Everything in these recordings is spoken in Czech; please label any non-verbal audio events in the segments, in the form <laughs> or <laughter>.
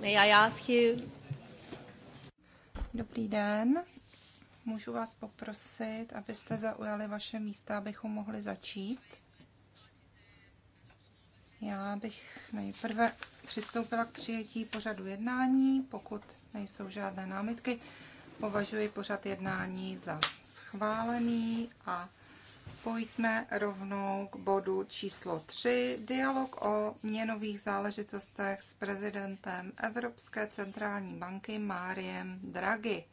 May I ask you? Dobrý den. Můžu vás poprosit, abyste zaujali vaše místa, abychom mohli začít. Já bych nejprve přistoupila k přijetí pořadu jednání. Pokud nejsou žádné námitky, považuji pořad jednání za schválený a pojďme rovnou k bodu číslo 3, dialog o měnových záležitostech s prezidentem Evropské centrální banky Máriem Draghi.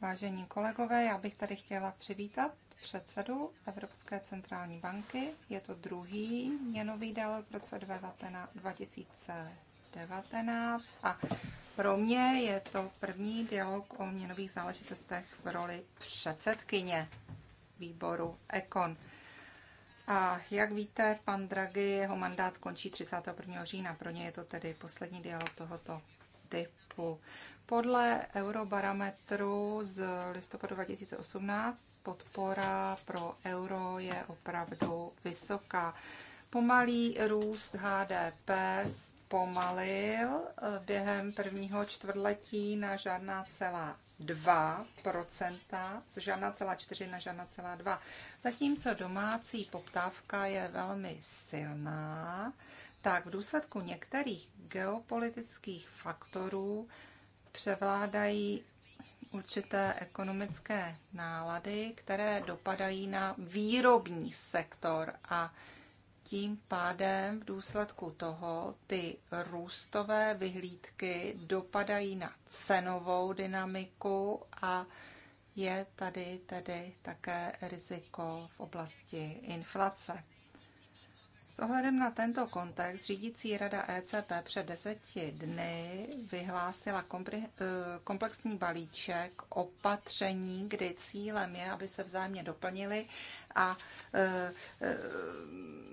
Vážení kolegové, já bych tady chtěla přivítat předsedu Evropské centrální banky. Je to druhý měnový dialog v roce 2019 a pro mě je to první dialog o měnových záležitostech v roli předsedkyně výboru Ekon. A jak víte, pan Draghi, jeho mandát končí 31. října. Pro ně je to tedy poslední dialog tohoto typu. Podle eurobarometru z listopadu 2018 podpora pro euro je opravdu vysoká. Pomalý růst HDP zpomalil eh, během prvního čtvrtletí na žádná celá 2 z žádná celá 4 na žádná celá 2. Zatímco domácí poptávka je velmi silná, tak v důsledku některých geopolitických faktorů převládají určité ekonomické nálady, které dopadají na výrobní sektor a tím pádem v důsledku toho ty růstové vyhlídky dopadají na cenovou dynamiku a je tady tedy také riziko v oblasti inflace ohledem na tento kontext řídící rada ECB před deseti dny vyhlásila eh, komplexní balíček opatření, kdy cílem je, aby se vzájemně doplnili a eh, eh,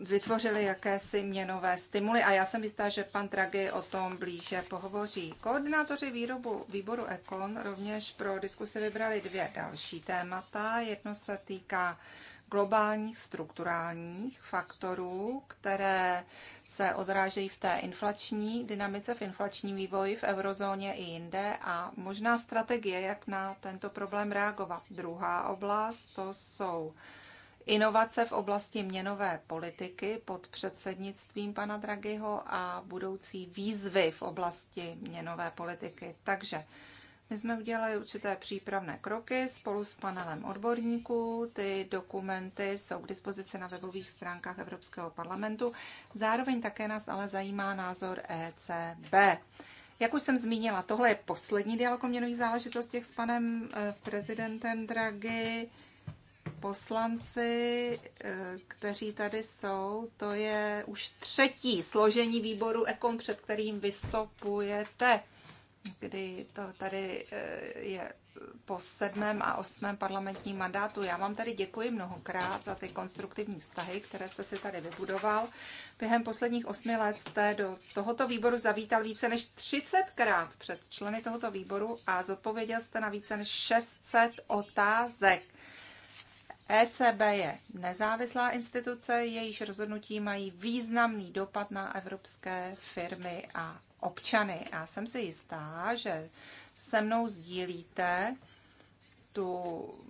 vytvořili jakési měnové stimuly. A já jsem jistá, že pan Tragy o tom blíže pohovoří. Koordinátoři výrobu výboru Econ rovněž pro diskusi vybrali dvě další témata. Jedno se týká globálních strukturálních faktorů, které se odrážejí v té inflační dynamice, v inflačním vývoji v eurozóně i jinde a možná strategie, jak na tento problém reagovat. Druhá oblast to jsou inovace v oblasti měnové politiky pod předsednictvím pana Draghiho a budoucí výzvy v oblasti měnové politiky. Takže my jsme udělali určité přípravné kroky spolu s panelem odborníků. Ty dokumenty jsou k dispozici na webových stránkách Evropského parlamentu. Zároveň také nás ale zajímá názor ECB. Jak už jsem zmínila, tohle je poslední dialog o měnových záležitostech s panem eh, prezidentem Draghi. Poslanci, eh, kteří tady jsou, to je už třetí složení výboru EKOM, před kterým vystupujete kdy to tady eh, je po sedmém a osmém parlamentním mandátu. Já vám tady děkuji mnohokrát za ty konstruktivní vztahy, které jste si tady vybudoval. Během posledních osmi let jste do tohoto výboru zavítal více než 30krát před členy tohoto výboru a zodpověděl jste na více než 600 otázek. ECB je nezávislá instituce, jejíž rozhodnutí mají významný dopad na evropské firmy a občany. Já jsem si jistá, že se mnou sdílíte tu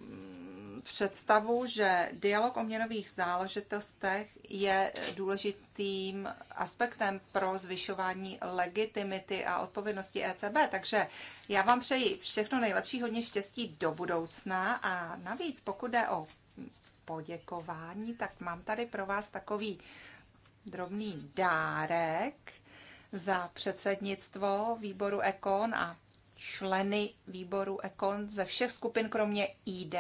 mm, představu, že dialog o měnových záležitostech je důležitým aspektem pro zvyšování legitimity a odpovědnosti ECB. Takže já vám přeji všechno nejlepší, hodně štěstí do budoucna a navíc, pokud jde o poděkování, tak mám tady pro vás takový drobný dárek za předsednictvo výboru Ekon a členy výboru Ekon ze všech skupin, kromě ID.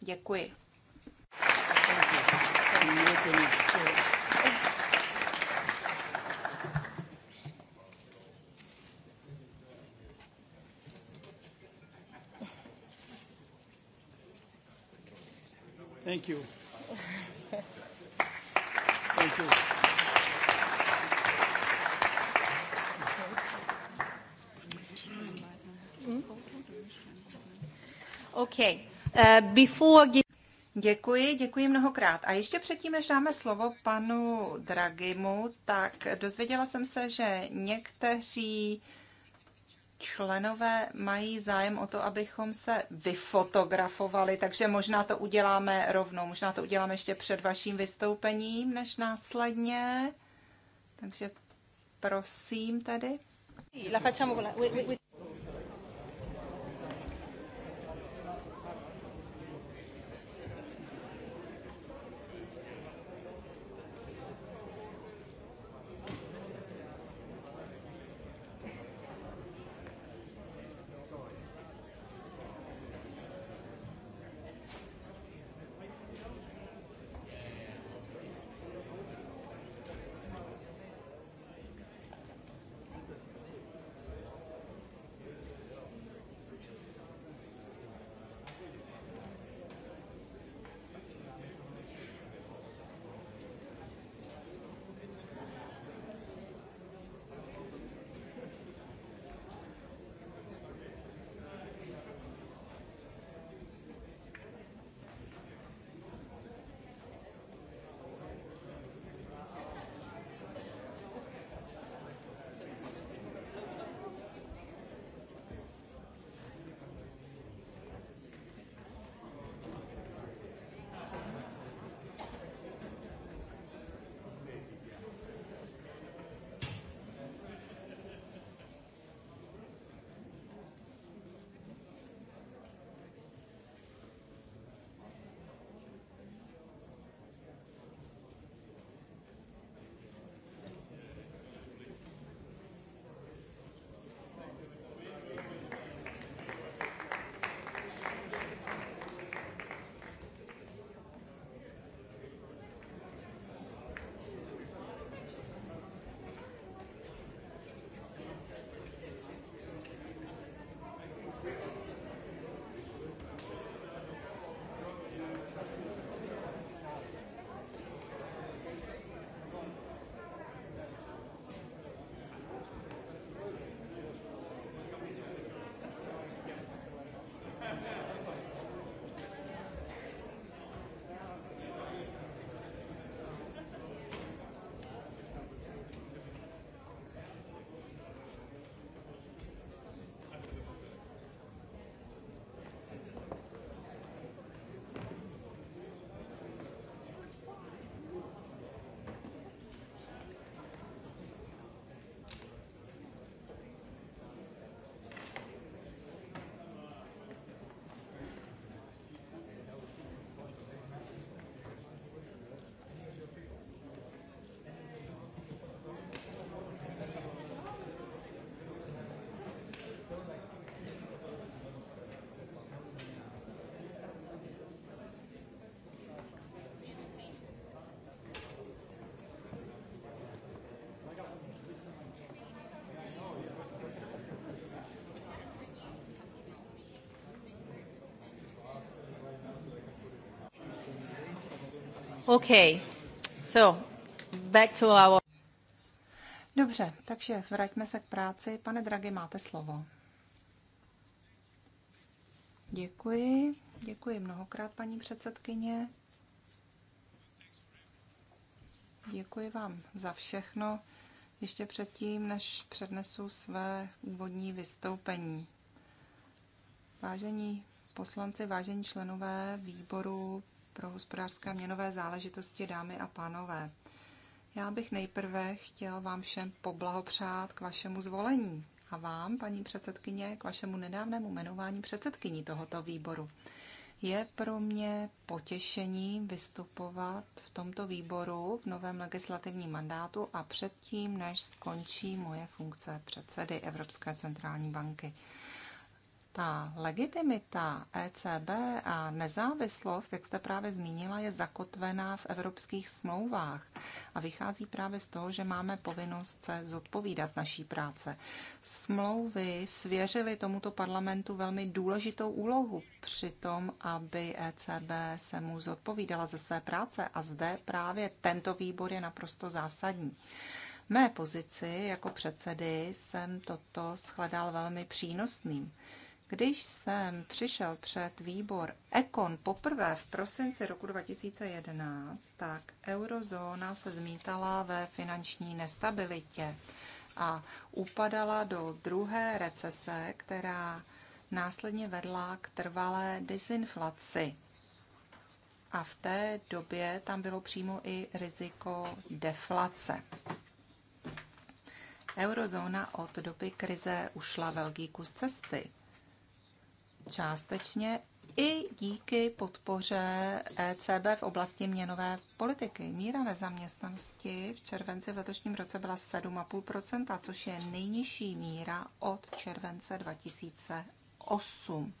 Děkuji. Thank you. <laughs> Thank you. Okay. Uh, before... Děkuji, děkuji mnohokrát. A ještě předtím, než dáme slovo panu Dragimu, tak dozvěděla jsem se, že někteří členové mají zájem o to, abychom se vyfotografovali, takže možná to uděláme rovnou, možná to uděláme ještě před vaším vystoupením, než následně. Takže prosím tady. La facciamo con la... Okay. So, back to our... Dobře, takže vraťme se k práci. Pane Dragi, máte slovo. Děkuji. Děkuji mnohokrát, paní předsedkyně. Děkuji vám za všechno. Ještě předtím, než přednesu své úvodní vystoupení. Vážení poslanci, vážení členové výboru pro hospodářské a měnové záležitosti, dámy a pánové. Já bych nejprve chtěl vám všem poblahopřát k vašemu zvolení a vám, paní předsedkyně, k vašemu nedávnému jmenování předsedkyní tohoto výboru. Je pro mě potěšením vystupovat v tomto výboru v novém legislativním mandátu a předtím, než skončí moje funkce předsedy Evropské centrální banky ta legitimita ECB a nezávislost, jak jste právě zmínila, je zakotvená v evropských smlouvách a vychází právě z toho, že máme povinnost se zodpovídat z naší práce. Smlouvy svěřily tomuto parlamentu velmi důležitou úlohu při tom, aby ECB se mu zodpovídala ze své práce a zde právě tento výbor je naprosto zásadní mé pozici jako předsedy jsem toto shledal velmi přínosným. Když jsem přišel před výbor Ekon poprvé v prosinci roku 2011, tak eurozóna se zmítala ve finanční nestabilitě a upadala do druhé recese, která následně vedla k trvalé disinflaci. A v té době tam bylo přímo i riziko deflace. Eurozóna od doby krize ušla velký kus cesty částečně i díky podpoře ECB v oblasti měnové politiky. Míra nezaměstnanosti v červenci v letošním roce byla 7,5%, což je nejnižší míra od července 2008.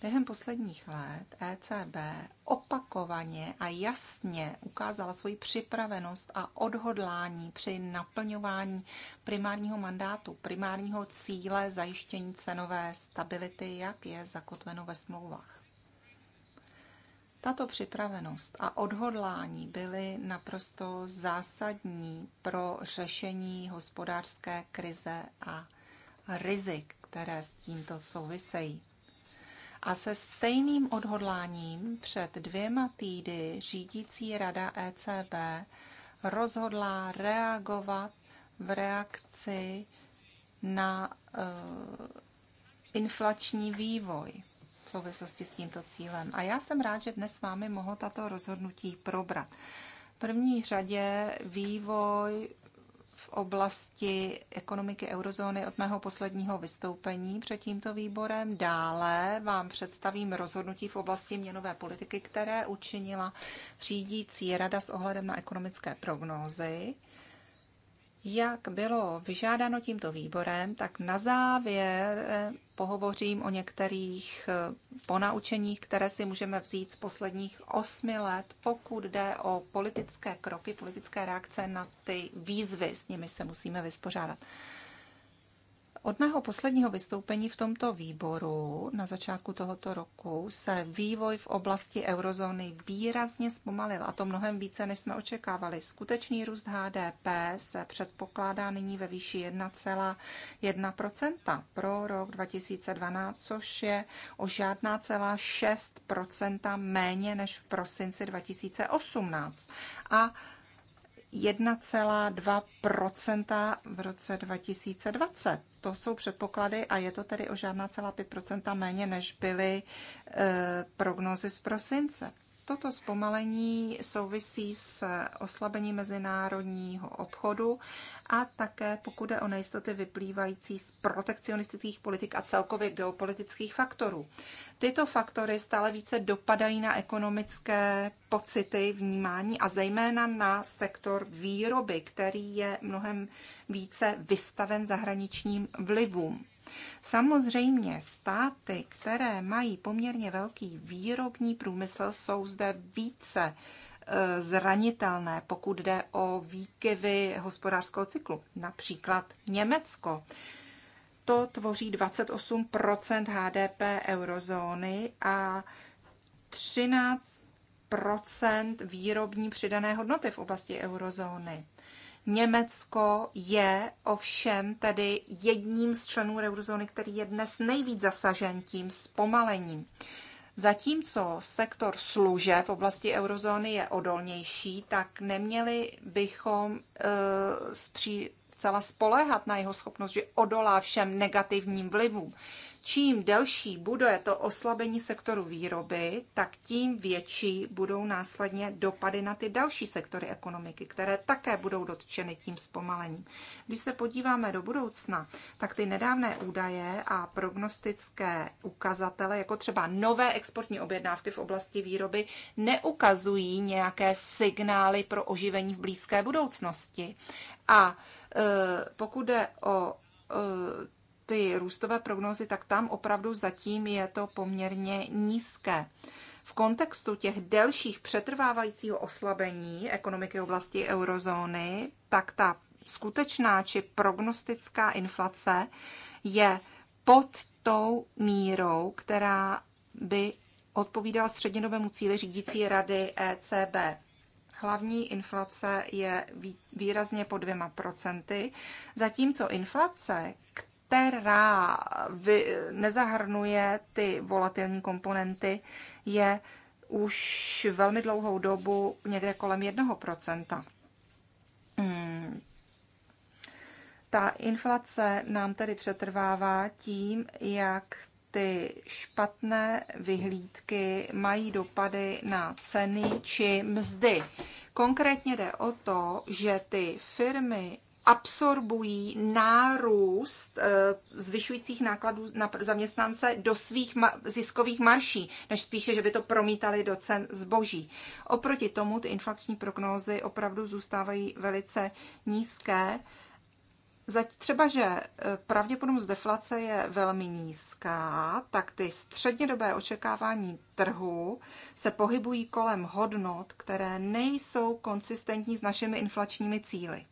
Během posledních let ECB opakovaně a jasně ukázala svoji připravenost a odhodlání při naplňování primárního mandátu, primárního cíle zajištění cenové stability, jak je zakotveno ve smlouvách. Tato připravenost a odhodlání byly naprosto zásadní pro řešení hospodářské krize a rizik, které s tímto souvisejí. A se stejným odhodláním před dvěma týdy řídící rada ECB rozhodla reagovat v reakci na uh, inflační vývoj v souvislosti s tímto cílem. A já jsem rád, že dnes s vámi mohu tato rozhodnutí probrat. V první řadě vývoj v oblasti ekonomiky eurozóny od mého posledního vystoupení před tímto výborem. Dále vám představím rozhodnutí v oblasti měnové politiky, které učinila řídící rada s ohledem na ekonomické prognózy jak bylo vyžádáno tímto výborem, tak na závěr eh, pohovořím o některých eh, ponaučeních, které si můžeme vzít z posledních osmi let, pokud jde o politické kroky, politické reakce na ty výzvy, s nimi se musíme vyspořádat. Od mého posledního vystoupení v tomto výboru na začátku tohoto roku se vývoj v oblasti eurozóny výrazně zpomalil a to mnohem více, než jsme očekávali. Skutečný růst HDP se předpokládá nyní ve výši 1,1% pro rok 2012, což je o žádná celá 6% méně než v prosinci 2018. A 1,2 v roce 2020. To jsou předpoklady a je to tedy o žádná celá 5 méně, než byly e, prognózy z prosince. Toto zpomalení souvisí s oslabením mezinárodního obchodu a také pokud je o nejistoty vyplývající z protekcionistických politik a celkově geopolitických faktorů. Tyto faktory stále více dopadají na ekonomické pocity, vnímání a zejména na sektor výroby, který je mnohem více vystaven zahraničním vlivům. Samozřejmě státy, které mají poměrně velký výrobní průmysl, jsou zde více e, zranitelné, pokud jde o výkyvy hospodářského cyklu. Například Německo. To tvoří 28 HDP eurozóny a 13 výrobní přidané hodnoty v oblasti eurozóny. Německo je ovšem tedy jedním z členů eurozóny, který je dnes nejvíc zasažen tím zpomalením. Zatímco sektor služeb v oblasti eurozóny je odolnější, tak neměli bychom e, spří, zcela spoléhat na jeho schopnost, že odolá všem negativním vlivům. Čím delší bude to oslabení sektoru výroby, tak tím větší budou následně dopady na ty další sektory ekonomiky, které také budou dotčeny tím zpomalením. Když se podíváme do budoucna, tak ty nedávné údaje a prognostické ukazatele, jako třeba nové exportní objednávky v oblasti výroby, neukazují nějaké signály pro oživení v blízké budoucnosti. A e, pokud jde o e, ty růstové prognózy, tak tam opravdu zatím je to poměrně nízké. V kontextu těch delších přetrvávajícího oslabení ekonomiky oblasti eurozóny, tak ta skutečná či prognostická inflace je pod tou mírou, která by odpovídala střednědobému cíli řídící rady ECB. Hlavní inflace je výrazně po dvěma procenty, zatímco inflace, která vy, nezahrnuje ty volatilní komponenty, je už velmi dlouhou dobu někde kolem 1%. Hmm. Ta inflace nám tedy přetrvává tím, jak ty špatné vyhlídky mají dopady na ceny či mzdy. Konkrétně jde o to, že ty firmy absorbují nárůst eh, zvyšujících nákladů na zaměstnance do svých ziskových marší, než spíše, že by to promítali do cen zboží. Oproti tomu ty inflační prognózy opravdu zůstávají velice nízké. třeba, že eh, pravděpodobnost deflace je velmi nízká, tak ty střednědobé očekávání trhu se pohybují kolem hodnot, které nejsou konsistentní s našimi inflačními cíly.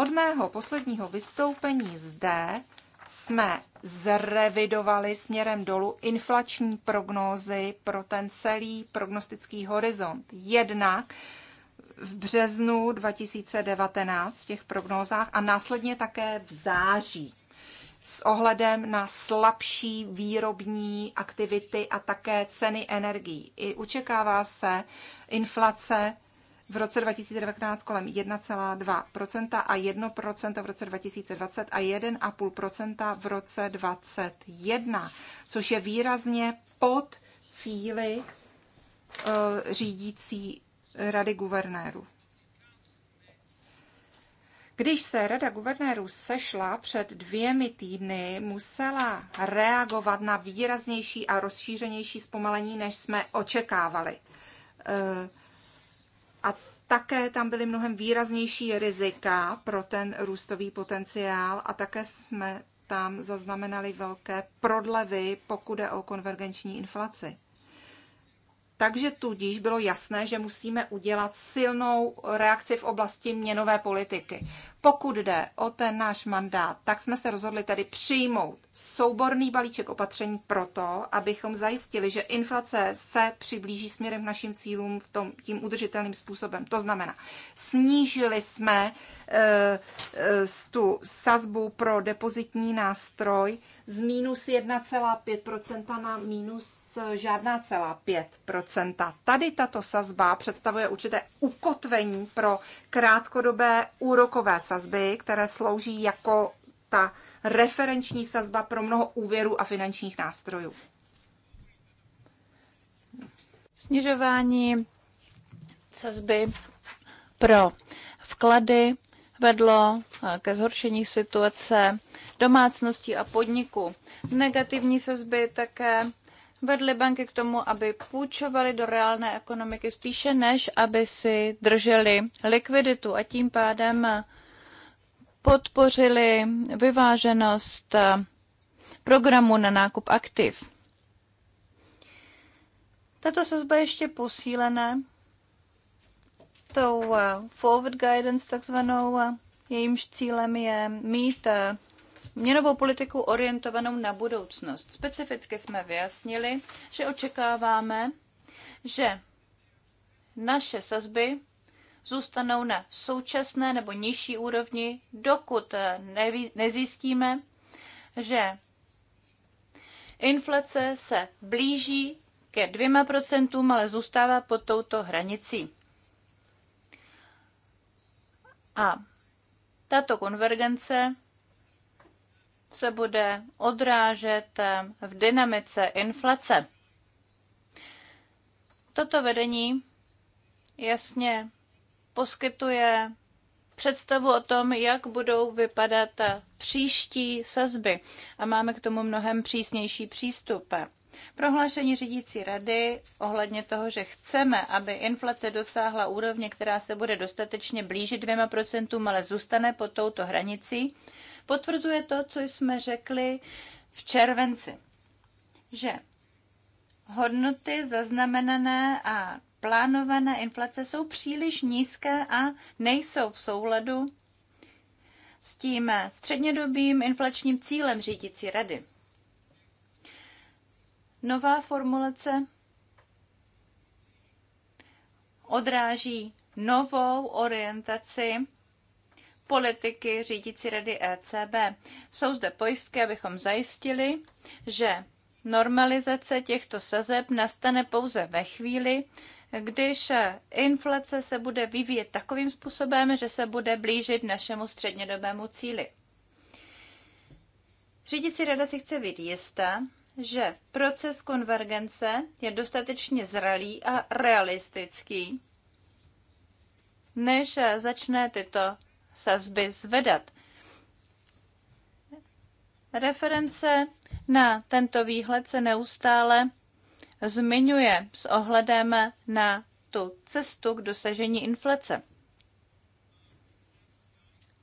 Od mého posledního vystoupení zde jsme zrevidovali směrem dolů inflační prognózy pro ten celý prognostický horizont. Jednak v březnu 2019 v těch prognózách a následně také v září s ohledem na slabší výrobní aktivity a také ceny energií. I učekává se inflace v roce 2019 kolem 1,2% a 1% v roce 2020 a 1,5% v roce 2021, což je výrazně pod cíly eh, řídící rady guvernérů. Když se Rada guvernérů sešla před dvěmi týdny, musela reagovat na výraznější a rozšířenější zpomalení, než jsme očekávali. Eh, také tam byly mnohem výraznější rizika pro ten růstový potenciál a také jsme tam zaznamenali velké prodlevy, pokud je o konvergenční inflaci. Takže tudíž bylo jasné, že musíme udělat silnou reakci v oblasti měnové politiky. Pokud jde o ten náš mandát, tak jsme se rozhodli tedy přijmout souborný balíček opatření proto, abychom zajistili, že inflace se přiblíží směrem k našim cílům v tom, tím udržitelným způsobem. To znamená, snížili jsme uh, Eh, eh, tu sazbu pro depozitní nástroj z minus 1,5% na minus eh, žádná celá 5%. Tady tato sazba představuje určité ukotvení pro krátkodobé úrokové sazby, které slouží jako ta referenční sazba pro mnoho úvěrů a finančních nástrojů. Snižování sazby pro vklady vedlo eh, ke zhoršení situace domácností a podniků. Negativní sazby také vedly banky k tomu, aby půjčovaly do reálné ekonomiky spíše než aby si drželi likviditu a tím pádem eh, podpořili vyváženost eh, programu na nákup aktiv. Tato sazba ještě posílené tou eh, forward guidance takzvanou, eh, jejímž cílem je mít eh, měnovou politiku orientovanou na budoucnost. Specificky jsme vyjasnili, že očekáváme, že naše sazby zůstanou na současné nebo nižší úrovni, dokud neví, nezjistíme, že inflace se blíží ke dvěma procentům, ale zůstává pod touto hranicí. A tato konvergence se bude odrážet eh, v dynamice inflace. Toto vedení jasně poskytuje představu o tom, jak budou vypadat eh, příští sazby a máme k tomu mnohem přísnější přístup. Prohlášení řídící rady ohledně toho, že chceme, aby inflace dosáhla úrovně, která se bude dostatečně blížit dvěma procentům, ale zůstane pod touto hranicí, potvrzuje to, co jsme řekli v červenci, že hodnoty zaznamenané a plánované inflace jsou příliš nízké a nejsou v souladu s tím střednědobým inflačním cílem řídící rady. Nová formulace odráží novou orientaci politiky řídící rady ECB. Jsou zde pojistky, abychom zajistili, že normalizace těchto sazeb nastane pouze ve chvíli, když inflace se bude vyvíjet takovým způsobem, že se bude blížit našemu střednědobému cíli. Řídící rada si chce být jistá, že proces konvergence je dostatečně zralý a realistický, než začne tyto sazby zvedat. Reference na tento výhled se neustále zmiňuje s ohledem na tu cestu k dosažení inflace.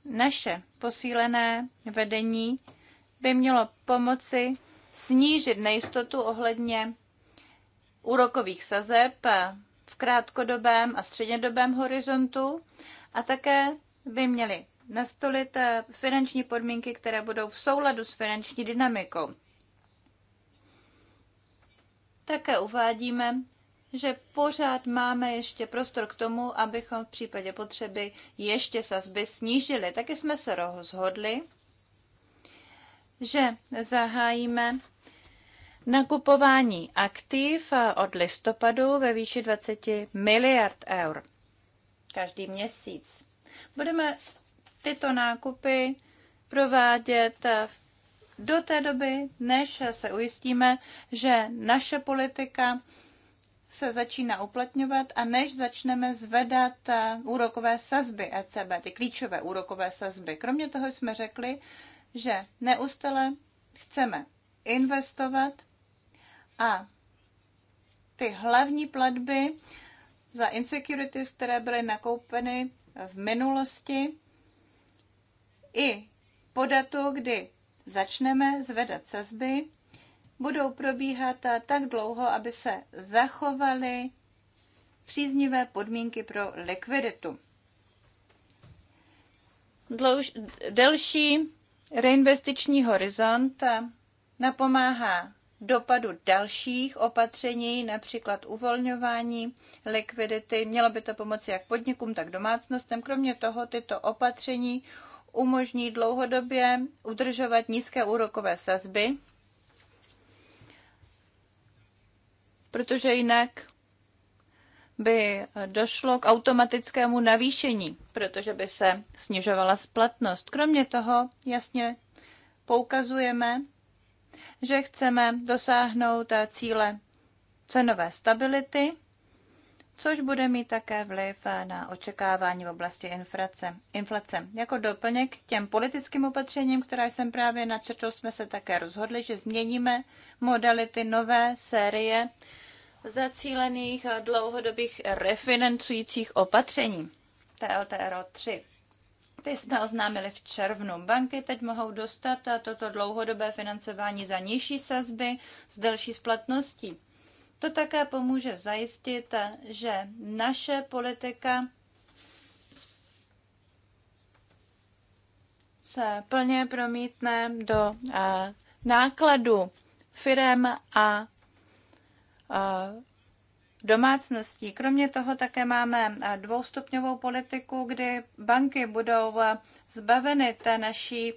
Naše posílené vedení by mělo pomoci snížit nejistotu ohledně úrokových sazeb v krátkodobém a střednědobém horizontu a také by měli nastolit eh, finanční podmínky, které budou v souladu s finanční dynamikou. Také uvádíme, že pořád máme ještě prostor k tomu, abychom v případě potřeby ještě sazby snížili. Taky jsme se rozhodli, že zahájíme nakupování aktiv od listopadu ve výši 20 miliard eur každý měsíc. Budeme tyto nákupy provádět do té doby, než se ujistíme, že naše politika se začíná uplatňovat a než začneme zvedat úrokové sazby ECB, ty klíčové úrokové sazby. Kromě toho jsme řekli, že neustále chceme investovat a ty hlavní platby za insecurities, které byly nakoupeny v minulosti, i po datu, kdy začneme zvedat sazby, budou probíhat tak dlouho, aby se zachovaly příznivé podmínky pro likviditu. Dlouž, delší Reinvestiční horizont napomáhá dopadu dalších opatření, například uvolňování likvidity. Mělo by to pomoci jak podnikům, tak domácnostem. Kromě toho tyto opatření umožní dlouhodobě udržovat nízké úrokové sazby, protože jinak by došlo k automatickému navýšení, protože by se snižovala splatnost. Kromě toho jasně poukazujeme, že chceme dosáhnout cíle cenové stability, což bude mít také vliv na očekávání v oblasti inflace. inflace. Jako doplněk k těm politickým opatřením, která jsem právě načrtl, jsme se také rozhodli, že změníme modality nové série zacílených dlouhodobých refinancujících opatření TLTRO 3. Ty jsme oznámili v červnu. Banky teď mohou dostat toto dlouhodobé financování za nižší sazby s delší splatností. To také pomůže zajistit, že naše politika se plně promítne do nákladu firem a Eh, domácností. Kromě toho také máme eh, dvoustupňovou politiku, kdy banky budou eh, zbaveny té naší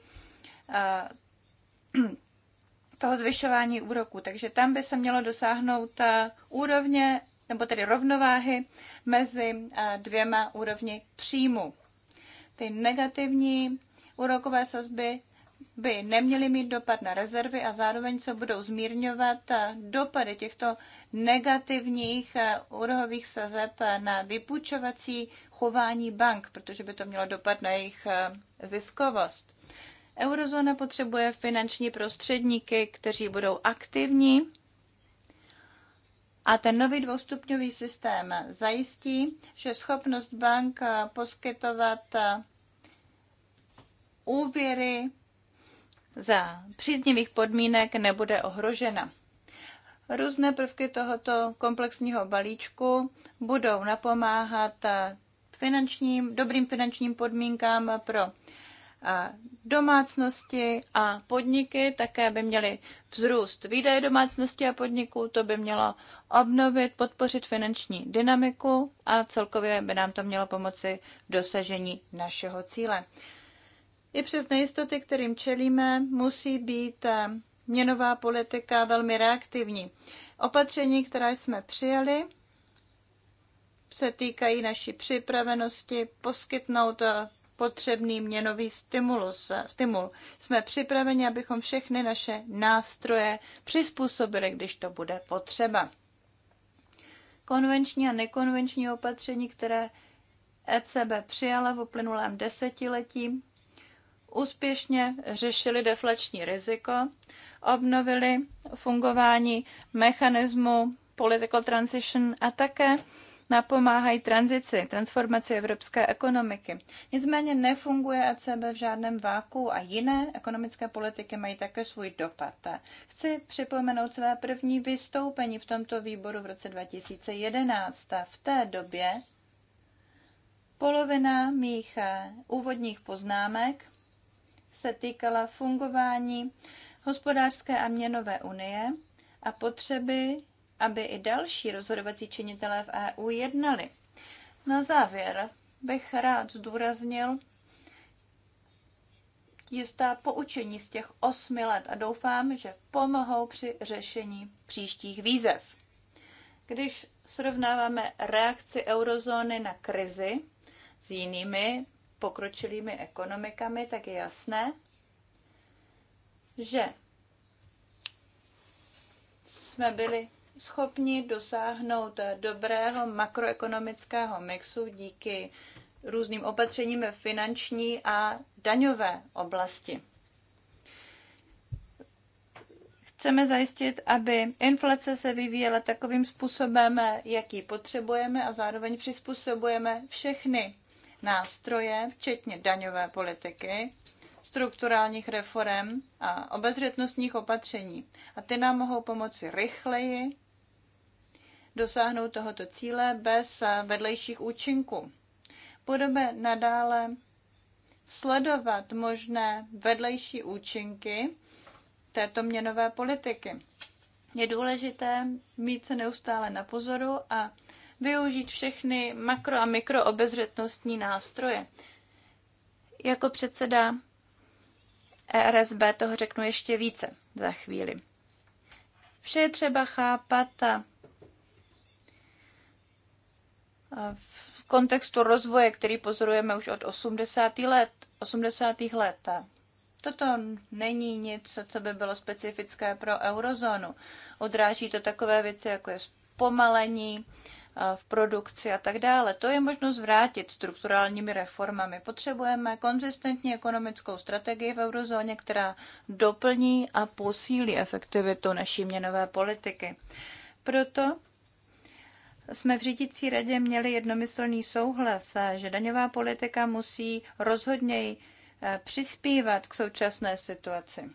<clears throat> toho zvyšování úroků. Takže tam by se mělo dosáhnout úrovně, nebo tedy rovnováhy mezi dvěma úrovni příjmu. Ty negativní úrokové sazby by neměly mít dopad na rezervy a zároveň se budou zmírňovat dopady těchto negativních eh, úrohových sazeb na vypůjčovací chování bank, protože by to mělo dopad na jejich eh, ziskovost. Eurozóna potřebuje finanční prostředníky, kteří budou aktivní a ten nový dvoustupňový systém zajistí, že schopnost bank eh, poskytovat úvěry za příznivých podmínek nebude ohrožena. Různé prvky tohoto komplexního balíčku budou napomáhat finančním, dobrým finančním podmínkám pro domácnosti a podniky, také by měly vzrůst výdaje domácnosti a podniků, to by mělo obnovit, podpořit finanční dynamiku a celkově by nám to mělo pomoci v dosažení našeho cíle. I přes nejistoty, kterým čelíme, musí být eh, měnová politika velmi reaktivní. Opatření, která jsme přijali, se týkají naší připravenosti poskytnout eh, potřebný měnový stimulus, eh, stimul. Jsme připraveni, abychom všechny naše nástroje přizpůsobili, když to bude potřeba. Konvenční a nekonvenční opatření, které ECB přijala v uplynulém desetiletí, úspěšně řešili deflační riziko, obnovili fungování mechanismu political transition a také napomáhají tranzici, transformaci evropské ekonomiky. Nicméně nefunguje ECB v žádném váku a jiné ekonomické politiky mají také svůj dopad. Chci připomenout své první vystoupení v tomto výboru v roce 2011. V té době polovina mých úvodních poznámek se týkala fungování hospodářské a měnové unie a potřeby, aby i další rozhodovací činitelé v EU jednali. Na závěr bych rád zdůraznil jistá poučení z těch osmi let a doufám, že pomohou při řešení příštích výzev. Když srovnáváme reakci eurozóny na krizi s jinými pokročilými ekonomikami, tak je jasné, že jsme byli schopni dosáhnout dobrého makroekonomického mixu díky různým opatřením ve finanční a daňové oblasti. Chceme zajistit, aby inflace se vyvíjela takovým způsobem, jaký potřebujeme a zároveň přizpůsobujeme všechny nástroje, včetně daňové politiky, strukturálních reform a obezřetnostních opatření. A ty nám mohou pomoci rychleji dosáhnout tohoto cíle bez vedlejších účinků. Budeme nadále sledovat možné vedlejší účinky této měnové politiky. Je důležité mít se neustále na pozoru a využít všechny makro a mikroobezřetnostní nástroje. Jako předseda ERSB toho řeknu ještě více za chvíli. Vše je třeba chápat a v kontextu rozvoje, který pozorujeme už od 80. let. 80. let. Toto není nic, co by bylo specifické pro eurozónu. Odráží to takové věci, jako je zpomalení v produkci a tak dále. To je možno zvrátit strukturálními reformami. Potřebujeme konzistentní ekonomickou strategii v eurozóně, která doplní a posílí efektivitu naší měnové politiky. Proto jsme v řídící radě měli jednomyslný souhlas, že daňová politika musí rozhodněji přispívat k současné situaci.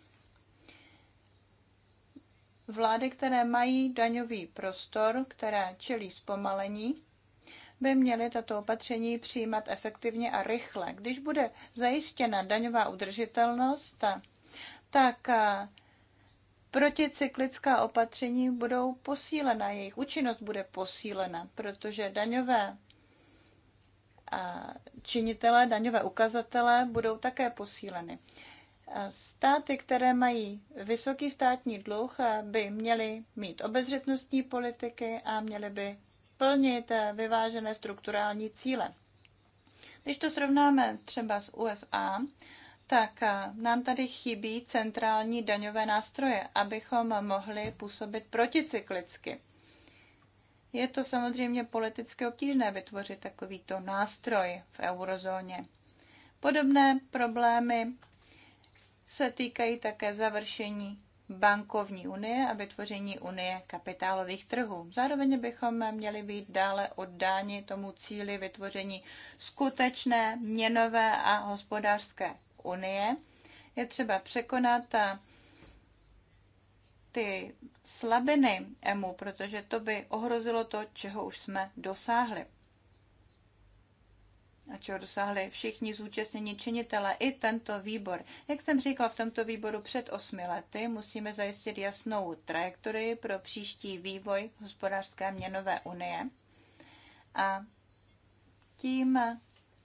Vlády, které mají daňový prostor, které čelí zpomalení, by měly tato opatření přijímat efektivně a rychle. Když bude zajištěna daňová udržitelnost, tak eh, proticyklická opatření budou posílena, jejich účinnost bude posílena, protože daňové eh, činitele, daňové ukazatele budou také posíleny. Státy, které mají vysoký státní dluh, by měly mít obezřetnostní politiky a měly by plnit eh, vyvážené strukturální cíle. Když to srovnáme třeba s USA, tak eh, nám tady chybí centrální daňové nástroje, abychom mohli působit proticyklicky. Je to samozřejmě politicky obtížné vytvořit takovýto nástroj v eurozóně. Podobné problémy se týkají také završení bankovní unie a vytvoření unie kapitálových trhů. Zároveň bychom měli být dále oddáni tomu cíli vytvoření skutečné měnové a hospodářské unie. Je třeba překonat eh, ty slabiny EMU, protože to by ohrozilo to, čeho už jsme dosáhli a čeho dosáhli všichni zúčastnění činitele i tento výbor. Jak jsem říkal, v tomto výboru před osmi lety musíme zajistit jasnou trajektorii pro příští vývoj hospodářské měnové unie a tím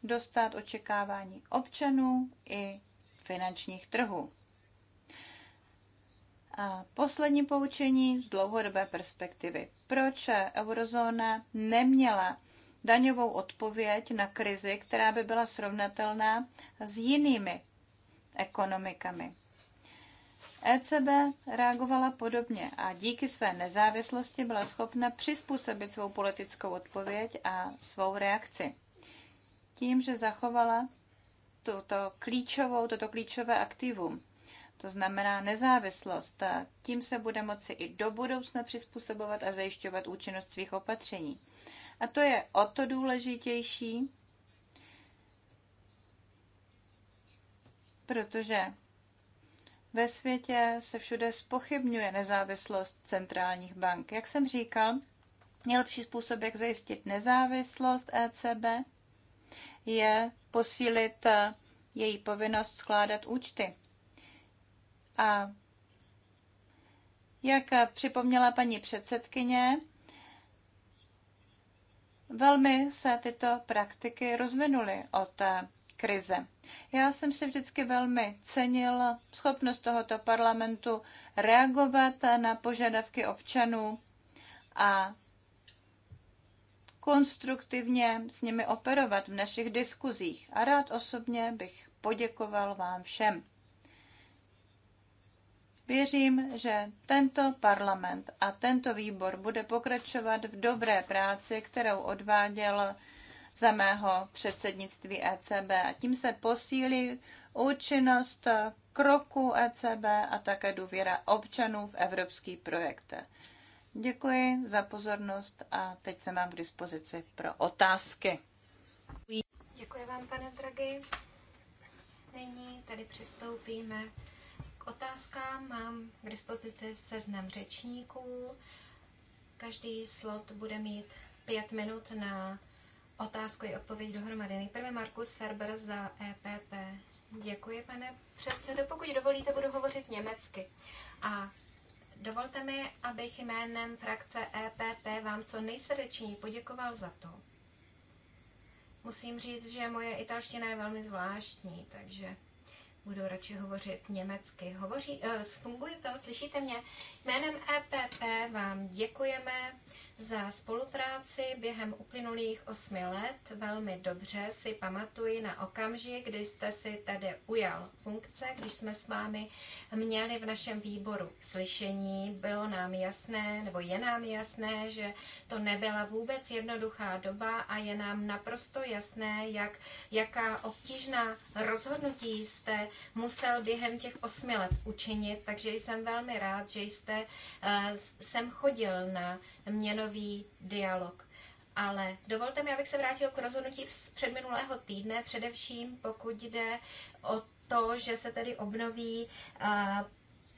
dostat očekávání občanů i finančních trhů. A poslední poučení z dlouhodobé perspektivy. Proč eurozóna neměla daňovou odpověď na krizi, která by byla srovnatelná s jinými ekonomikami. ECB reagovala podobně a díky své nezávislosti byla schopna přizpůsobit svou politickou odpověď a svou reakci. Tím, že zachovala tuto klíčovou, toto klíčové aktivum, to znamená nezávislost, a tím se bude moci i do budoucna přizpůsobovat a zajišťovat účinnost svých opatření. A to je o to důležitější, protože ve světě se všude spochybňuje nezávislost centrálních bank. Jak jsem říkal, nejlepší způsob, jak zajistit nezávislost ECB, je posílit eh, její povinnost skládat účty. A jak eh, připomněla paní předsedkyně, Velmi se tyto praktiky rozvinuly od eh, krize. Já jsem si vždycky velmi cenil schopnost tohoto parlamentu reagovat eh, na požadavky občanů a konstruktivně s nimi operovat v našich diskuzích. A rád osobně bych poděkoval vám všem. Věřím, že tento parlament a tento výbor bude pokračovat v dobré práci, kterou odváděl za mého předsednictví ECB a tím se posílí účinnost kroku ECB a také důvěra občanů v evropský projekt. Děkuji za pozornost a teď jsem vám k dispozici pro otázky. Děkuji vám, pane Dragi. Nyní tady přistoupíme k otázkám mám k dispozici seznam řečníků. Každý slot bude mít pět minut na otázku i odpověď dohromady. Nejprve Markus Ferber za EPP. Děkuji, pane předsedo. Pokud dovolíte, budu hovořit německy. A dovolte mi, abych jménem frakce EPP vám co nejsrdečněji poděkoval za to. Musím říct, že moje italština je velmi zvláštní, takže budu radši hovořit německy. Hovoří, uh, funguje to, slyšíte mě? Jménem EPP vám děkujeme za spolupráci během uplynulých osmi let. Velmi dobře si pamatuji na okamžik, kdy jste si tady ujal funkce, když jsme s vámi měli v našem výboru slyšení. Bylo nám jasné, nebo je nám jasné, že to nebyla vůbec jednoduchá doba a je nám naprosto jasné, jak, jaká obtížná rozhodnutí jste musel během těch osmi let učinit. Takže jsem velmi rád, že jste eh, sem chodil na měnové nový dialog. Ale dovolte mi, abych se vrátil k rozhodnutí z předminulého týdne, především pokud jde o to, že se tedy obnoví eh,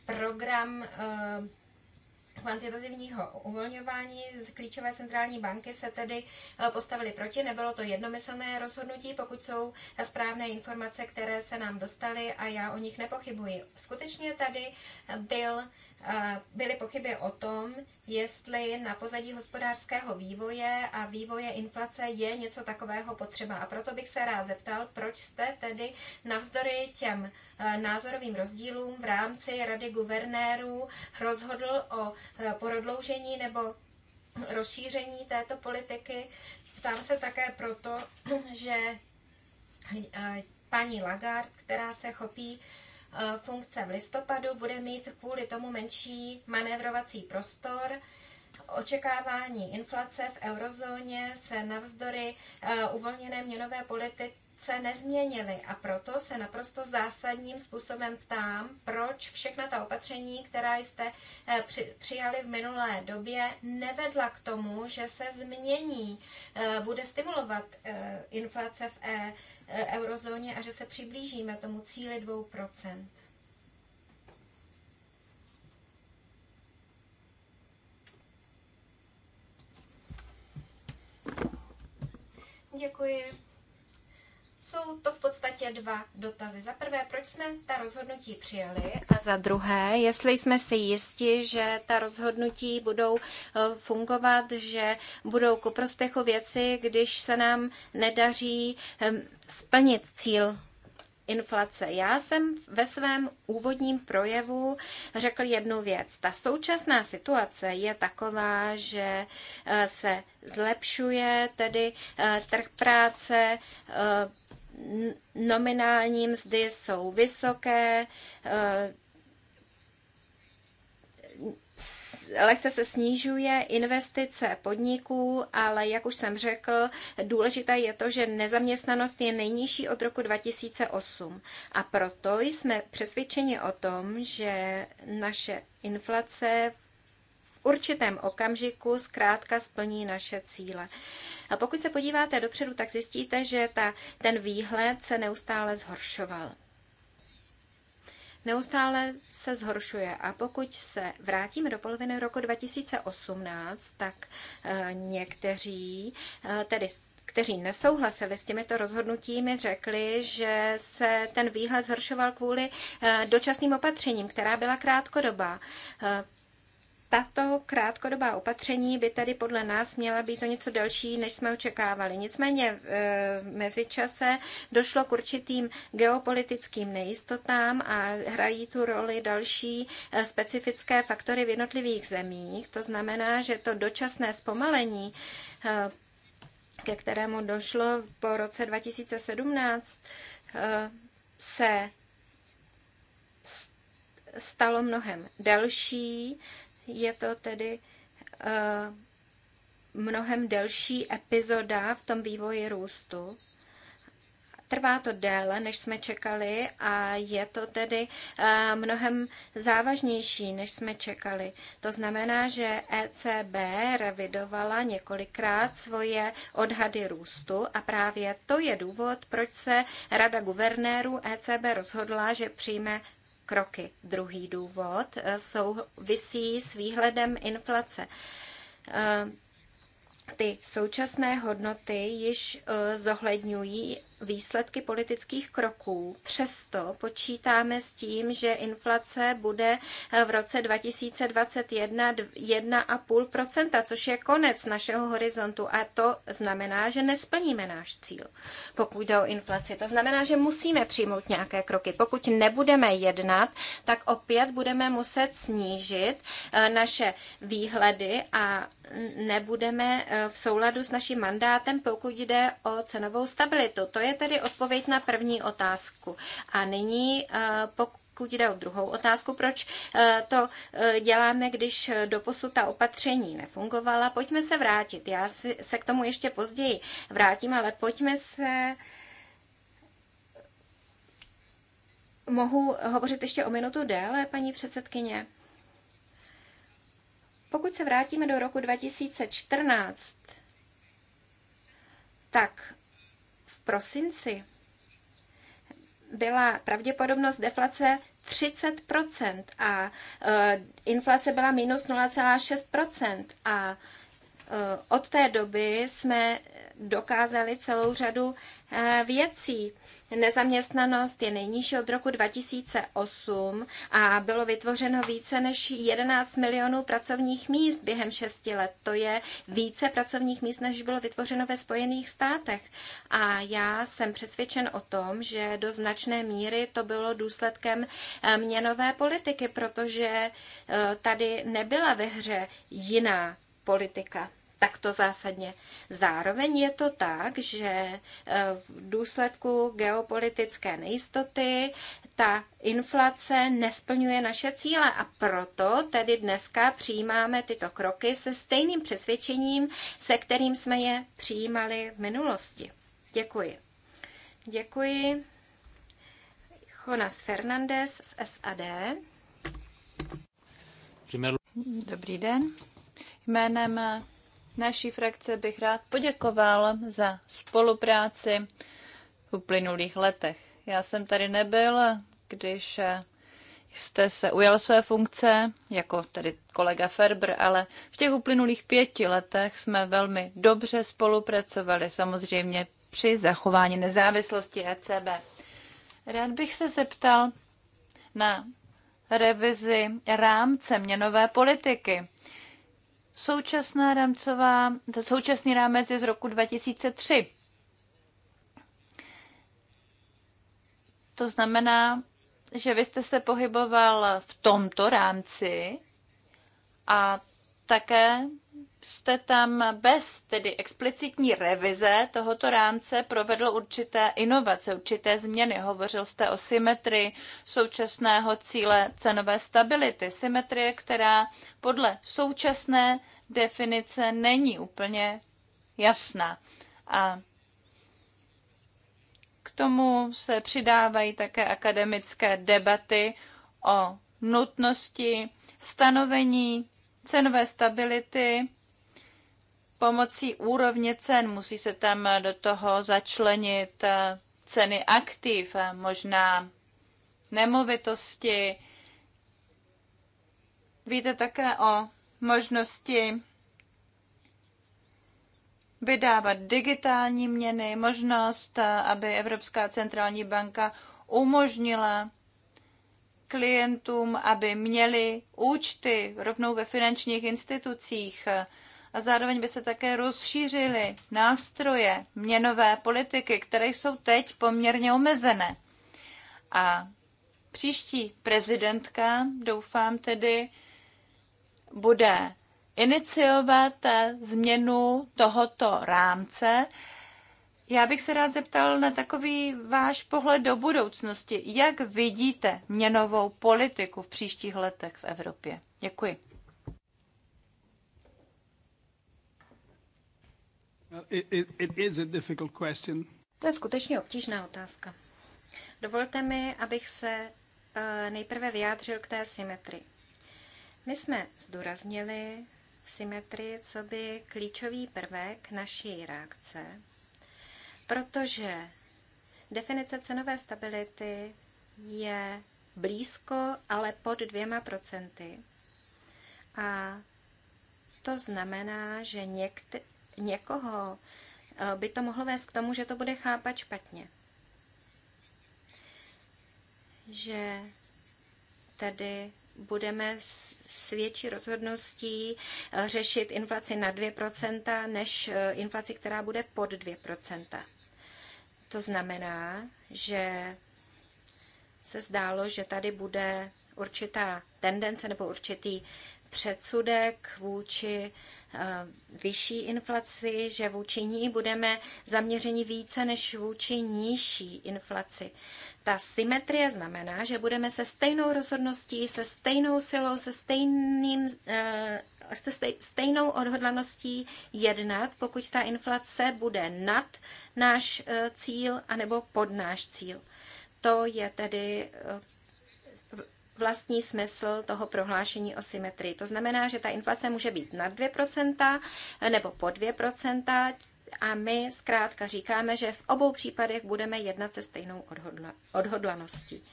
program eh, kvantitativního uvolňování z klíčové centrální banky se tedy eh, postavili proti. Nebylo to jednomyslné rozhodnutí, pokud jsou správné informace, které se nám dostaly a já o nich nepochybuji. Skutečně tady byl byly pochyby o tom, jestli na pozadí hospodářského vývoje a vývoje inflace je něco takového potřeba. A proto bych se rád zeptal, proč jste tedy navzdory těm eh, názorovým rozdílům v rámci Rady guvernérů rozhodl o eh, prodloužení nebo rozšíření této politiky. Ptám se také proto, <clears throat> že eh, paní Lagarde, která se chopí Eh, funkce v listopadu, bude mít kvůli tomu menší manévrovací prostor. Očekávání inflace v eurozóně se navzdory eh, uvolněné měnové politice se nezměnily a proto se naprosto zásadním způsobem ptám, proč všechna ta opatření, která jste eh, přijali v minulé době, nevedla k tomu, že se změní, eh, bude stimulovat eh, inflace v eurozóně a že se přiblížíme tomu cíli 2%. Děkuji jsou to v podstatě dva dotazy. Za prvé, proč jsme ta rozhodnutí přijali a za druhé, jestli jsme si jisti, že ta rozhodnutí budou eh, fungovat, že budou ku prospěchu věci, když se nám nedaří ehm, splnit cíl inflace. Já jsem ve svém úvodním projevu řekl jednu věc. Ta současná situace je taková, že eh, se zlepšuje tedy eh, trh práce, nominální mzdy jsou vysoké, eh, lehce se snižuje investice podniků, ale jak už jsem řekl, důležité je to, že nezaměstnanost je nejnižší od roku 2008. A proto jsme přesvědčeni o tom, že naše inflace určitém okamžiku zkrátka splní naše cíle. A pokud se podíváte dopředu, tak zjistíte, že ta, ten výhled se neustále zhoršoval. Neustále se zhoršuje a pokud se vrátíme do poloviny roku 2018, tak eh, někteří, eh, tedy kteří nesouhlasili s těmito rozhodnutími, řekli, že se ten výhled zhoršoval kvůli eh, dočasným opatřením, která byla krátkodobá. Tato krátkodobá opatření by tedy podle nás měla být o něco delší, než jsme očekávali. Nicméně e, v mezičase došlo k určitým geopolitickým nejistotám a hrají tu roli další e, specifické faktory v jednotlivých zemích. To znamená, že to dočasné zpomalení e, ke kterému došlo po roce 2017, se stalo mnohem delší. Je to tedy eh, mnohem delší epizoda v tom vývoji růstu. Trvá to déle, než jsme čekali a je to tedy eh, mnohem závažnější, než jsme čekali. To znamená, že ECB revidovala několikrát svoje odhady růstu a právě to je důvod, proč se Rada guvernérů ECB rozhodla, že přijme kroky. Druhý důvod eh, souvisí s výhledem inflace. Eh, ty současné hodnoty již eh, zohledňují výsledky politických kroků. Přesto počítáme s tím, že inflace bude eh, v roce 2021 1,5%, což je konec našeho horizontu a to znamená, že nesplníme náš cíl, pokud jde o inflaci. To znamená, že musíme přijmout nějaké kroky. Pokud nebudeme jednat, tak opět budeme muset snížit eh, naše výhledy a nebudeme Eh, v souladu s naším mandátem, pokud jde o cenovou stabilitu. To je tedy odpověď na první otázku. A nyní, pokud eh, pokud jde o druhou otázku, proč eh, to děláme, když doposud ta opatření nefungovala, pojďme se vrátit. Já se k tomu ještě později vrátím, ale pojďme se. Mohu hovořit ještě o minutu déle, paní předsedkyně? Pokud se vrátíme do roku 2014, tak v prosinci byla pravděpodobnost deflace 30 a e, inflace byla minus 0,6 a e, od té doby jsme dokázali celou řadu e, věcí. Nezaměstnanost je nejnižší od roku 2008 a bylo vytvořeno více než 11 milionů pracovních míst během 6 let. To je více pracovních míst, než bylo vytvořeno ve Spojených státech. A já jsem přesvědčen o tom, že do značné míry to bylo důsledkem eh, měnové politiky, protože eh, tady nebyla ve hře jiná politika takto zásadně. Zároveň je to tak, že e, v důsledku geopolitické nejistoty ta inflace nesplňuje naše cíle a proto tedy dneska přijímáme tyto kroky se stejným přesvědčením, se kterým jsme je přijímali v minulosti. Děkuji. Děkuji. Jonas Fernandez z SAD. Dobrý den. Jménem naší frakce bych rád poděkoval za spolupráci v uplynulých letech. Já jsem tady nebyl, když jste se ujal své funkce, jako tedy kolega Ferber, ale v těch uplynulých pěti letech jsme velmi dobře spolupracovali, samozřejmě při zachování nezávislosti ECB. Rád bych se zeptal na revizi rámce měnové politiky. Současná rámcová, to současný rámec je z roku 2003. To znamená, že vy jste se pohyboval v tomto rámci a také jste tam bez tedy explicitní revize tohoto rámce provedl určité inovace, určité změny. Hovořil jste o symetrii současného cíle cenové stability. Symetrie, která podle současné definice není úplně jasná. A k tomu se přidávají také akademické debaty o nutnosti stanovení cenové stability pomocí úrovně cen. Musí se tam do toho začlenit eh, ceny aktiv, eh, možná nemovitosti. Víte také o možnosti vydávat digitální měny, možnost, eh, aby Evropská centrální banka umožnila klientům, aby měli účty rovnou ve finančních institucích a zároveň by se také rozšířily nástroje měnové politiky, které jsou teď poměrně omezené. A příští prezidentka, doufám tedy, bude iniciovat změnu tohoto rámce. Já bych se rád zeptal na takový váš pohled do budoucnosti. Jak vidíte měnovou politiku v příštích letech v Evropě? Děkuji. To je skutečně obtížná otázka. Dovolte mi, abych se eh, nejprve vyjádřil k té symetrii. My jsme zdůraznili symetrii, co by klíčový prvek naší reakce, protože definice cenové stability je blízko, ale pod dvěma procenty. A to znamená, že někte- někoho eh, by to mohlo vést k tomu, že to bude chápat špatně. Že tedy budeme s větší rozhodností eh, řešit inflaci na 2%, než eh, inflaci, která bude pod 2%. To znamená, že se zdálo, že tady bude určitá tendence nebo určitý předsudek vůči eh, vyšší inflaci, že vůči ní budeme zaměřeni více než vůči nižší inflaci. Ta symetrie znamená, že budeme se stejnou rozhodností, se stejnou silou, se stejným eh, se stejnou odhodlaností jednat, pokud ta inflace bude nad náš eh, cíl anebo pod náš cíl. To je tedy vlastní smysl toho prohlášení o symetrii. To znamená, že ta inflace může být na 2% nebo po 2%, a my zkrátka říkáme, že v obou případech budeme jednat se stejnou odhodlaností.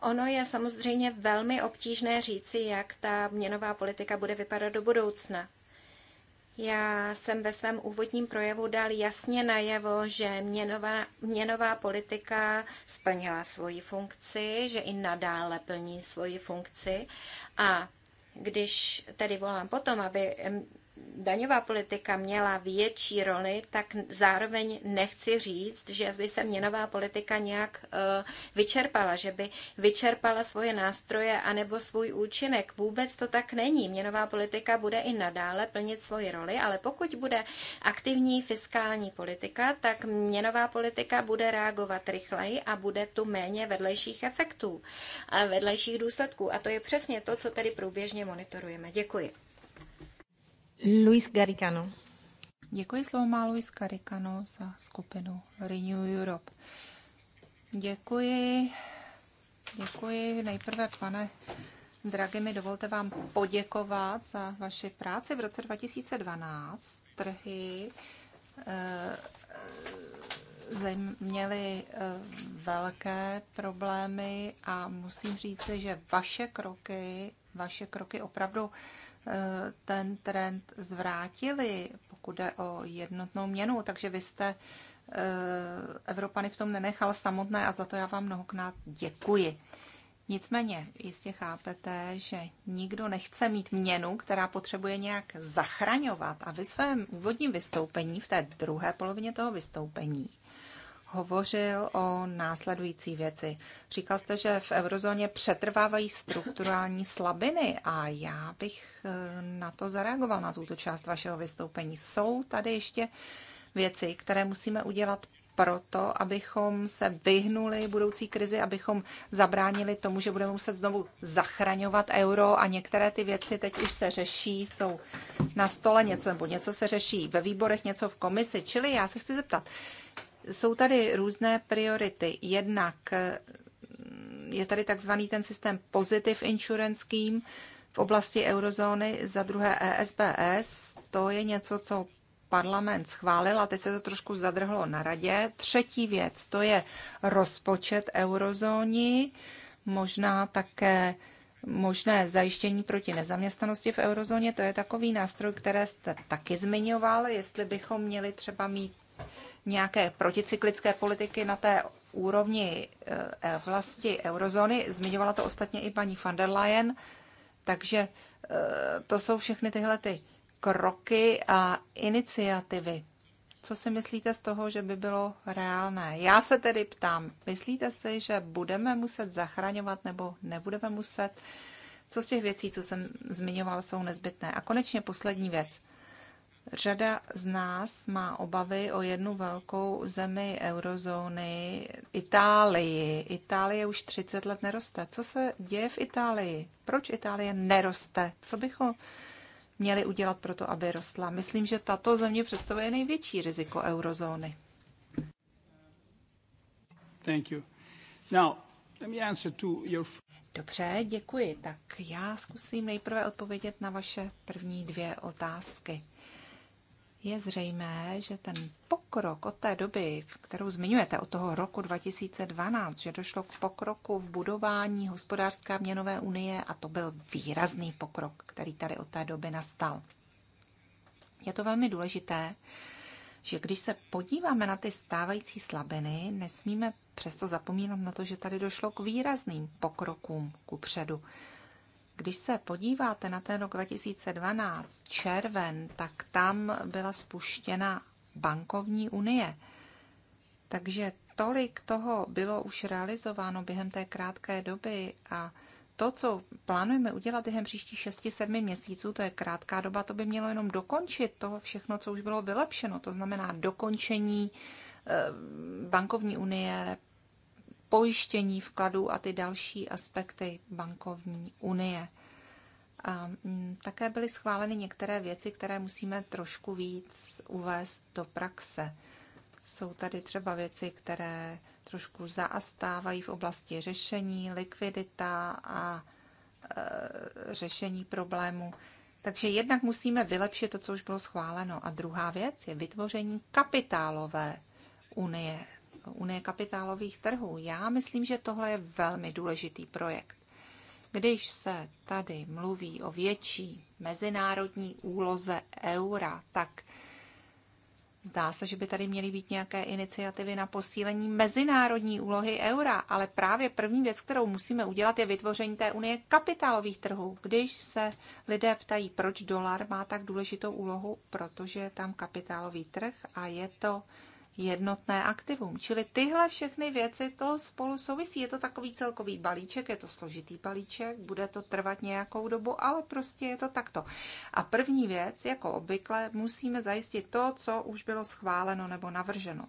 Ono je samozřejmě velmi obtížné říci, jak ta měnová politika bude vypadat do budoucna. Já jsem ve svém úvodním projevu dal jasně najevo, že měnová, měnová politika splnila svoji funkci, že i nadále plní svoji funkci a když tedy volám potom, aby daňová politika měla větší roli, tak zároveň nechci říct, že by se měnová politika nějak eh, vyčerpala, že by vyčerpala svoje nástroje anebo svůj účinek. Vůbec to tak není. Měnová politika bude i nadále plnit svoji roli, ale pokud bude aktivní fiskální politika, tak měnová politika bude reagovat rychleji a bude tu méně vedlejších efektů a vedlejších důsledků. A to je přesně to, co tady průběžně monitorujeme. Děkuji. Luis Garicano. Děkuji, slovo má Luis Garicano za skupinu Renew Europe. Děkuji. Děkuji. Nejprve, pane Dragi, mi dovolte vám poděkovat za vaši práci v roce 2012. Trhy eh, měly eh, velké problémy a musím říci, že vaše kroky, vaše kroky opravdu eh, Eh, ten trend zvrátili, pokud jde o jednotnou měnu, takže vy jste eh, Evropany v tom nenechal samotné a za to já vám mnohokrát děkuji. Nicméně jistě chápete, že nikdo nechce mít měnu, která potřebuje nějak zachraňovat. A ve svém úvodním vystoupení, v té druhé polovině toho vystoupení, hovořil o následující věci. Říkal jste, že v eurozóně přetrvávají strukturální slabiny a já bych eh, na to zareagoval, na tuto část vašeho vystoupení. Jsou tady ještě věci, které musíme udělat proto, abychom se vyhnuli budoucí krizi, abychom zabránili tomu, že budeme muset znovu zachraňovat euro a některé ty věci teď už se řeší, jsou na stole něco nebo něco se řeší ve výborech, něco v komisi. Čili já se chci zeptat, jsou tady různé priority. Jednak eh, je tady takzvaný ten systém Positive Insurance Scheme v oblasti eurozóny, za druhé ESBS. To je něco, co parlament schválil a teď se to trošku zadrhlo na radě. Třetí věc, to je rozpočet eurozóny, možná také možné zajištění proti nezaměstnanosti v eurozóně. To je takový nástroj, které jste taky zmiňoval, jestli bychom měli třeba mít nějaké proticyklické politiky na té úrovni eh, eh, vlasti eurozóny. Zmiňovala to ostatně i paní van der Leyen. Takže eh, to jsou všechny tyhle ty kroky a iniciativy. Co si myslíte z toho, že by bylo reálné? Já se tedy ptám, myslíte si, že budeme muset zachraňovat nebo nebudeme muset? Co z těch věcí, co jsem zmiňoval, jsou nezbytné? A konečně poslední věc. Řada z nás má obavy o jednu velkou zemi eurozóny, Itálii. Itálie už 30 let neroste. Co se děje v Itálii? Proč Itálie neroste? Co bychom měli udělat pro to, aby rostla? Myslím, že tato země představuje největší riziko eurozóny. Thank you. Now, let me answer to your... Dobře, děkuji. Tak já zkusím nejprve odpovědět na vaše první dvě otázky je zřejmé, že ten pokrok od té doby, kterou zmiňujete, od toho roku 2012, že došlo k pokroku v budování hospodářské měnové unie a to byl výrazný pokrok, který tady od té doby nastal. Je to velmi důležité, že když se podíváme na ty stávající slabiny, nesmíme přesto zapomínat na to, že tady došlo k výrazným pokrokům ku předu. Když se podíváte na ten rok 2012, červen, tak tam byla spuštěna bankovní unie. Takže tolik toho bylo už realizováno během té krátké doby a to, co plánujeme udělat během příštích 6-7 měsíců, to je krátká doba, to by mělo jenom dokončit toho všechno, co už bylo vylepšeno. To znamená dokončení eh, bankovní unie, pojištění vkladů a ty další aspekty bankovní unie. A mm, také byly schváleny některé věci, které musíme trošku víc uvést do praxe. Jsou tady třeba věci, které trošku zaastávají v oblasti řešení, likvidita a e, řešení problému. Takže jednak musíme vylepšit to, co už bylo schváleno. A druhá věc je vytvoření kapitálové unie. Unie kapitálových trhů. Já myslím, že tohle je velmi důležitý projekt. Když se tady mluví o větší mezinárodní úloze eura, tak zdá se, že by tady měly být nějaké iniciativy na posílení mezinárodní úlohy eura, ale právě první věc, kterou musíme udělat, je vytvoření té unie kapitálových trhů. Když se lidé ptají, proč dolar má tak důležitou úlohu, protože je tam kapitálový trh a je to jednotné aktivum. Čili tyhle všechny věci to spolu souvisí. Je to takový celkový balíček, je to složitý balíček, bude to trvat nějakou dobu, ale prostě je to takto. A první věc, jako obvykle, musíme zajistit to, co už bylo schváleno nebo navrženo.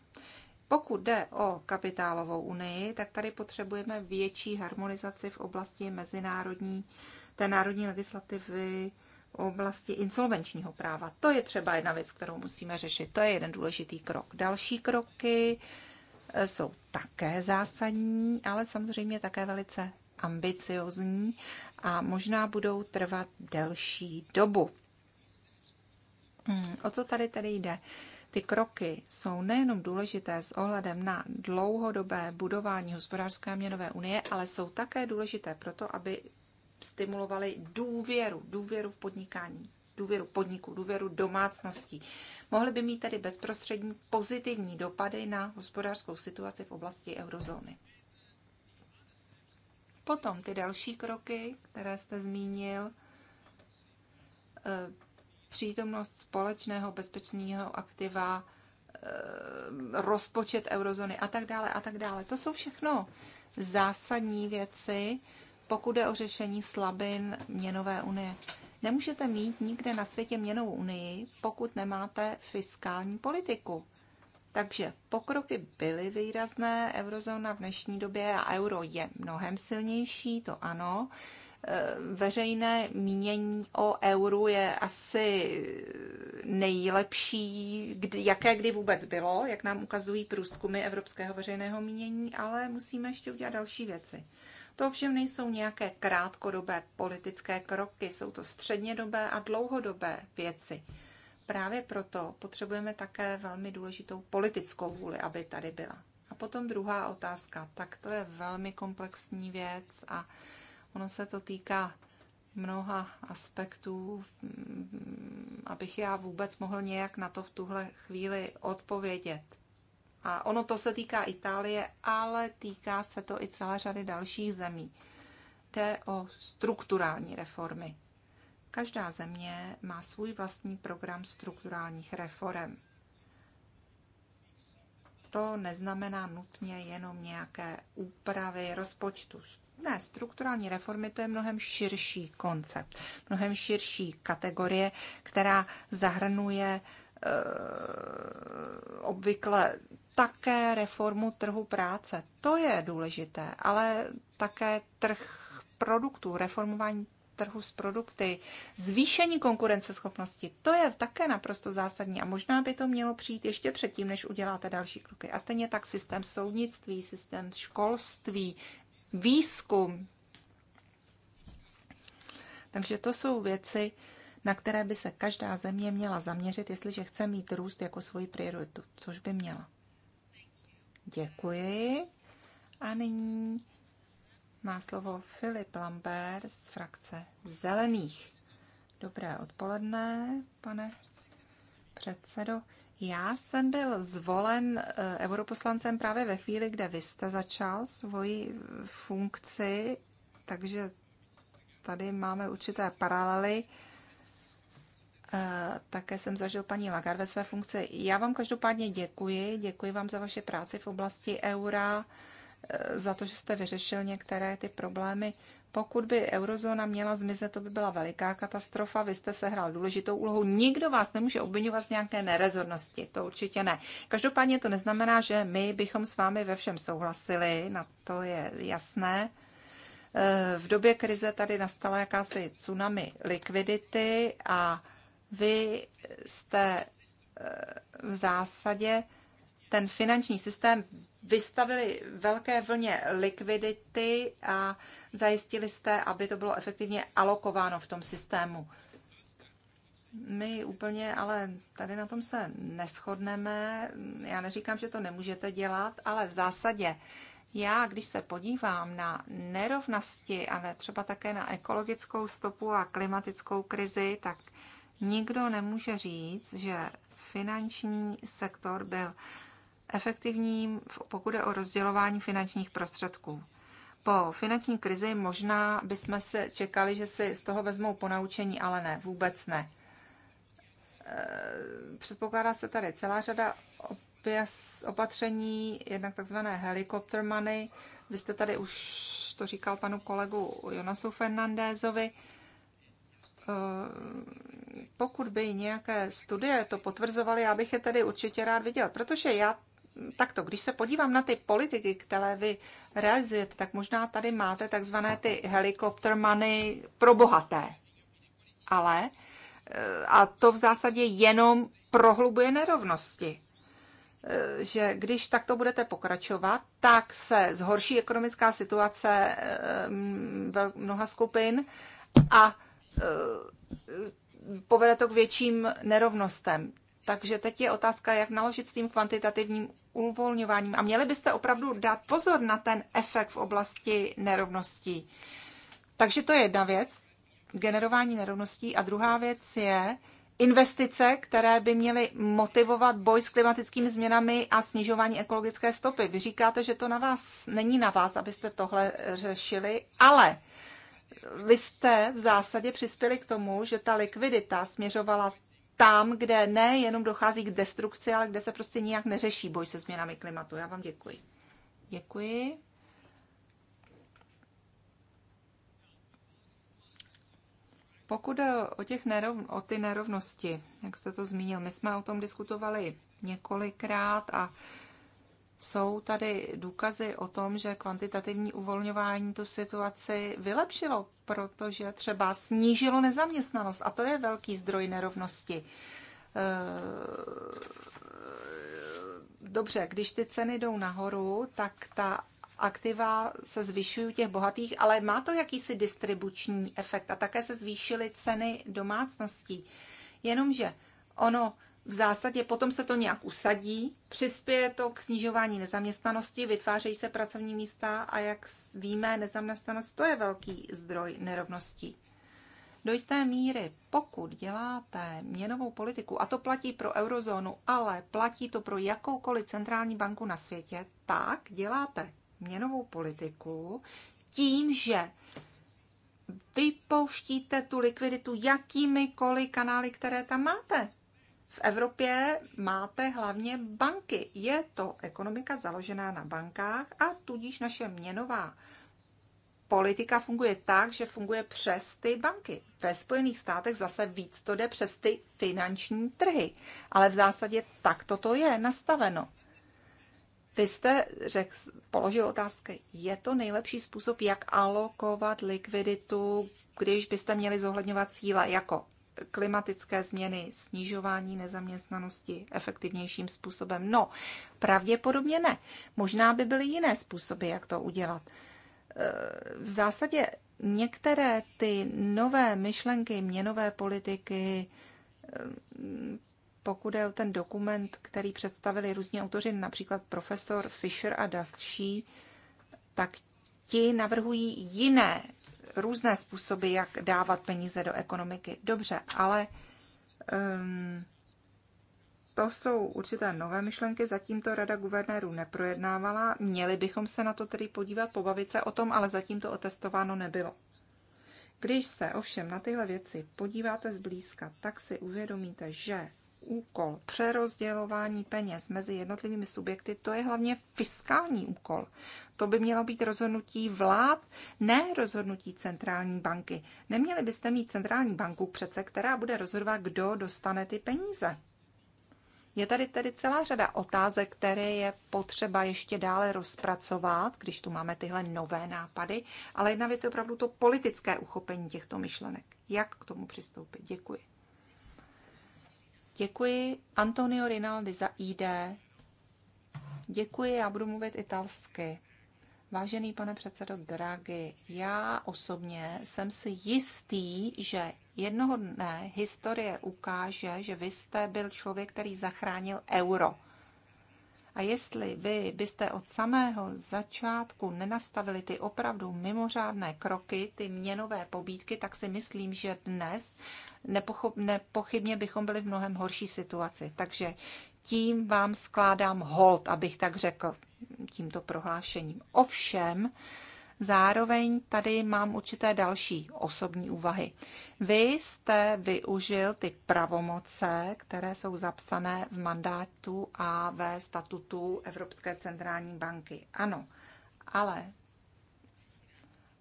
Pokud jde o kapitálovou unii, tak tady potřebujeme větší harmonizaci v oblasti mezinárodní, té národní legislativy oblasti insolvenčního práva. To je třeba jedna věc, kterou musíme řešit. To je jeden důležitý krok. Další kroky eh, jsou také zásadní, ale samozřejmě také velice ambiciozní a možná budou trvat delší dobu. Hmm, o co tady tedy jde? Ty kroky jsou nejenom důležité s ohledem na dlouhodobé budování hospodářské a měnové unie, ale jsou také důležité proto, aby stimulovali důvěru, důvěru v podnikání, důvěru podniku, důvěru domácností. Mohly by mít tedy bezprostřední pozitivní dopady na hospodářskou situaci v oblasti eurozóny. Potom ty další kroky, které jste zmínil, eh, přítomnost společného bezpečného aktiva, eh, rozpočet eurozóny a tak dále a tak dále. To jsou všechno zásadní věci, pokud jde o řešení slabin měnové unie. Nemůžete mít nikde na světě měnovou unii, pokud nemáte fiskální politiku. Takže pokroky byly výrazné, eurozóna v dnešní době a euro je mnohem silnější, to ano. Eh, veřejné mínění o euru je asi nejlepší, jaké kdy vůbec bylo, jak nám ukazují průzkumy evropského veřejného mínění, ale musíme ještě udělat další věci. To ovšem nejsou nějaké krátkodobé politické kroky, jsou to střednědobé a dlouhodobé věci. Právě proto potřebujeme také velmi důležitou politickou vůli, aby tady byla. A potom druhá otázka. Tak to je velmi komplexní věc a ono se to týká mnoha aspektů, abych já vůbec mohl nějak na to v tuhle chvíli odpovědět. A ono to se týká Itálie, ale týká se to i celé řady dalších zemí. Jde o strukturální reformy. Každá země má svůj vlastní program strukturálních reform. To neznamená nutně jenom nějaké úpravy rozpočtu. Ne, strukturální reformy to je mnohem širší koncept, mnohem širší kategorie, která zahrnuje eh, obvykle také reformu trhu práce. To je důležité, ale také trh produktů, reformování trhu s produkty, zvýšení konkurenceschopnosti, to je také naprosto zásadní a možná by to mělo přijít ještě předtím, než uděláte další kroky. A stejně tak systém soudnictví, systém školství, výzkum. Takže to jsou věci, na které by se každá země měla zaměřit, jestliže chce mít růst jako svoji prioritu, což by měla. Děkuji. A nyní má slovo Filip Lambert z frakce Zelených. Dobré odpoledne, pane předsedo. Já jsem byl zvolen eh, europoslancem právě ve chvíli, kde vy jste začal svoji eh, funkci, takže tady máme určité paralely. Eh, také jsem zažil paní Lagarde ve své funkci. Já vám každopádně děkuji, děkuji vám za vaše práci v oblasti eura, eh, za to, že jste vyřešil některé ty problémy. Pokud by eurozóna měla zmizet, to by byla veliká katastrofa. Vy jste sehrál důležitou úlohu. Nikdo vás nemůže obvinovat z nějaké nerezornosti, to určitě ne. Každopádně to neznamená, že my bychom s vámi ve všem souhlasili, na to je jasné. Eh, v době krize tady nastala jakási tsunami likvidity a vy jste eh, v zásadě ten finanční systém vystavili velké vlně likvidity a zajistili jste, aby to bylo efektivně alokováno v tom systému. My úplně ale tady na tom se neschodneme. Já neříkám, že to nemůžete dělat, ale v zásadě já, když se podívám na nerovnosti, ale třeba také na ekologickou stopu a klimatickou krizi, tak Nikdo nemůže říct, že finanční sektor byl efektivním, pokud je o rozdělování finančních prostředků. Po finanční krizi možná bychom se čekali, že si z toho vezmou ponaučení, ale ne, vůbec ne. E, předpokládá se tady celá řada opatření, jednak takzvané helikopter money. Vy jste tady už to říkal panu kolegu Jonasu Fernandézovi. Eh, pokud by nějaké studie to potvrzovaly, já bych je tedy určitě rád viděl, protože já takto, když se podívám na ty politiky, které vy realizujete, tak možná tady máte takzvané ty helikoptermany pro bohaté. Ale eh, a to v zásadě jenom prohlubuje nerovnosti. Eh, že když takto budete pokračovat, tak se zhorší ekonomická situace mnoha skupin a povede to k větším nerovnostem. Takže teď je otázka, jak naložit s tím kvantitativním uvolňováním. A měli byste opravdu dát pozor na ten efekt v oblasti nerovností. Takže to je jedna věc, generování nerovností. A druhá věc je investice, které by měly motivovat boj s klimatickými změnami a snižování ekologické stopy. Vy říkáte, že to na vás není na vás, abyste tohle řešili, ale vy jste v zásadě přispěli k tomu, že ta likvidita směřovala tam, kde nejenom dochází k destrukci, ale kde se prostě nijak neřeší boj se změnami klimatu. Já vám děkuji. Děkuji. Pokud o, těch nerovn, o ty nerovnosti, jak jste to zmínil, my jsme o tom diskutovali několikrát a jsou tady důkazy o tom, že kvantitativní uvolňování tu situaci vylepšilo, protože třeba snížilo nezaměstnanost a to je velký zdroj nerovnosti. Eh, dobře, když ty ceny jdou nahoru, tak ta aktiva se zvyšují těch bohatých, ale má to jakýsi distribuční efekt a také se zvýšily ceny domácností. Jenomže ono v zásadě potom se to nějak usadí, přispěje to k snižování nezaměstnanosti, vytvářejí se pracovní místa a jak víme, nezaměstnanost to je velký zdroj nerovností. Do jisté míry, pokud děláte měnovou politiku, a to platí pro eurozónu, ale platí to pro jakoukoliv centrální banku na světě, tak děláte měnovou politiku tím, že vypouštíte tu likviditu jakýmikoliv kanály, které tam máte. V Evropě máte hlavně banky. Je to ekonomika založená na bankách a tudíž naše měnová politika funguje tak, že funguje přes ty banky. Ve Spojených státech zase víc to jde přes ty finanční trhy. Ale v zásadě tak toto je nastaveno. Vy jste řekl, položil otázky, je to nejlepší způsob, jak alokovat likviditu, když byste měli zohledňovat cíle jako klimatické změny, snižování nezaměstnanosti efektivnějším způsobem? No, pravděpodobně ne. Možná by byly jiné způsoby, jak to udělat. E, v zásadě některé ty nové myšlenky měnové politiky, e, pokud je o ten dokument, který představili různí autoři, například profesor Fisher a další, tak ti navrhují jiné různé způsoby, jak dávat peníze do ekonomiky. Dobře, ale um, to jsou určité nové myšlenky, zatím to rada guvernérů neprojednávala. Měli bychom se na to tedy podívat, pobavit se o tom, ale zatím to otestováno nebylo. Když se ovšem na tyhle věci podíváte zblízka, tak si uvědomíte, že úkol. Přerozdělování peněz mezi jednotlivými subjekty, to je hlavně fiskální úkol. To by mělo být rozhodnutí vlád, ne rozhodnutí centrální banky. Neměli byste mít centrální banku přece, která bude rozhodovat, kdo dostane ty peníze. Je tady tedy celá řada otázek, které je potřeba ještě dále rozpracovat, když tu máme tyhle nové nápady, ale jedna věc je opravdu to politické uchopení těchto myšlenek. Jak k tomu přistoupit? Děkuji. Děkuji Antonio Rinaldi za ID. Děkuji, já budu mluvit italsky. Vážený pane předsedo Draghi, já osobně jsem si jistý, že jednoho dne historie ukáže, že vy jste byl člověk, který zachránil euro. A jestli vy byste od samého začátku nenastavili ty opravdu mimořádné kroky, ty měnové pobídky, tak si myslím, že dnes nepochybně bychom byli v mnohem horší situaci. Takže tím vám skládám hold, abych tak řekl, tímto prohlášením. Ovšem, Zároveň tady mám určité další osobní úvahy. Vy jste využil ty pravomoce, které jsou zapsané v mandátu a ve statutu Evropské centrální banky. Ano, ale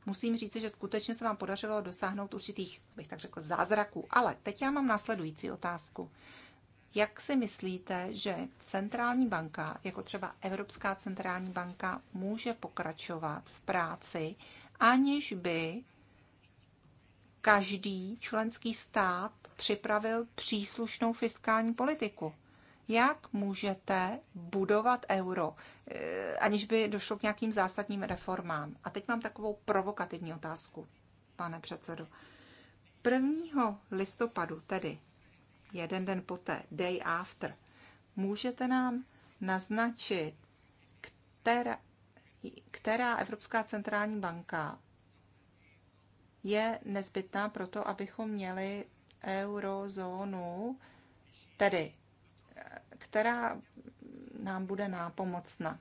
musím říct, že skutečně se vám podařilo dosáhnout určitých, bych tak řekl, zázraků. Ale teď já mám následující otázku. Jak si myslíte, že centrální banka, jako třeba Evropská centrální banka, může pokračovat v práci, aniž by každý členský stát připravil příslušnou fiskální politiku? Jak můžete budovat euro, eh, aniž by došlo k nějakým zásadním reformám? A teď mám takovou provokativní otázku, pane předsedo. 1. listopadu, tedy jeden den poté, day after, můžete nám naznačit, která, která Evropská centrální banka je nezbytná pro to, abychom měli eurozónu, tedy která nám bude nápomocna.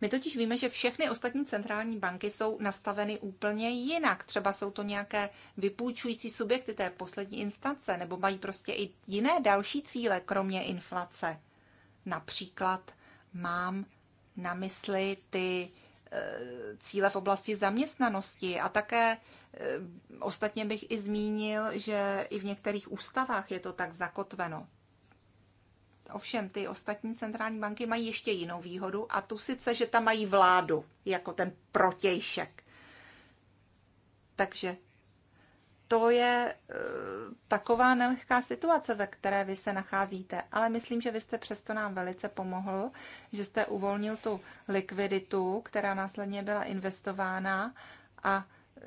My totiž víme, že všechny ostatní centrální banky jsou nastaveny úplně jinak. Třeba jsou to nějaké vypůjčující subjekty té poslední instance, nebo mají prostě i jiné další cíle, kromě inflace. Například mám na mysli ty eh, cíle v oblasti zaměstnanosti a také eh, ostatně bych i zmínil, že i v některých ústavách je to tak zakotveno. Ovšem, ty ostatní centrální banky mají ještě jinou výhodu a tu sice, že tam mají vládu jako ten protějšek. Takže to je e, taková nelehká situace, ve které vy se nacházíte. Ale myslím, že vy jste přesto nám velice pomohl, že jste uvolnil tu likviditu, která následně byla investována a e,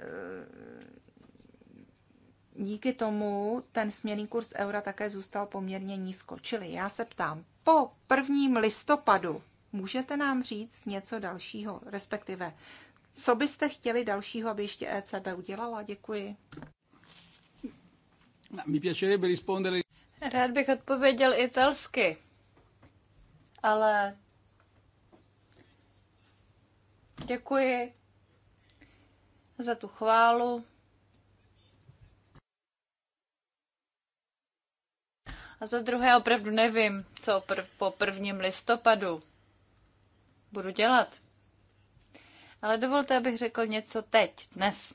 díky tomu ten směrný kurz eura také zůstal poměrně nízko. Čili já se ptám, po prvním listopadu můžete nám říct něco dalšího, respektive co byste chtěli dalšího, aby ještě ECB udělala? Děkuji. Rád bych odpověděl italsky, ale děkuji za tu chválu. A za druhé opravdu nevím, co pr- po prvním listopadu budu dělat. Ale dovolte, abych řekl něco teď, dnes.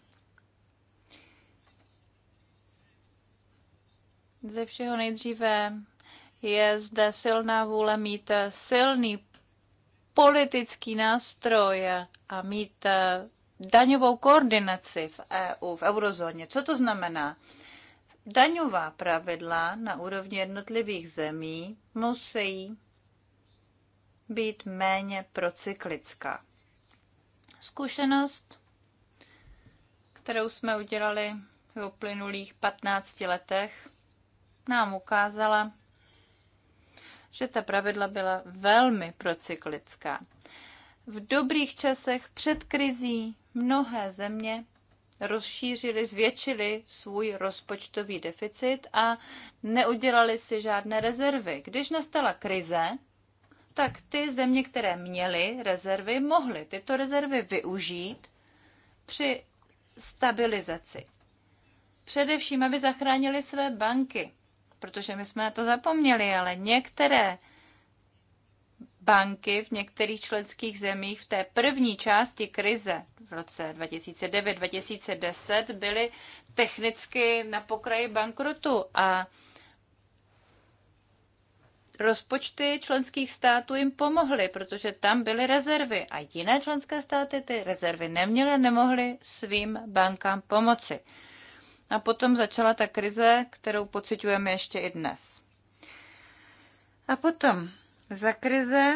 Ze všeho nejdříve je zde silná vůle mít silný politický nástroj a mít eh, daňovou koordinaci v EU, v eurozóně. Co to znamená? daňová pravidla na úrovni jednotlivých zemí musí být méně procyklická. Zkušenost, kterou jsme udělali v uplynulých 15 letech, nám ukázala, že ta pravidla byla velmi procyklická. V dobrých časech před krizí mnohé země rozšířili, zvětšili svůj rozpočtový deficit a neudělali si žádné rezervy. Když nastala krize, tak ty země, které měly rezervy, mohly tyto rezervy využít při stabilizaci. Především, aby zachránili své banky, protože my jsme na to zapomněli, ale některé banky v některých členských zemích v té první části krize v roce 2009-2010 byly technicky na pokraji bankrotu a rozpočty členských států jim pomohly, protože tam byly rezervy a jiné členské státy ty rezervy neměly a nemohly svým bankám pomoci. A potom začala ta krize, kterou pocitujeme ještě i dnes. A potom za krize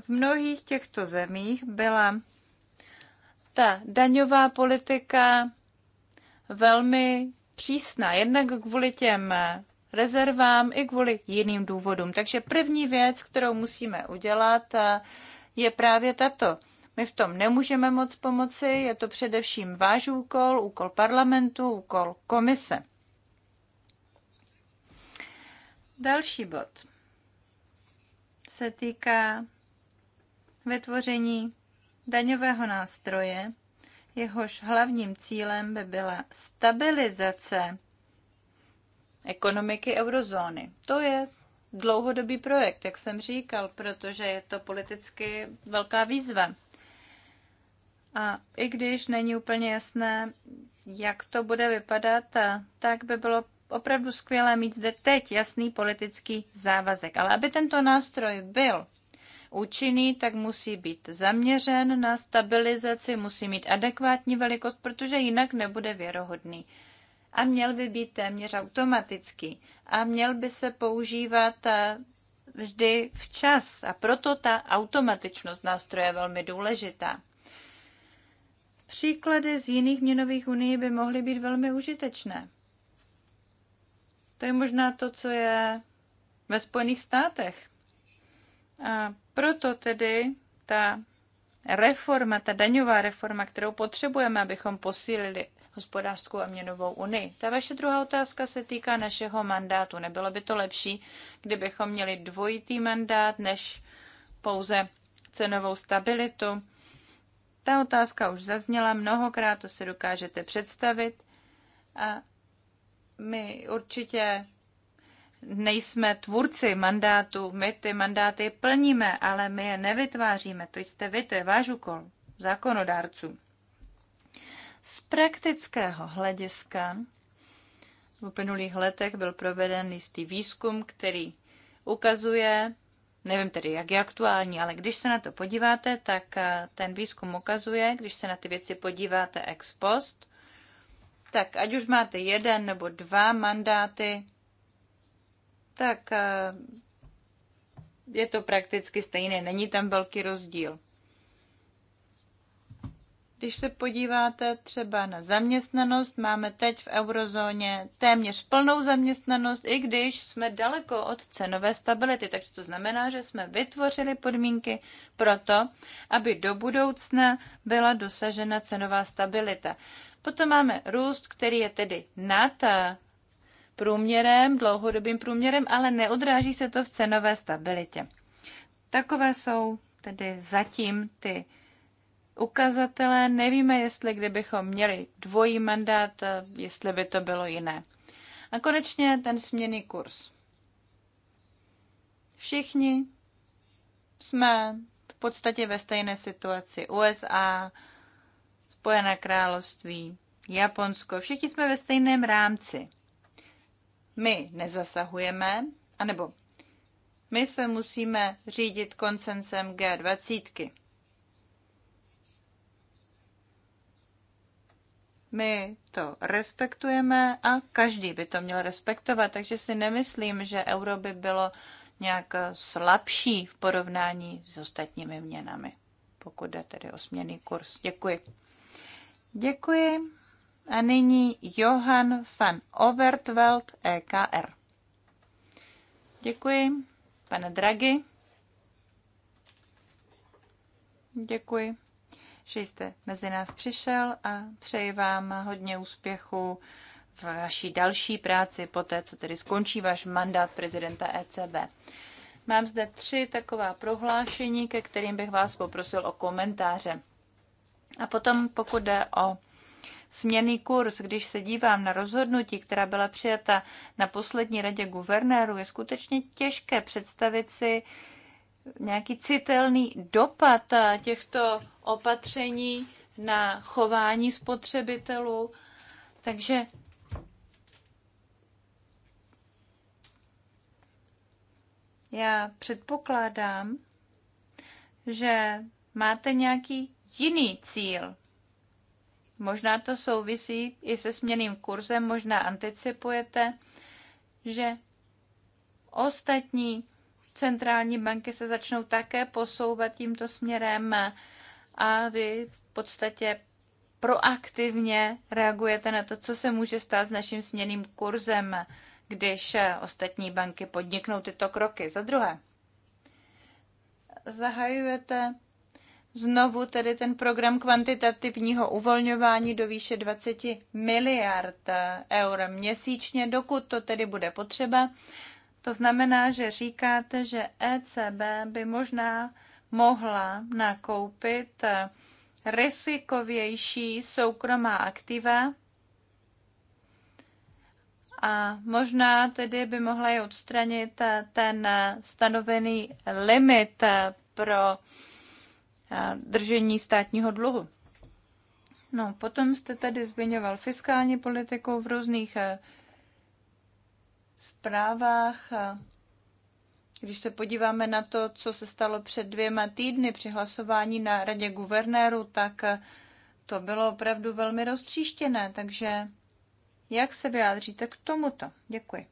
v mnohých těchto zemích byla ta daňová politika velmi přísná, jednak kvůli těm rezervám i kvůli jiným důvodům. Takže první věc, kterou musíme udělat, je právě tato. My v tom nemůžeme moc pomoci, je to především váš úkol, úkol parlamentu, úkol komise. Další bod se týká vytvoření daňového nástroje, jehož hlavním cílem by byla stabilizace ekonomiky eurozóny. To je dlouhodobý projekt, jak jsem říkal, protože je to politicky velká výzva. A i když není úplně jasné, jak to bude vypadat, tak by bylo opravdu skvělé mít zde teď jasný politický závazek. Ale aby tento nástroj byl účinný, tak musí být zaměřen na stabilizaci, musí mít adekvátní velikost, protože jinak nebude věrohodný. A měl by být téměř automatický a měl by se používat eh, vždy včas. A proto ta automatičnost nástroje je velmi důležitá. Příklady z jiných měnových unii by mohly být velmi užitečné. To je možná to, co je ve Spojených státech. A proto tedy ta reforma, ta daňová reforma, kterou potřebujeme, abychom posílili hospodářskou a měnovou unii. Ta vaše druhá otázka se týká našeho mandátu. Nebylo by to lepší, kdybychom měli dvojitý mandát než pouze cenovou stabilitu? Ta otázka už zazněla mnohokrát, to si dokážete představit. A my určitě nejsme tvůrci mandátu, my ty mandáty plníme, ale my je nevytváříme. To jste vy, to je váš úkol, zákonodárců. Z praktického hlediska v uplynulých letech byl proveden jistý výzkum, který ukazuje, nevím tedy, jak je aktuální, ale když se na to podíváte, tak eh, ten výzkum ukazuje, když se na ty věci podíváte ex post, tak ať už máte jeden nebo dva mandáty, tak eh, je to prakticky stejné, není tam velký rozdíl. Když se podíváte třeba na zaměstnanost, máme teď v eurozóně téměř plnou zaměstnanost, i když jsme daleko od cenové stability. Takže to znamená, že jsme vytvořili podmínky pro to, aby do budoucna byla dosažena cenová stabilita. Potom máme růst, který je tedy nad eh, průměrem, dlouhodobým průměrem, ale neodráží se to v cenové stabilitě. Takové jsou tedy zatím ty ukazatele. Nevíme, jestli kdybychom měli dvojí mandát, eh, jestli by to bylo jiné. A konečně ten směný kurz. Všichni jsme v podstatě ve stejné situaci. USA, Spojené království, Japonsko, všichni jsme ve stejném rámci. My nezasahujeme, anebo my se musíme řídit koncensem G20. My to respektujeme a každý by to měl respektovat, takže si nemyslím, že euro by bylo nějak slabší v porovnání s ostatními měnami, pokud jde tedy o směný kurz. Děkuji. Děkuji. A nyní Johan van Overtveld, EKR. Děkuji, pane Dragi. Děkuji, že jste mezi nás přišel a přeji vám hodně úspěchu v vaší další práci po té, co tedy skončí váš mandát prezidenta ECB. Mám zde tři taková prohlášení, ke kterým bych vás poprosil o komentáře. A potom, pokud jde o směný kurz, když se dívám na rozhodnutí, která byla přijata na poslední radě guvernéru, je skutečně těžké představit si nějaký citelný dopad těchto opatření na chování spotřebitelů. Takže já předpokládám, že máte nějaký jiný cíl. Možná to souvisí i se směným kurzem, možná anticipujete, že ostatní centrální banky se začnou také posouvat tímto směrem a vy v podstatě proaktivně reagujete na to, co se může stát s naším směným kurzem, když ostatní banky podniknou tyto kroky. Za druhé, zahajujete znovu tedy ten program kvantitativního uvolňování do výše 20 miliard eh, eur měsíčně, dokud to tedy bude potřeba. To znamená, že říkáte, že ECB by možná mohla nakoupit eh, rizikovější soukromá aktiva a možná tedy by mohla i odstranit eh, ten stanovený limit pro držení státního dluhu. No, potom jste tady zmiňoval fiskální politiku v různých eh, zprávách. Když se podíváme na to, co se stalo před dvěma týdny při hlasování na radě guvernéru, tak eh, to bylo opravdu velmi roztříštěné. Takže jak se vyjádříte k tomuto? Děkuji.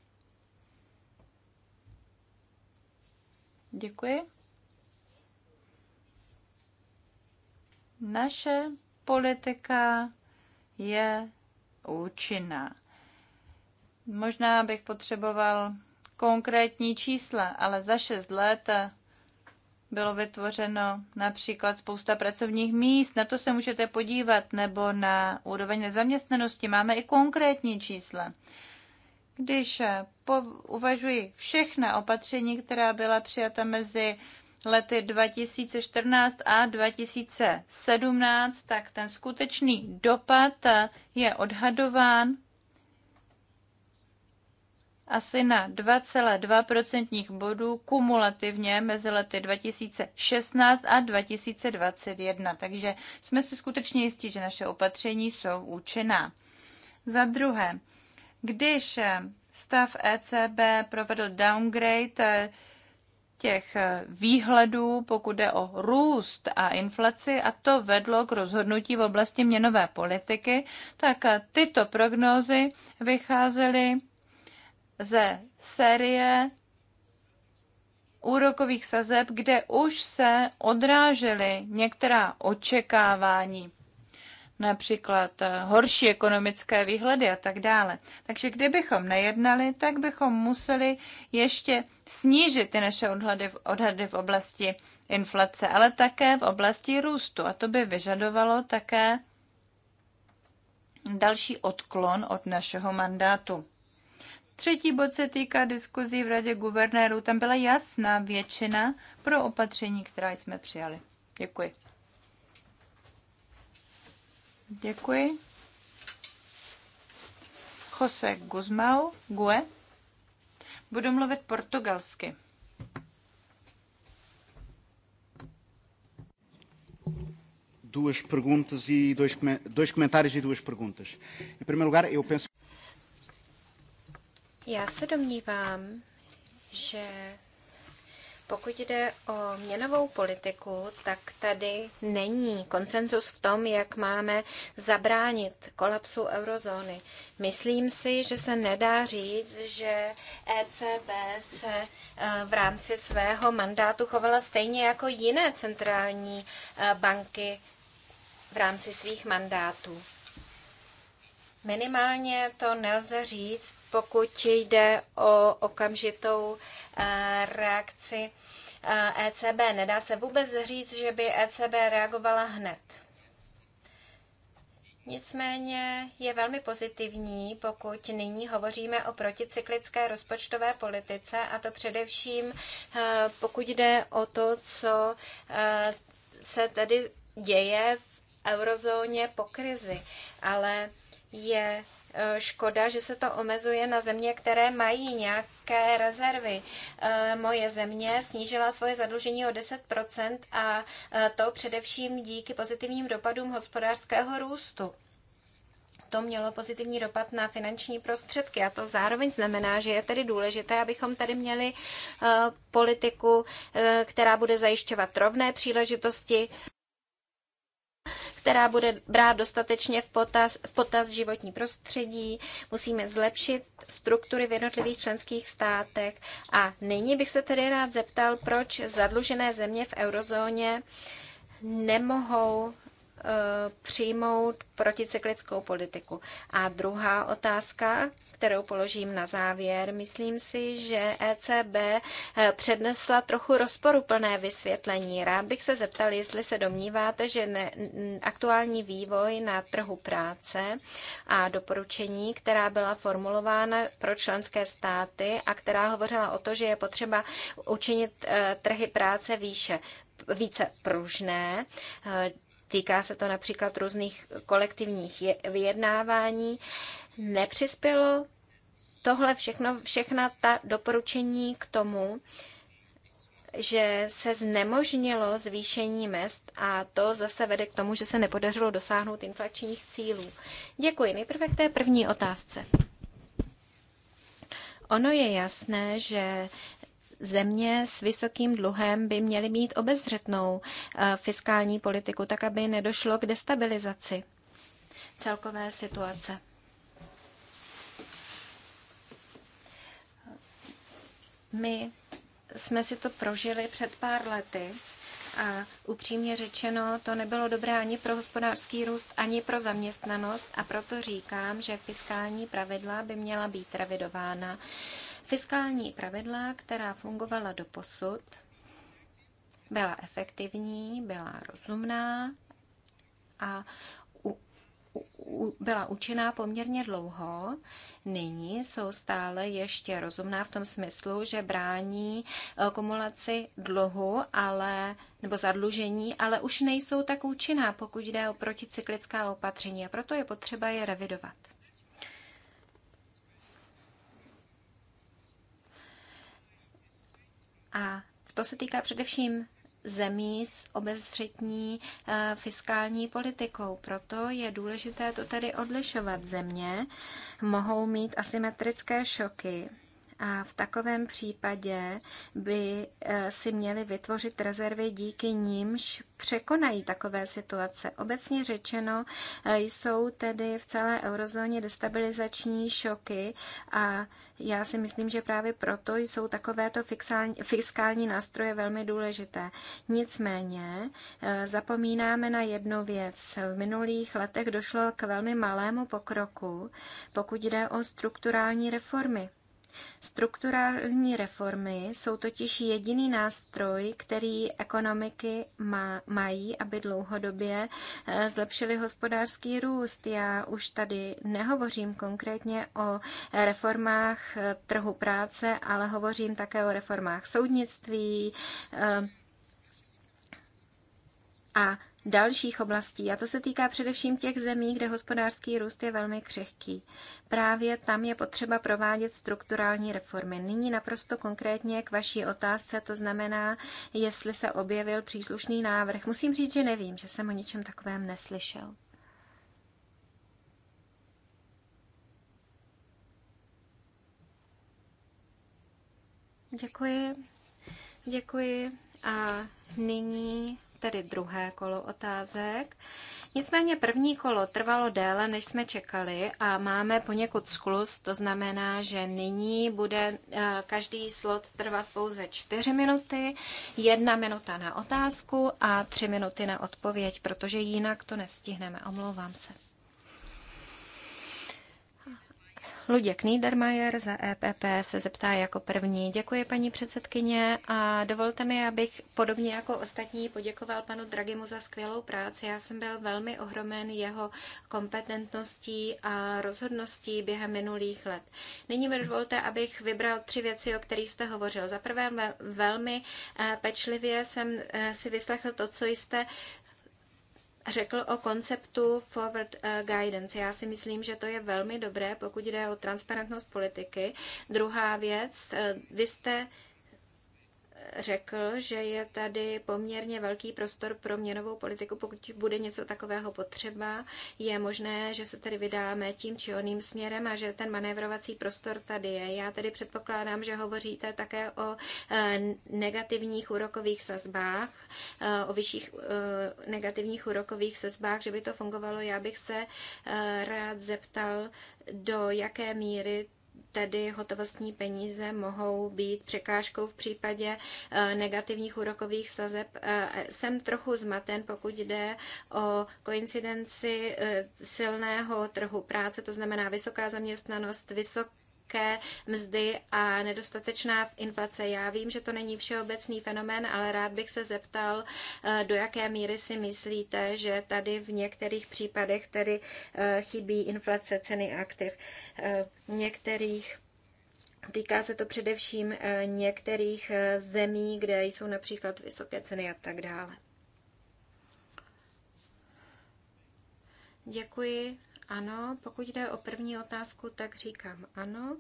Děkuji. Naše politika je účinná. Možná bych potřeboval konkrétní čísla, ale za šest let bylo vytvořeno například spousta pracovních míst, na to se můžete podívat, nebo na úroveň nezaměstnanosti. Máme i konkrétní čísla. Když uvažuji všechna opatření, která byla přijata mezi lety 2014 a 2017, tak ten skutečný dopad eh, je odhadován asi na 2,2 bodů kumulativně mezi lety 2016 a 2021. Takže jsme si skutečně jistí, že naše opatření jsou účinná. Za druhé, když eh, stav ECB provedl downgrade eh, těch eh, výhledů, pokud jde o růst a inflaci, a to vedlo k rozhodnutí v oblasti měnové politiky, tak eh, tyto prognózy vycházely ze série úrokových sazeb, kde už se odrážely některá očekávání například eh, horší ekonomické výhledy a tak dále. Takže kdybychom nejednali, tak bychom museli ještě snížit ty naše odhady, odhady v oblasti inflace, ale také v oblasti růstu. A to by vyžadovalo také další odklon od našeho mandátu. Třetí bod se týká diskuzí v Radě guvernérů. Tam byla jasná většina pro opatření, která jsme přijali. Děkuji. Děkuji. Jose Guzmau, Gue. Budu mluvit portugalsky. Duas perguntas e dois, dois comentários e duas perguntas. Em primeiro lugar, eu penso Já se domnívám, že pokud jde o měnovou politiku, tak tady není konsenzus v tom, jak máme zabránit kolapsu eurozóny. Myslím si, že se nedá říct, že ECB se e, v rámci svého mandátu chovala stejně jako jiné centrální e, banky v rámci svých mandátů. Minimálně to nelze říct, pokud jde o okamžitou eh, reakci ECB. Eh, e Nedá se vůbec říct, že by ECB reagovala hned. Nicméně je velmi pozitivní, pokud nyní hovoříme o proticyklické rozpočtové politice, a to především eh, pokud jde o to, co se tedy děje v eurozóně po krizi. Ale je eh, škoda, že se to omezuje na země, které mají nějaké rezervy. Eh, moje země snížila svoje zadlužení o 10% a eh, to především díky pozitivním dopadům hospodářského růstu to mělo pozitivní dopad na finanční prostředky a to zároveň znamená, že je tedy důležité, abychom tady měli politiku, která bude zajišťovat rovné příležitosti která bude brát dostatečně v potaz, v potaz životní prostředí. Musíme zlepšit struktury v jednotlivých členských státech. A nyní bych se tedy rád zeptal, proč zadlužené země v eurozóně nemohou Eh, přijmout proticyklickou politiku. A druhá otázka, kterou položím na závěr, myslím si, že ECB eh, přednesla trochu rozporuplné vysvětlení. Rád bych se zeptal, jestli se domníváte, že ne, aktuální vývoj na trhu práce a doporučení, která byla formulována pro členské státy a která hovořila o to, že je potřeba učinit eh, trhy práce výše více pružné. Týká se to například různých kolektivních vyjednávání. Nepřispělo tohle všechno, všechna ta doporučení k tomu, že se znemožnilo zvýšení mest a to zase vede k tomu, že se nepodařilo dosáhnout inflačních cílů. Děkuji. Nejprve k té první otázce. Ono je jasné, že země s vysokým dluhem by měly mít obezřetnou eh, fiskální politiku, tak aby nedošlo k destabilizaci celkové situace. My jsme si to prožili před pár lety a upřímně řečeno, to nebylo dobré ani pro hospodářský růst, ani pro zaměstnanost a proto říkám, že fiskální pravidla by měla být revidována. Fiskální pravidla, která fungovala do posud, byla efektivní, byla rozumná a u, u, byla účinná poměrně dlouho. Nyní jsou stále ještě rozumná v tom smyslu, že brání eh, kumulaci dluhu, ale nebo zadlužení, ale už nejsou tak účinná, pokud jde o proticyklická opatření a proto je potřeba je revidovat. A to se týká především zemí s obezřetní eh, fiskální politikou. Proto je důležité to tedy odlišovat. Země mohou mít asymetrické šoky, a v takovém případě by eh, si měli vytvořit rezervy, díky nímž překonají takové situace. Obecně řečeno eh, jsou tedy v celé eurozóně destabilizační šoky a já si myslím, že právě proto jsou takovéto fiskální nástroje velmi důležité. Nicméně eh, zapomínáme na jednu věc. V minulých letech došlo k velmi malému pokroku, pokud jde o strukturální reformy. Strukturální reformy jsou totiž jediný nástroj, který ekonomiky má, mají, aby dlouhodobě eh, zlepšili hospodářský růst. Já už tady nehovořím konkrétně o reformách eh, trhu práce, ale hovořím také o reformách soudnictví eh, a dalších oblastí. A to se týká především těch zemí, kde hospodářský růst je velmi křehký. Právě tam je potřeba provádět strukturální reformy. Nyní naprosto konkrétně k vaší otázce, to znamená, jestli se objevil příslušný návrh. Musím říct, že nevím, že jsem o ničem takovém neslyšel. Děkuji. Děkuji. A nyní tedy druhé kolo otázek. Nicméně první kolo trvalo déle, než jsme čekali a máme poněkud sklus, to znamená, že nyní bude eh, každý slot trvat pouze čtyři minuty, jedna minuta na otázku a tři minuty na odpověď, protože jinak to nestihneme. Omlouvám se. Luděk Niedermayer za EPP se zeptá jako první. Děkuji, paní předsedkyně, a dovolte mi, abych podobně jako ostatní poděkoval panu Dragimu za skvělou práci. Já jsem byl velmi ohromen jeho kompetentností a rozhodností během minulých let. Nyní mi dovolte, abych vybral tři věci, o kterých jste hovořil. Za prvé, velmi eh, pečlivě jsem eh, si vyslechl to, co jste řekl o konceptu forward eh, guidance. Já si myslím, že to je velmi dobré, pokud jde o transparentnost politiky. Druhá věc, eh, vy jste řekl, že je tady poměrně velký prostor pro měnovou politiku, pokud bude něco takového potřeba. Je možné, že se tady vydáme tím či oným směrem a že ten manévrovací prostor tady je. Já tedy předpokládám, že hovoříte také o eh, negativních úrokových sazbách, eh, o vyšších eh, negativních úrokových sazbách, že by to fungovalo. Já bych se rád zeptal, do jaké míry tedy hotovostní peníze mohou být překážkou v případě eh, negativních úrokových sazeb. Eh, jsem trochu zmaten, pokud jde o koincidenci eh, silného trhu práce, to znamená vysoká zaměstnanost, vysoká nízké mzdy a nedostatečná inflace. Já vím, že to není všeobecný fenomén, ale rád bych se zeptal, eh, do jaké míry si myslíte, že tady v některých případech tedy eh, chybí inflace ceny aktiv. Eh, některých Týká se to především některých zemí, kde jsou například vysoké ceny a tak dále. Děkuji ano. Pokud jde o první otázku, tak říkám ano.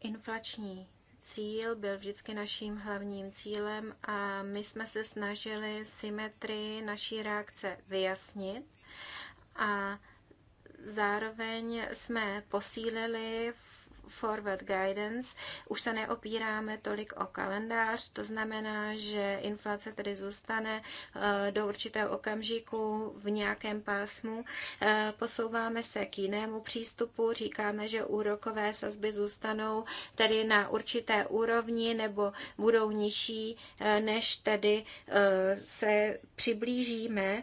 Inflační cíl byl vždycky naším hlavním cílem a my jsme se snažili symetrii naší reakce vyjasnit a zároveň jsme posílili Forward Guidance už se neopíráme tolik o kalendář, to znamená, že inflace tedy zůstane eh, do určitého okamžiku v nějakém pásmu. Eh, posouváme se k jinému přístupu, říkáme, že úrokové sazby zůstanou tedy na určité úrovni nebo budou nižší, eh, než tedy se přiblížíme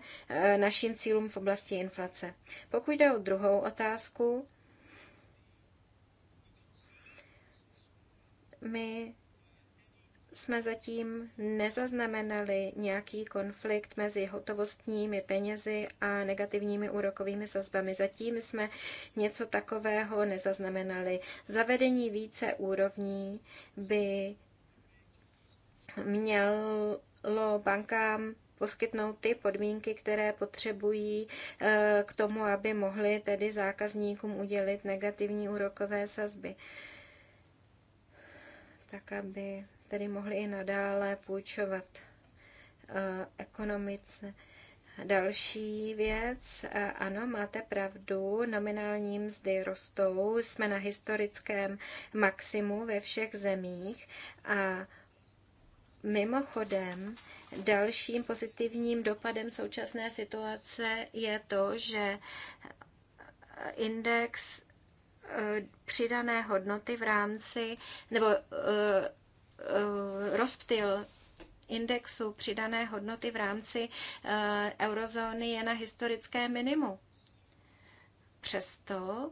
našim cílům v oblasti inflace. Pokud jde o druhou otázku, my jsme zatím nezaznamenali nějaký konflikt mezi hotovostními penězi a negativními úrokovými sazbami. Zatím jsme něco takového nezaznamenali. Zavedení více úrovní by mělo bankám poskytnout ty podmínky, které potřebují eh, k tomu, aby mohli tedy zákazníkům udělit negativní úrokové sazby tak aby tedy mohli i nadále půjčovat eh, ekonomice. Další věc, eh, ano, máte pravdu, nominální mzdy rostou, jsme na historickém maximu ve všech zemích a mimochodem dalším pozitivním dopadem současné situace je to, že index přidané hodnoty v rámci nebo eh, eh, rozptyl indexu přidané hodnoty v rámci eh, eurozóny je na historické minimu. Přesto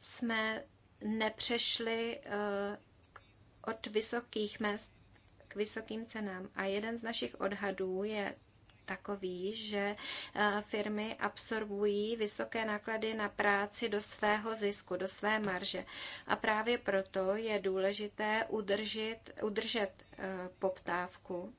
jsme nepřešli od vysokých mest k vysokým cenám. A jeden z našich odhadů je takový, že eh, firmy absorbují vysoké náklady na práci do svého zisku, do své marže. A právě proto je důležité udržet, udržet eh, poptávku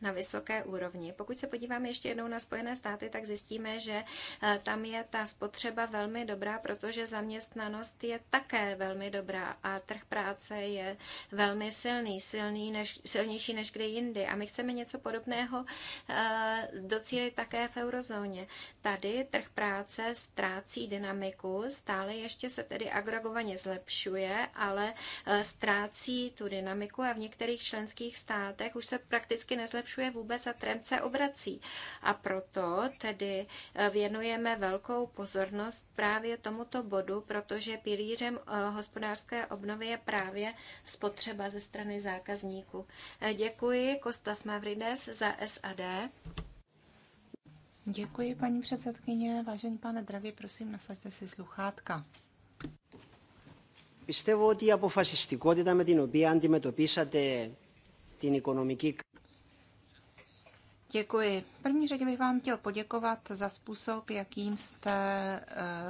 na vysoké úrovni. Pokud se podíváme ještě jednou na Spojené státy, tak zjistíme, že eh, tam je ta spotřeba velmi dobrá, protože zaměstnanost je také velmi dobrá a trh práce je velmi silný, silný než, silnější než kde jindy. A my chceme něco podobného eh, docílit také v eurozóně. Tady trh práce ztrácí dynamiku, stále ještě se tedy agregovaně zlepšuje, ale eh, ztrácí tu dynamiku a v některých členských státech už se prakticky nezlepšuje nezlepšuje vůbec a trend se obrací. A proto tedy eh, věnujeme velkou pozornost právě tomuto bodu, protože pilířem eh, hospodářské obnovy je právě spotřeba ze strany zákazníků. Eh, děkuji Kostas Mavrides za SAD. Děkuji, paní předsedkyně. Vážení pane Dravě, prosím, nasaďte si sluchátka. Πιστεύω ότι η αποφασιστικότητα με την οποία αντιμετωπίσατε την οικονομική Děkuji. V první řadě bych vám chtěl poděkovat za způsob, jakým jste eh,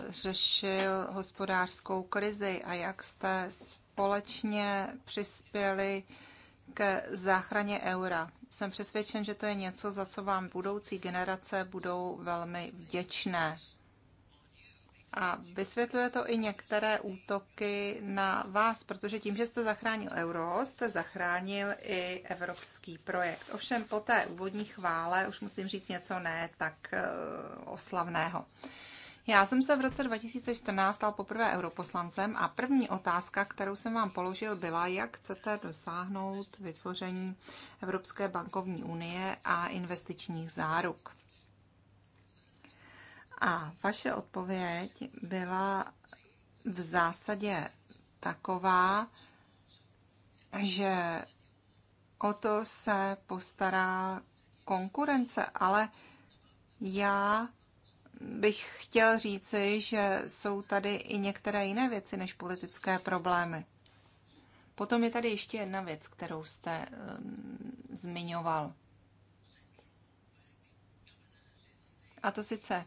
řešil hospodářskou krizi a jak jste společně přispěli k záchraně eura. Jsem přesvědčen, že to je něco, za co vám budoucí generace budou velmi vděčné. A vysvětluje to i některé útoky na vás, protože tím, že jste zachránil euro, jste zachránil i evropský projekt. Ovšem po té úvodní chvále už musím říct něco ne tak eh, oslavného. Já jsem se v roce 2014 stal poprvé europoslancem a první otázka, kterou jsem vám položil, byla, jak chcete dosáhnout vytvoření Evropské bankovní unie a investičních záruk. A vaše odpověď byla v zásadě taková, že o to se postará konkurence, ale já bych chtěl říci, že jsou tady i některé jiné věci než politické problémy. Potom je tady ještě jedna věc, kterou jste um, zmiňoval. A to sice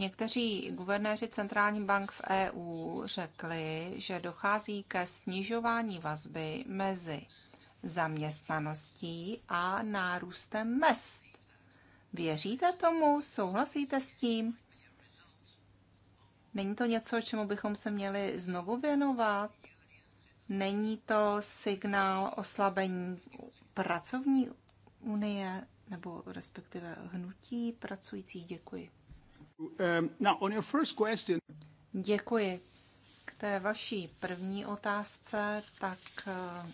Někteří guvernéři centrální bank v EU řekli, že dochází ke snižování vazby mezi zaměstnaností a nárůstem mest. Věříte tomu? Souhlasíte s tím? Není to něco, čemu bychom se měli znovu věnovat? Není to signál oslabení pracovní unie nebo respektive hnutí pracujících? Děkuji. Um, Děkuji. K té vaší první otázce, tak eh,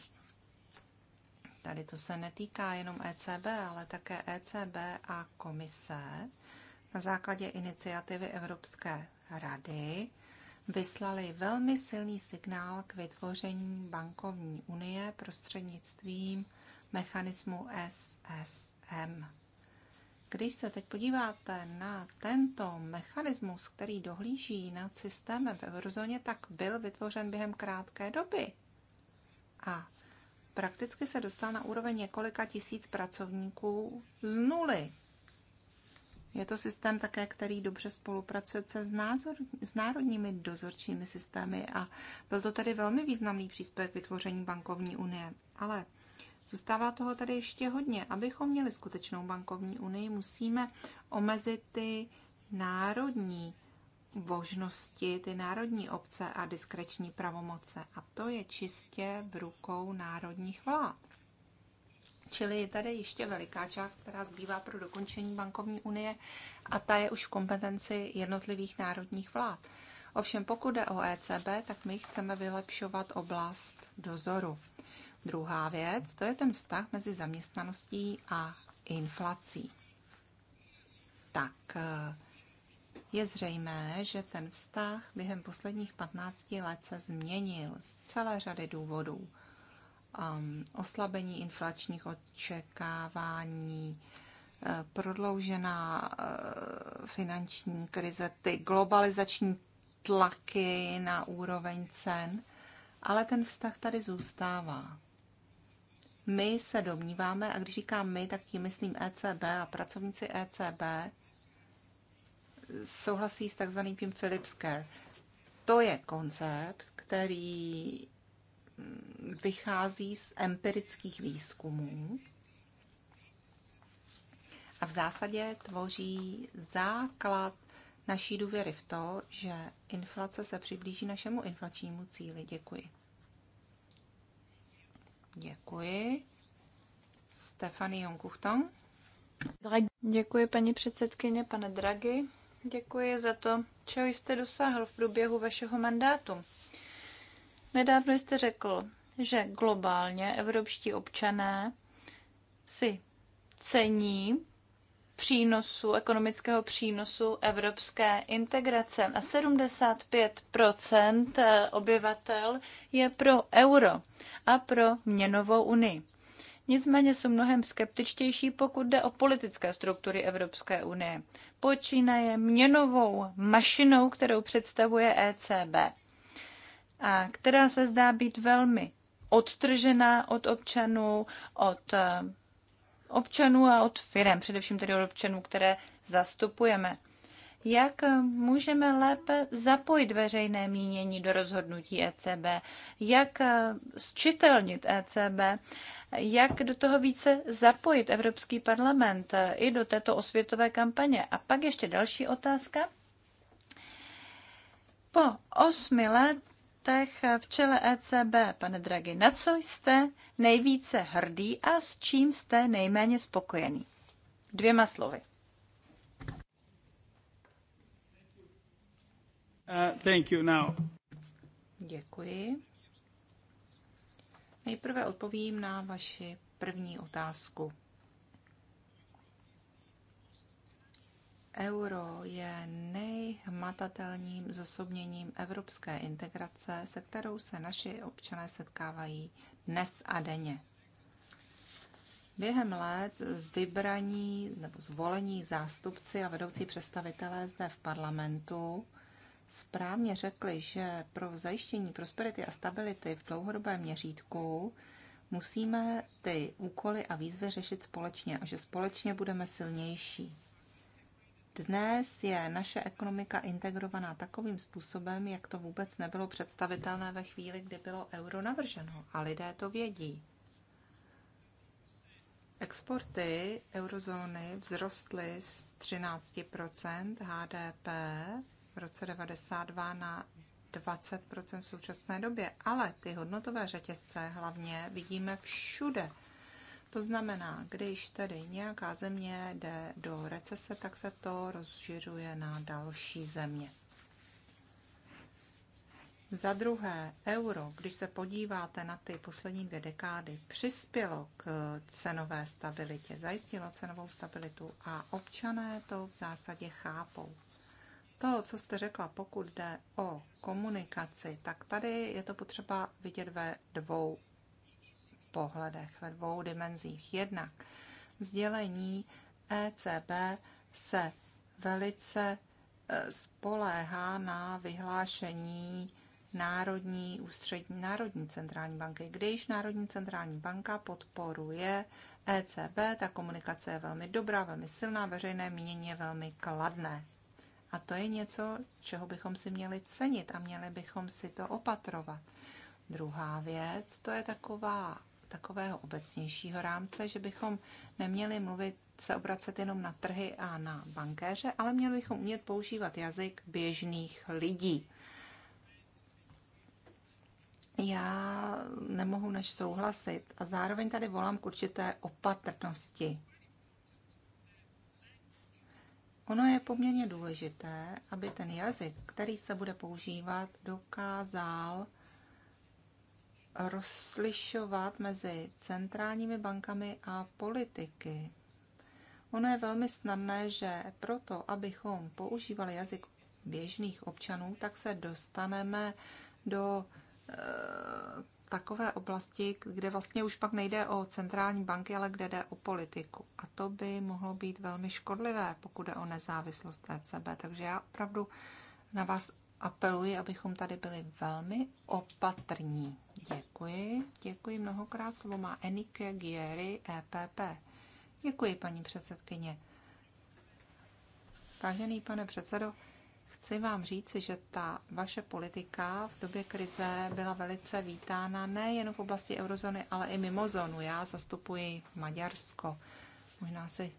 tady to se netýká jenom ECB, ale také ECB a komise na základě iniciativy Evropské rady vyslali velmi silný signál k vytvoření bankovní unie prostřednictvím mechanismu SSM. Když se teď podíváte na tento mechanismus, který dohlíží nad systémem v eurozóně, tak byl vytvořen během krátké doby. A prakticky se dostal na úroveň několika tisíc pracovníků z nuly. Je to systém také, který dobře spolupracuje se s, názor, s národními dozorčími systémy a byl to tedy velmi významný příspěvek vytvoření bankovní unie. Ale Zůstává toho tady ještě hodně. Abychom měli skutečnou bankovní unii, musíme omezit ty národní možnosti, ty národní obce a diskreční pravomoce. A to je čistě v rukou národních vlád. Čili je tady ještě veliká část, která zbývá pro dokončení bankovní unie a ta je už v kompetenci jednotlivých národních vlád. Ovšem pokud jde o ECB, tak my chceme vylepšovat oblast dozoru. Druhá věc, to je ten vztah mezi zaměstnaností a inflací. Tak eh, je zřejmé, že ten vztah během posledních 15 let se změnil z celé řady důvodů. Um, oslabení inflačních očekávání, eh, prodloužená eh, finanční krize, ty globalizační tlaky na úroveň cen, ale ten vztah tady zůstává. My se domníváme, a když říkám my, tak tím myslím ECB a pracovníci ECB souhlasí s takzvaným tím Philips Care. To je koncept, který mm, vychází z empirických výzkumů a v zásadě tvoří základ naší důvěry v to, že inflace se přiblíží našemu inflačnímu cíli. Děkuji. Děkuji. Stefany Jonkuchton. Děkuji, paní předsedkyně, pane Dragi. Děkuji za to, čeho jste dosáhl v průběhu vašeho mandátu. Nedávno jste řekl, že globálně evropští občané si cení přínosu, ekonomického přínosu evropské integrace a 75 eh, obyvatel je pro euro a pro měnovou unii. Nicméně jsou mnohem skeptičtější, pokud jde o politické struktury Evropské unie. Počínaje měnovou mašinou, kterou představuje ECB, a která se zdá být velmi odtržená od občanů, od eh, občanů a od firm, především tedy od občanů, které zastupujeme. Jak můžeme lépe zapojit veřejné mínění do rozhodnutí ECB? Jak zčitelnit ECB? Jak do toho více zapojit Evropský parlament i do této osvětové kampaně? A pak ještě další otázka. Po osmi let letech v čele ECB, pane Draghi, na co jste nejvíce hrdý a s čím jste nejméně spokojený? Dvěma slovy. Uh, thank you now. Děkuji. Nejprve odpovím na vaši první otázku. Euro je nejhmatatelním zosobněním evropské integrace, se kterou se naši občané setkávají dnes a denně. Během let vybraní nebo zvolení zástupci a vedoucí představitelé zde v parlamentu správně řekli, že pro zajištění prosperity a stability v dlouhodobém měřítku musíme ty úkoly a výzvy řešit společně a že společně budeme silnější. Dnes je naše ekonomika integrovaná takovým způsobem, jak to vůbec nebylo představitelné ve chvíli, kdy bylo euro navrženo. A lidé to vědí. Exporty eurozóny vzrostly z 13 HDP v roce 92 na 20 v současné době, ale ty hodnotové řetězce hlavně vidíme všude – to znamená, když tedy nějaká země jde do recese, tak se to rozšiřuje na další země. Za druhé, euro, když se podíváte na ty poslední dvě dekády, přispělo k cenové stabilitě, zajistilo cenovou stabilitu a občané to v zásadě chápou. To, co jste řekla, pokud jde o komunikaci, tak tady je to potřeba vidět ve dvou pohledech, ve dvou dimenzích. Jednak sdělení ECB se velice e, spoléhá na vyhlášení Národní ústřední Národní centrální banky. Když Národní centrální banka podporuje ECB, ta komunikace je velmi dobrá, velmi silná, veřejné mínění je velmi kladné. A to je něco, čeho bychom si měli cenit a měli bychom si to opatrovat. Druhá věc, to je taková takového obecnějšího rámce, že bychom neměli mluvit, se obracet jenom na trhy a na bankéře, ale měli bychom umět používat jazyk běžných lidí. Já nemohu než souhlasit a zároveň tady volám k určité opatrnosti. Ono je poměrně důležité, aby ten jazyk, který se bude používat, dokázal rozlišovat mezi centrálními bankami a politiky. Ono je velmi snadné, že proto, abychom používali jazyk běžných občanů, tak se dostaneme do e, takové oblasti, kde vlastně už pak nejde o centrální banky, ale kde jde o politiku. A to by mohlo být velmi škodlivé, pokud jde o nezávislost ECB. Takže já opravdu na vás apeluji, abychom tady byli velmi opatrní. Děkuji. Děkuji mnohokrát. Slovo má Enike Gieri, EPP. Děkuji, paní předsedkyně. Vážený pane předsedo, chci vám říci, že ta vaše politika v době krize byla velice vítána nejen v oblasti eurozóny, ale i mimo zónu. Já zastupuji Maďarsko. Možná si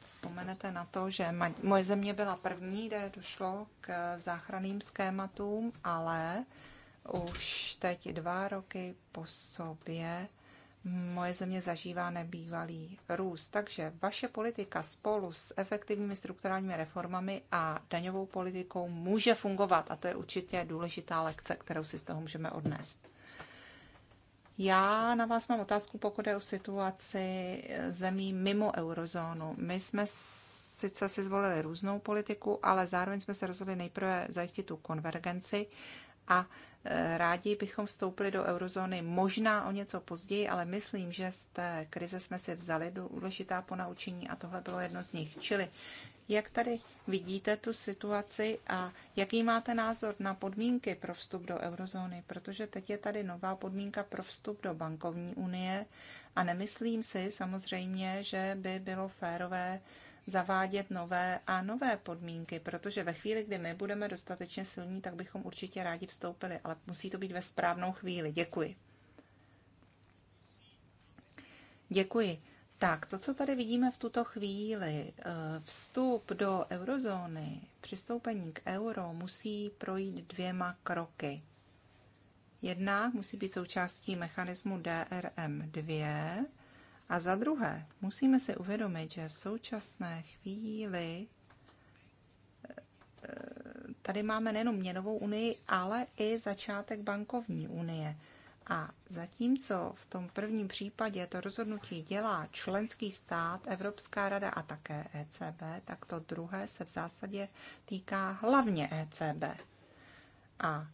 vzpomenete na to, že moje země byla první, kde došlo k záchranným schématům, ale už teď dva roky po sobě moje země zažívá nebývalý růst. Takže vaše politika spolu s efektivními strukturálními reformami a daňovou politikou může fungovat a to je určitě důležitá lekce, kterou si z toho můžeme odnést. Já na vás mám otázku, pokud je o situaci eh, zemí mimo eurozónu. My jsme sice si zvolili různou politiku, ale zároveň jsme se rozhodli nejprve zajistit tu konvergenci a e, rádi bychom vstoupili do eurozóny možná o něco později, ale myslím, že z té krize jsme si vzali důležitá ponaučení a tohle bylo jedno z nich. Čili jak tady vidíte tu situaci a jaký máte názor na podmínky pro vstup do eurozóny, protože teď je tady nová podmínka pro vstup do bankovní unie a nemyslím si samozřejmě, že by bylo férové zavádět nové a nové podmínky, protože ve chvíli, kdy my budeme dostatečně silní, tak bychom určitě rádi vstoupili, ale musí to být ve správnou chvíli. Děkuji. Děkuji. Tak, to, co tady vidíme v tuto chvíli, eh, vstup do eurozóny, přistoupení k euro musí projít dvěma kroky. Jedna musí být součástí mechanismu DRM 2, a za druhé, musíme si uvědomit, že v současné chvíli eh, eh, tady máme nejenom měnovou unii, ale i začátek bankovní unie. A zatímco v tom prvním případě to rozhodnutí dělá členský stát, Evropská rada a také ECB, tak to druhé se v zásadě týká hlavně ECB. A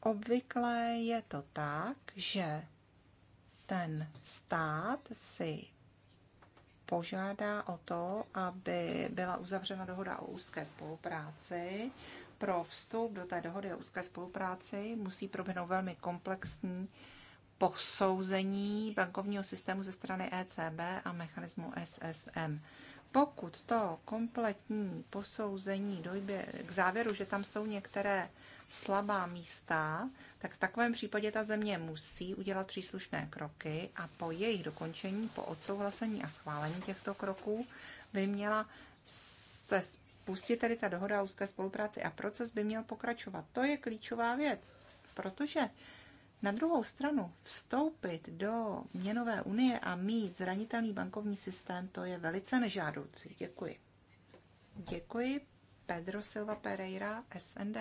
obvykle je to tak, že ten stát si požádá o to, aby byla uzavřena dohoda o úzké spolupráci. Pro vstup do té dohody o úzké spolupráci musí proběhnout velmi komplexní posouzení bankovního systému ze strany ECB a mechanismu SSM. Pokud to kompletní posouzení dojde k závěru, že tam jsou některé slabá místa, tak v takovém případě ta země musí udělat příslušné kroky a po jejich dokončení, po odsouhlasení a schválení těchto kroků, by měla se spustit tedy ta dohoda o úzké spolupráci a proces by měl pokračovat. To je klíčová věc, protože na druhou stranu vstoupit do měnové unie a mít zranitelný bankovní systém, to je velice nežádoucí. Děkuji. Děkuji. Pedro Silva Pereira, SND.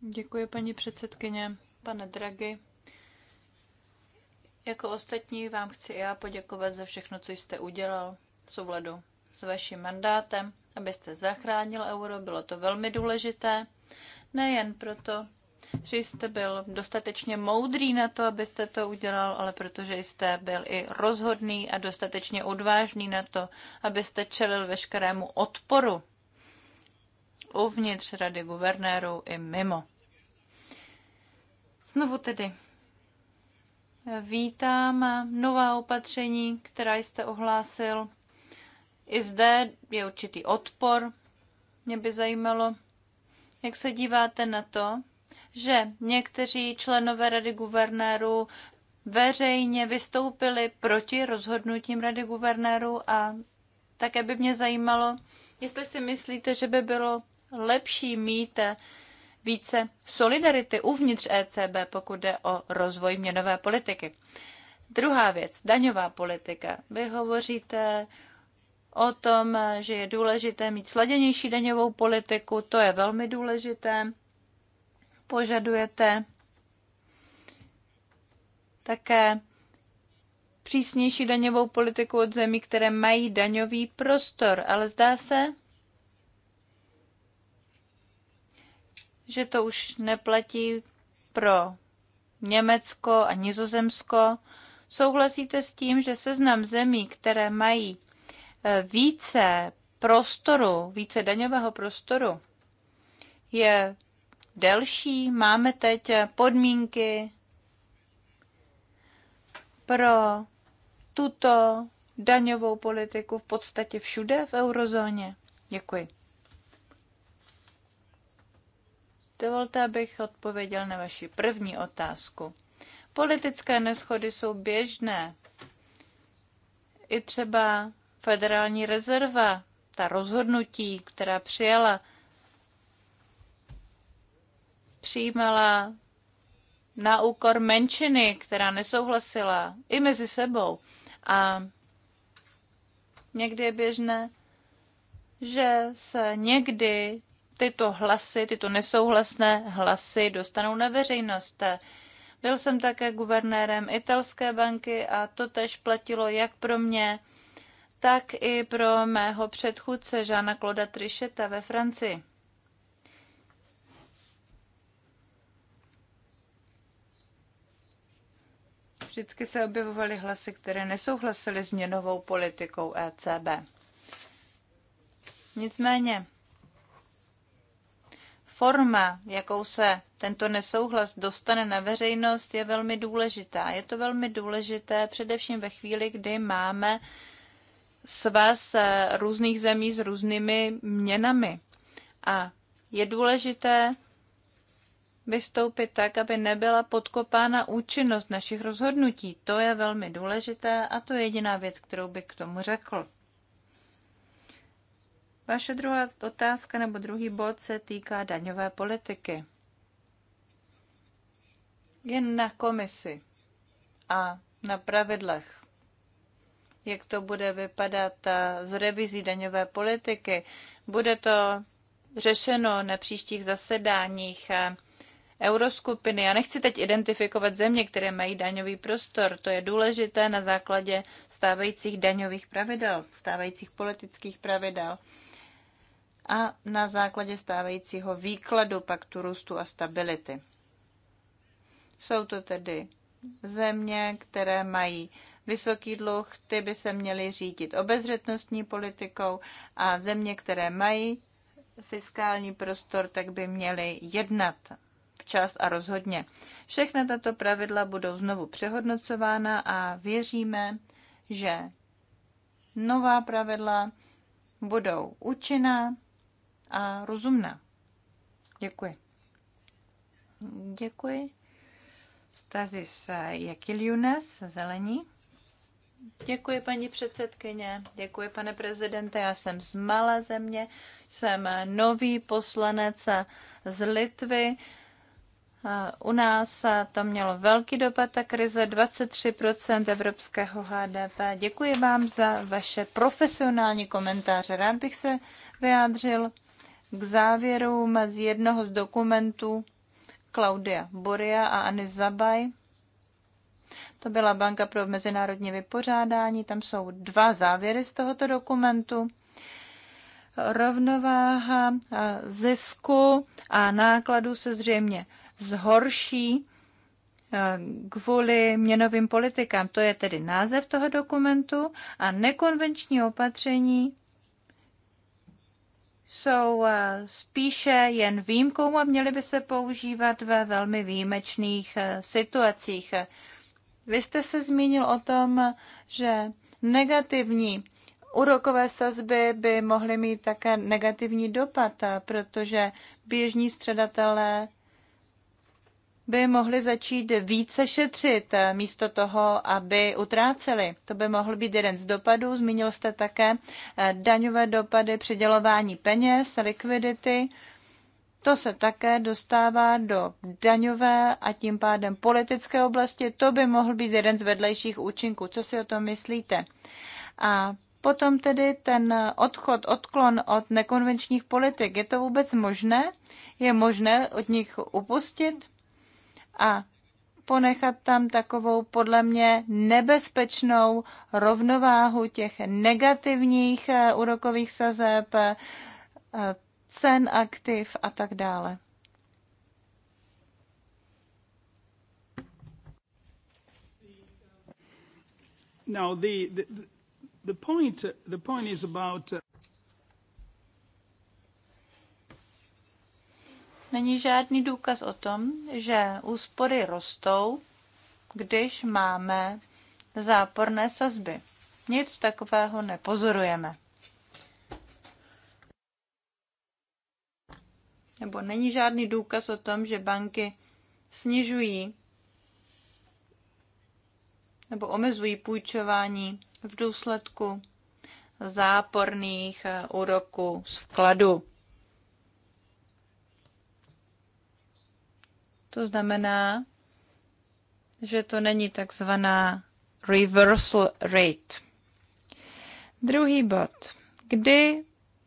Děkuji, paní předsedkyně, pane Draghi. Jako ostatní vám chci já poděkovat za všechno, co jste udělal v souhledu s vaším mandátem, abyste zachránil euro. Bylo to velmi důležité, nejen proto, že jste byl dostatečně moudrý na to, abyste to udělal, ale protože jste byl i rozhodný a dostatečně odvážný na to, abyste čelil veškerému odporu uvnitř rady guvernérů i mimo. Znovu tedy vítám nová opatření, která jste ohlásil. I zde je určitý odpor. Mě by zajímalo, jak se díváte na to, že někteří členové rady guvernérů veřejně vystoupili proti rozhodnutím rady guvernérů a také by mě zajímalo, jestli si myslíte, že by bylo lepší mít eh, více solidarity uvnitř ECB, pokud jde o rozvoj měnové politiky. Druhá věc, daňová politika. Vy hovoříte o tom, že je důležité mít sladěnější daňovou politiku, to je velmi důležité. Požadujete také přísnější daňovou politiku od zemí, které mají daňový prostor, ale zdá se, že to už neplatí pro Německo a Nizozemsko. Souhlasíte s tím, že seznam zemí, které mají e, více prostoru, více daňového prostoru, je delší? Máme teď podmínky pro tuto daňovou politiku v podstatě všude v eurozóně? Děkuji. Dovolte, abych odpověděl na vaši první otázku. Politické neschody jsou běžné. I třeba Federální rezerva, ta rozhodnutí, která přijala, přijímala na úkor menšiny, která nesouhlasila i mezi sebou. A někdy je běžné, že se někdy tyto hlasy, tyto nesouhlasné hlasy dostanou na veřejnost. Byl jsem také guvernérem italské banky a to tež platilo jak pro mě, tak i pro mého předchůdce Žána Kloda Tricheta ve Francii. Vždycky se objevovaly hlasy, které nesouhlasily s měnovou politikou ECB. Nicméně, forma, jakou se tento nesouhlas dostane na veřejnost, je velmi důležitá. Je to velmi důležité především ve chvíli, kdy máme svaz eh, různých zemí s různými měnami. A je důležité vystoupit tak, aby nebyla podkopána účinnost našich rozhodnutí. To je velmi důležité a to je jediná věc, kterou bych k tomu řekl. Vaše druhá otázka nebo druhý bod se týká daňové politiky. Jen na komisi a na pravidlech, jak to bude vypadat z eh, revizí daňové politiky. Bude to řešeno na příštích zasedáních eh, euroskupiny. Já nechci teď identifikovat země, které mají daňový prostor. To je důležité na základě stávajících daňových pravidel, stávajících politických pravidel a na základě stávajícího výkladu paktu růstu a stability. Jsou to tedy země, které mají vysoký dluh, ty by se měly řídit obezřetnostní politikou a země, které mají fiskální prostor, tak by měly jednat včas a rozhodně. Všechna tato pravidla budou znovu přehodnocována a věříme, že nová pravidla budou účinná a rozumné. Děkuji. Děkuji. Stazis eh, Jakiliunes, zelení. Děkuji, paní předsedkyně, děkuji, pane prezidente. Já jsem z malé země, jsem nový poslanec z Litvy. Eh, u nás to mělo velký dopad, ta krize 23% evropského HDP. Děkuji vám za vaše profesionální komentáře. Rád bych se vyjádřil k závěrům z jednoho z dokumentů Claudia Boria a Anny Zabaj. To byla Banka pro mezinárodní vypořádání. Tam jsou dva závěry z tohoto dokumentu. Rovnováha eh, zisku a nákladu se zřejmě zhorší eh, kvůli měnovým politikám. To je tedy název toho dokumentu a nekonvenční opatření jsou eh, spíše jen výjimkou a měly by se používat ve velmi výjimečných eh, situacích. Vy jste se zmínil o tom, že negativní úrokové sazby by mohly mít také negativní dopad, eh, protože běžní středatelé by mohli začít více šetřit eh, místo toho, aby utráceli. To by mohl být jeden z dopadů. Zmínil jste také eh, daňové dopady, přidělování peněz, likvidity. To se také dostává do daňové a tím pádem politické oblasti. To by mohl být jeden z vedlejších účinků. Co si o tom myslíte? A potom tedy ten odchod, odklon od nekonvenčních politik. Je to vůbec možné? Je možné od nich upustit? a ponechat tam takovou podle mě nebezpečnou rovnováhu těch negativních eh, úrokových sazeb, eh, cen aktiv a tak dále. Now the, the, the point the point is about uh, není žádný důkaz o tom, že úspory rostou, když máme záporné sazby. Nic takového nepozorujeme. Nebo není žádný důkaz o tom, že banky snižují nebo omezují půjčování v důsledku záporných eh, úroků z vkladu. To znamená, že to není takzvaná reversal rate. Druhý bod. Kdy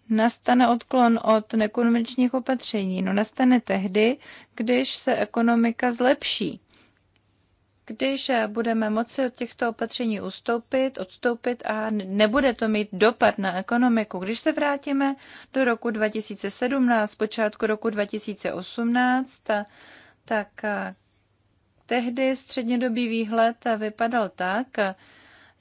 nastane odklon od nekonvenčních opatření? No nastane tehdy, když se ekonomika zlepší. Když budeme moci od těchto opatření ustoupit, odstoupit a nebude to mít dopad na ekonomiku. Když se vrátíme do roku 2017, počátku roku 2018, tak eh, tehdy střednědobý výhled vypadal tak,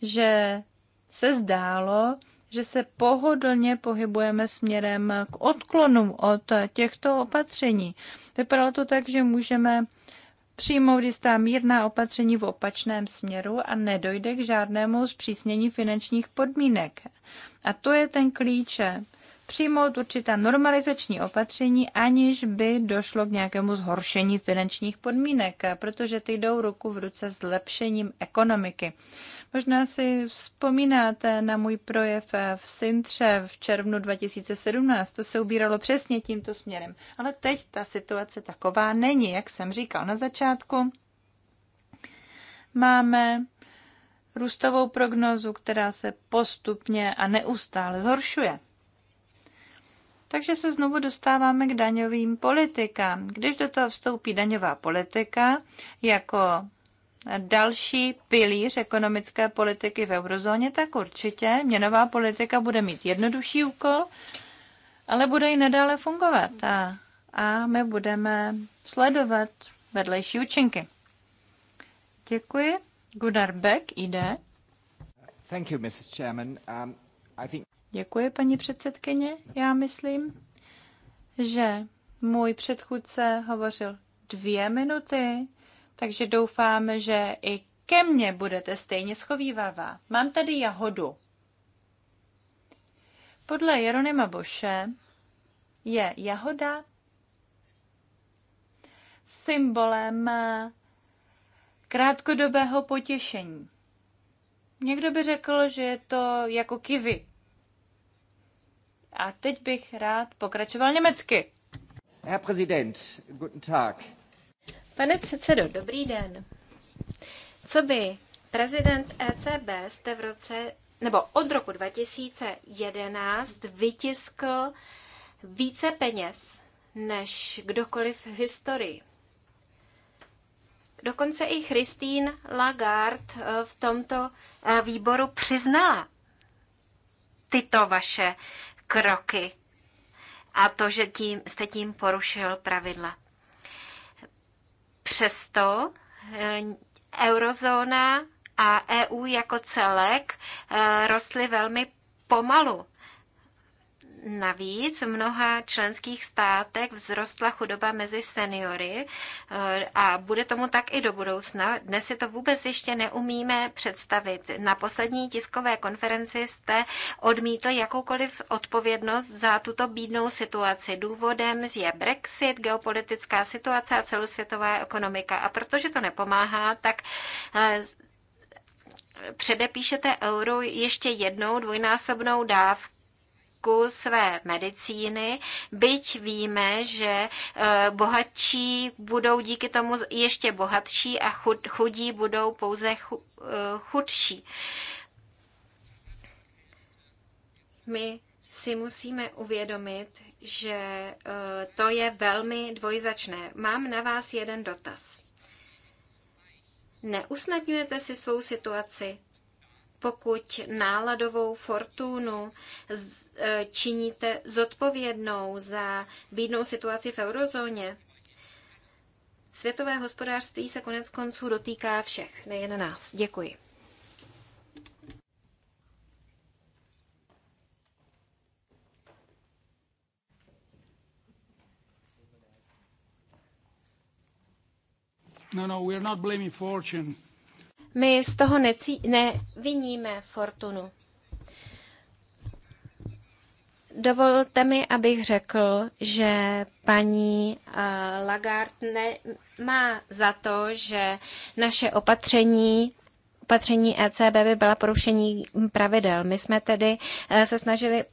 že se zdálo, že se pohodlně pohybujeme směrem k odklonu od těchto opatření. Vypadalo to tak, že můžeme přijmout jistá mírná opatření v opačném směru a nedojde k žádnému zpřísnění finančních podmínek. A to je ten klíč přijmout určitá normalizační opatření, aniž by došlo k nějakému zhoršení finančních podmínek, protože ty jdou ruku v ruce s lepšením ekonomiky. Možná si vzpomínáte na můj projev v Sintře v červnu 2017, to se ubíralo přesně tímto směrem. Ale teď ta situace taková není, jak jsem říkal na začátku. Máme růstovou prognozu, která se postupně a neustále zhoršuje. Takže se znovu dostáváme k daňovým politikám. Když do toho vstoupí daňová politika jako další pilíř ekonomické politiky v eurozóně, tak určitě měnová politika bude mít jednodušší úkol, ale bude i nadále fungovat a, a my budeme sledovat vedlejší účinky. Děkuji. Gunnar Beck jde. Thank you, Mrs. Chairman. Um, I think... Děkuji, paní předsedkyně. Já myslím, že můj předchůdce hovořil dvě minuty, takže doufám, že i ke mně budete stejně schovývavá. Mám tady jahodu. Podle Jeronima Boše je jahoda symbolem krátkodobého potěšení. Někdo by řekl, že je to jako kivy, a teď bych rád pokračoval německy. Herr Präsident, guten Tag. Pane předsedo, dobrý den. Co by prezident ECB jste v roce, nebo od roku 2011 vytiskl více peněz než kdokoliv v historii. Dokonce i Christine Lagarde eh, v tomto eh, výboru přiznala tyto vaše kroky a to, že tím, jste tím porušil pravidla. Přesto eh, eurozóna a EU jako celek eh, rostly velmi pomalu. Navíc v mnoha členských státech vzrostla chudoba mezi seniory eh, a bude tomu tak i do budoucna. Dnes si to vůbec ještě neumíme představit. Na poslední tiskové konferenci jste odmítl jakoukoliv odpovědnost za tuto bídnou situaci. Důvodem je Brexit, geopolitická situace a celosvětová ekonomika. A protože to nepomáhá, tak eh, předepíšete euro ještě jednou dvojnásobnou dávku zbytku své medicíny, byť víme, že eh, bohatší budou díky tomu ještě bohatší a chudí budou pouze eh, chudší. My si musíme uvědomit, že eh, to je velmi dvojzačné. Mám na vás jeden dotaz. Neusnadňujete si svou situaci pokud náladovou fortunu e, činíte zodpovědnou za bídnou situaci v eurozóně, světové hospodářství se konec konců dotýká všech, nejen nás. Děkuji. No, no, we are not blaming fortune. My z toho necí, neviníme fortunu. Dovolte mi, abych řekl, že paní eh, Lagarde má za to, že naše opatření opatření ECB by byla porušení pravidel. My jsme tedy eh, se snažili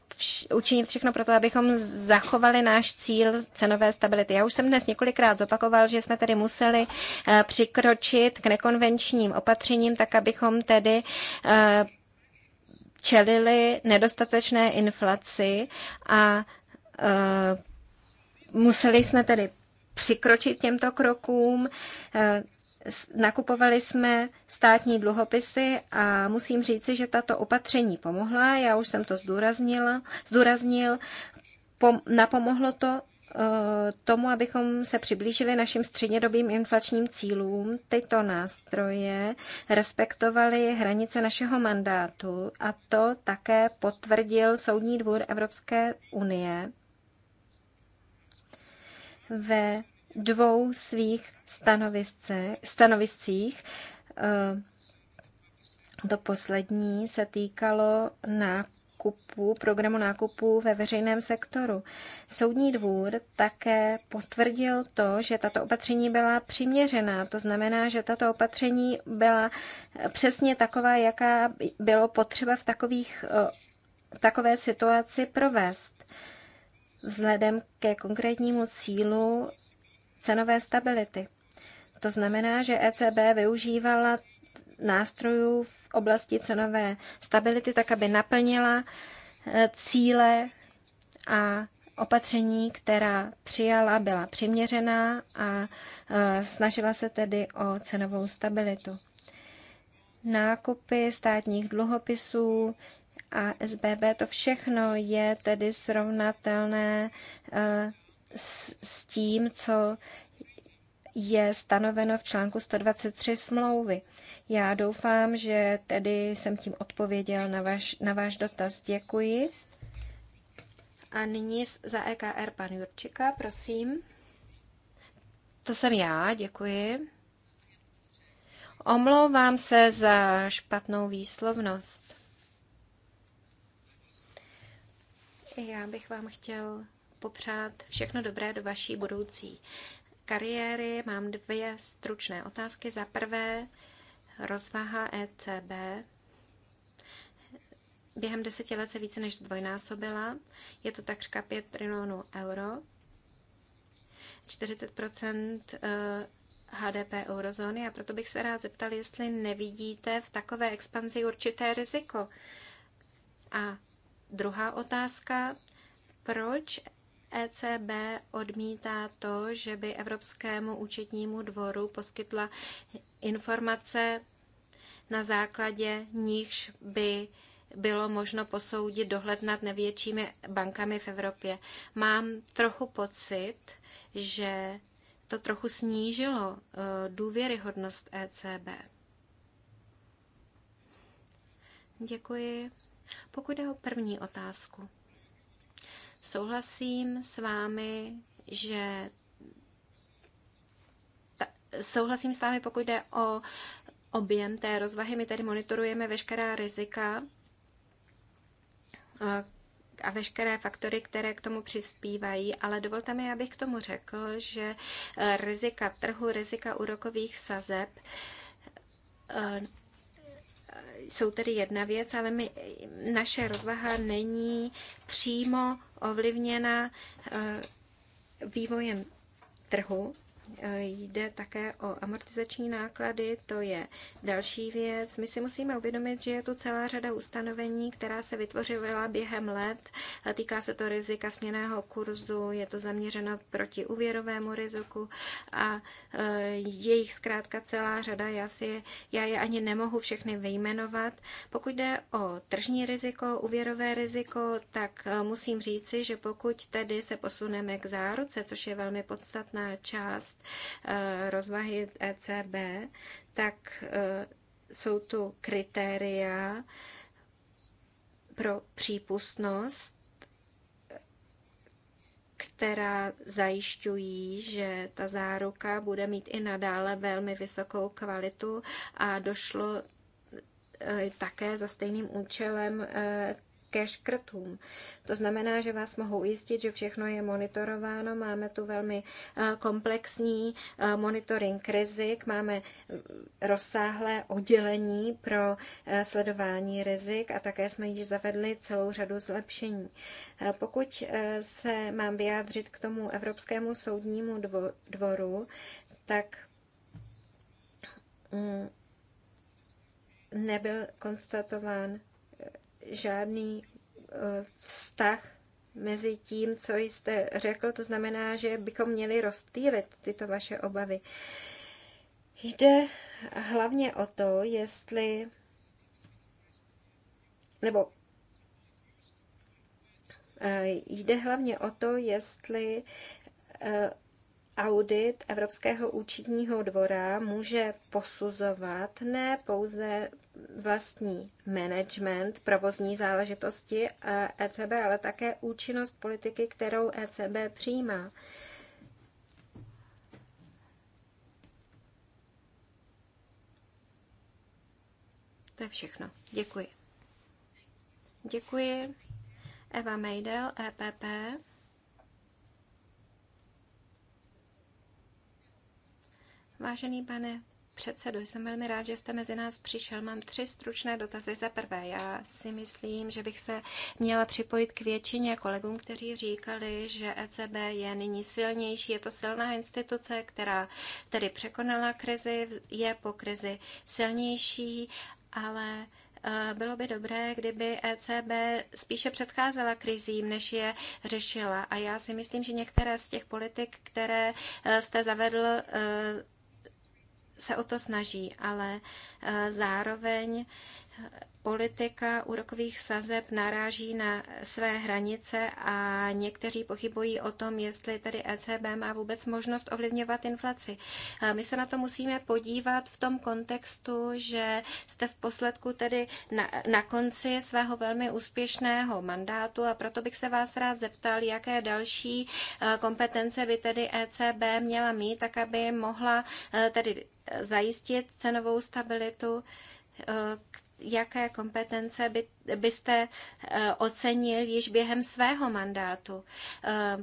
učinit všechno pro to, abychom zachovali náš cíl cenové stability. Já už jsem dnes několikrát zopakoval, že jsme tedy museli eh, přikročit k nekonvenčním opatřením, tak abychom tedy eh, čelili nedostatečné inflaci a museli jsme tedy přikročit těmto krokům. Nakupovali jsme státní dluhopisy a musím říci, že tato opatření pomohla. Já už jsem to zdůraznila, zdůraznil. Pom, napomohlo to eh, tomu, abychom se přiblížili našim střednědobým inflačním cílům, tyto nástroje respektovaly hranice našeho mandátu a to také potvrdil Soudní dvůr Evropské unie ve dvou svých stanoviscích. Eh, to poslední se týkalo nákupu, programu nákupu ve veřejném sektoru. Soudní dvůr také potvrdil to, že tato opatření byla přiměřená. To znamená, že tato opatření byla přesně taková, jaká bylo potřeba v takových, eh, takové situaci provést vzhledem ke konkrétnímu cílu cenové stability. To znamená, že ECB využívala nástrojů v oblasti cenové stability tak, aby naplnila eh, cíle a opatření, která přijala, byla přiměřená a eh, snažila se tedy o cenovou stabilitu. Nákupy státních dluhopisů a SBB, to všechno je tedy srovnatelné eh, s, s tím, co je stanoveno v článku 123 smlouvy. Já doufám, že tedy jsem tím odpověděl na váš, na váš dotaz. Děkuji. A nyní za EKR pan Jurčika, prosím. To jsem já, děkuji. Omlouvám se za špatnou výslovnost. Já bych vám chtěl popřát všechno dobré do vaší budoucí kariéry. Mám dvě stručné otázky. Za prvé, rozvaha ECB během deseti let se více než zdvojnásobila. Je to takřka 5 trilionů euro. 40 eh, HDP eurozóny a proto bych se rád zeptal, jestli nevidíte v takové expanzi určité riziko. A druhá otázka, proč ECB odmítá to, že by Evropskému účetnímu dvoru poskytla informace, na základě nichž by bylo možno posoudit dohled nad nevětšími bankami v Evropě. Mám trochu pocit, že to trochu snížilo e, důvěryhodnost ECB. Děkuji. Pokud jde o první otázku, Souhlasím s vámi, že ta, souhlasím s vámi, pokud jde o objem té rozvahy. My tady monitorujeme veškerá rizika eh, a veškeré faktory, které k tomu přispívají, ale dovolte mi, abych k tomu řekl, že eh, rizika trhu, rizika úrokových sazeb eh, jsou tedy jedna věc, ale my, naše rozvaha není přímo ovlivněna eh, vývojem trhu. E, jde také o amortizační náklady, to je další věc. My si musíme uvědomit, že je tu celá řada ustanovení, která se vytvořila během let. E, týká se to rizika směného kurzu, je to zaměřeno proti úvěrovému riziku a e, je jich zkrátka celá řada. Já, si, já je ani nemohu všechny vyjmenovat. Pokud jde o tržní riziko, úvěrové riziko, tak musím říci, že pokud tedy se posuneme k záruce, což je velmi podstatná část, část eh, rozvahy ECB, tak eh, jsou tu kritéria pro přípustnost která zajišťují, že ta záruka bude mít i nadále velmi vysokou kvalitu a došlo eh, také za stejným účelem ke škrtům. To znamená, že vás mohu ujistit, že všechno je monitorováno. Máme tu velmi eh, komplexní eh, monitoring rizik, máme eh, rozsáhlé oddělení pro sledování rizik a také jsme již zavedli celou řadu zlepšení. Pokud se mám vyjádřit k tomu Evropskému soudnímu dvoru, tak mm, nebyl konstatován žádný eh, vztah mezi tím, co jste řekl. To znamená, že bychom měli rozptýlit tyto vaše obavy. Jde hlavně o to, jestli nebo eh, jde hlavně o to, jestli eh, audit Evropského účetního dvora může posuzovat ne pouze vlastní management, provozní záležitosti ECB, ale také účinnost politiky, kterou ECB přijímá. To je všechno. Děkuji. Děkuji. Eva Meidel, EPP. Vážený pane předsedo, jsem velmi rád, že jste mezi nás přišel. Mám tři stručné dotazy. Za prvé, já si myslím, že bych se měla připojit k většině kolegům, kteří říkali, že ECB je nyní silnější. Je to silná instituce, která tedy překonala krizi, je po krizi silnější, ale eh, bylo by dobré, kdyby ECB spíše předcházela krizím, než je řešila. A já si myslím, že některé z těch politik, které eh, jste zavedl, eh, se o to snaží, ale eh, zároveň eh, politika úrokových sazeb naráží na své hranice a někteří pochybují o tom, jestli tedy ECB má vůbec možnost ovlivňovat inflaci. Eh, my se na to musíme podívat v tom kontextu, že jste v posledku tedy na, na konci svého velmi úspěšného mandátu a proto bych se vás rád zeptal, jaké další kompetence by tedy ECB měla mít, tak aby mohla tedy zajistit cenovou stabilitu, eh, jaké kompetence by, byste eh, ocenil již během svého mandátu. Eh,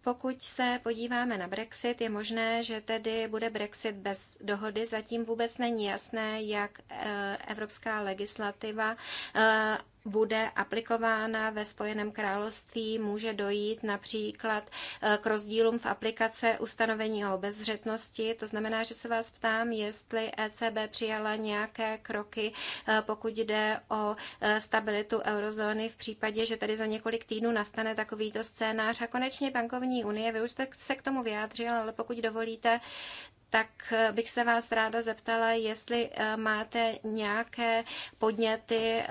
pokud se podíváme na Brexit, je možné, že tedy bude Brexit bez dohody. Zatím vůbec není jasné, jak evropská legislativa bude aplikována ve Spojeném království, může dojít například eh, k rozdílům v aplikace ustanovení o bezřetnosti. To znamená, že se vás ptám, jestli ECB přijala nějaké kroky, eh, pokud jde o eh, stabilitu eurozóny v případě, že tady za několik týdnů nastane takovýto scénář. A konečně bankovní unie, vy už jste se k tomu vyjádřil, ale pokud dovolíte, tak bych se vás ráda zeptala, jestli máte nějaké podněty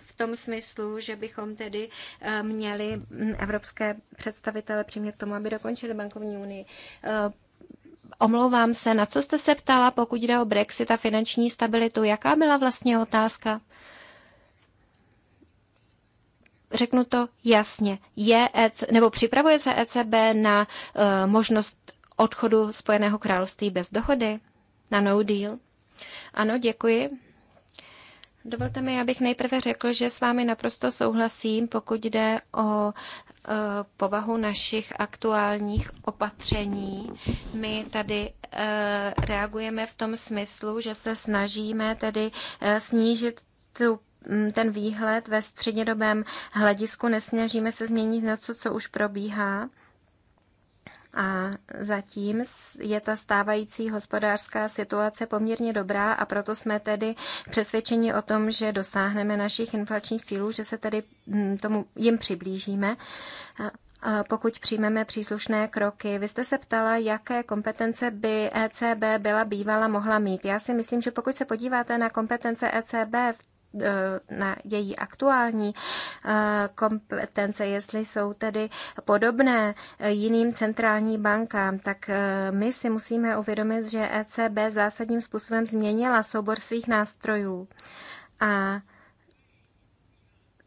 v tom smyslu, že bychom tedy eh, měli hm, evropské představitele přímě k tomu, aby dokončili bankovní unii. Eh, omlouvám se, na co jste se ptala, pokud jde o Brexit a finanční stabilitu? Jaká byla vlastně otázka? Řeknu to jasně. Je EC, nebo připravuje se ECB na uh, možnost odchodu Spojeného království bez dohody? Na no deal? Ano, děkuji. Dovolte mi, abych nejprve řekl, že s vámi naprosto souhlasím, pokud jde o e, povahu našich aktuálních opatření. My tady e, reagujeme v tom smyslu, že se snažíme tedy e, snížit tu ten výhled ve střednědobém hledisku, nesnažíme se změnit něco, co už probíhá. A zatím je ta stávající hospodářská situace poměrně dobrá a proto jsme tedy přesvědčeni o tom, že dosáhneme našich inflačních cílů, že se tedy mm, tomu jim přiblížíme pokud přijmeme příslušné kroky. Vy jste se ptala, jaké kompetence by ECB byla bývala mohla mít. Já si myslím, že pokud se podíváte na kompetence ECB v Eh, na její aktuální eh, kompetence, jestli jsou tedy podobné eh, jiným centrální bankám, tak my si musíme uvědomit, že ECB zásadním způsobem změnila soubor svých nástrojů. A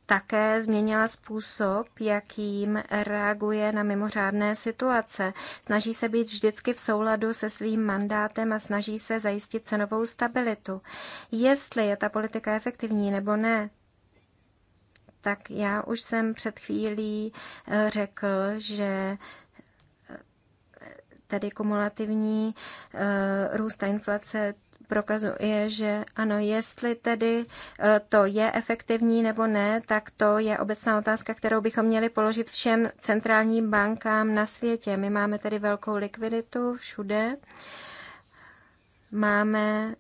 také změnila způsob, jakým reaguje na mimořádné situace. Snaží se být vždycky v souladu se svým mandátem a snaží se zajistit cenovou stabilitu. Jestli je ta politika efektivní nebo ne, tak já už jsem před chvílí eh, řekl, že eh, tedy kumulativní eh, růst a inflace prokazuje, že ano, jestli tedy eh, to je efektivní nebo ne, tak to je obecná otázka, kterou bychom měli položit všem centrálním bankám na světě. My máme tedy velkou likviditu všude. Máme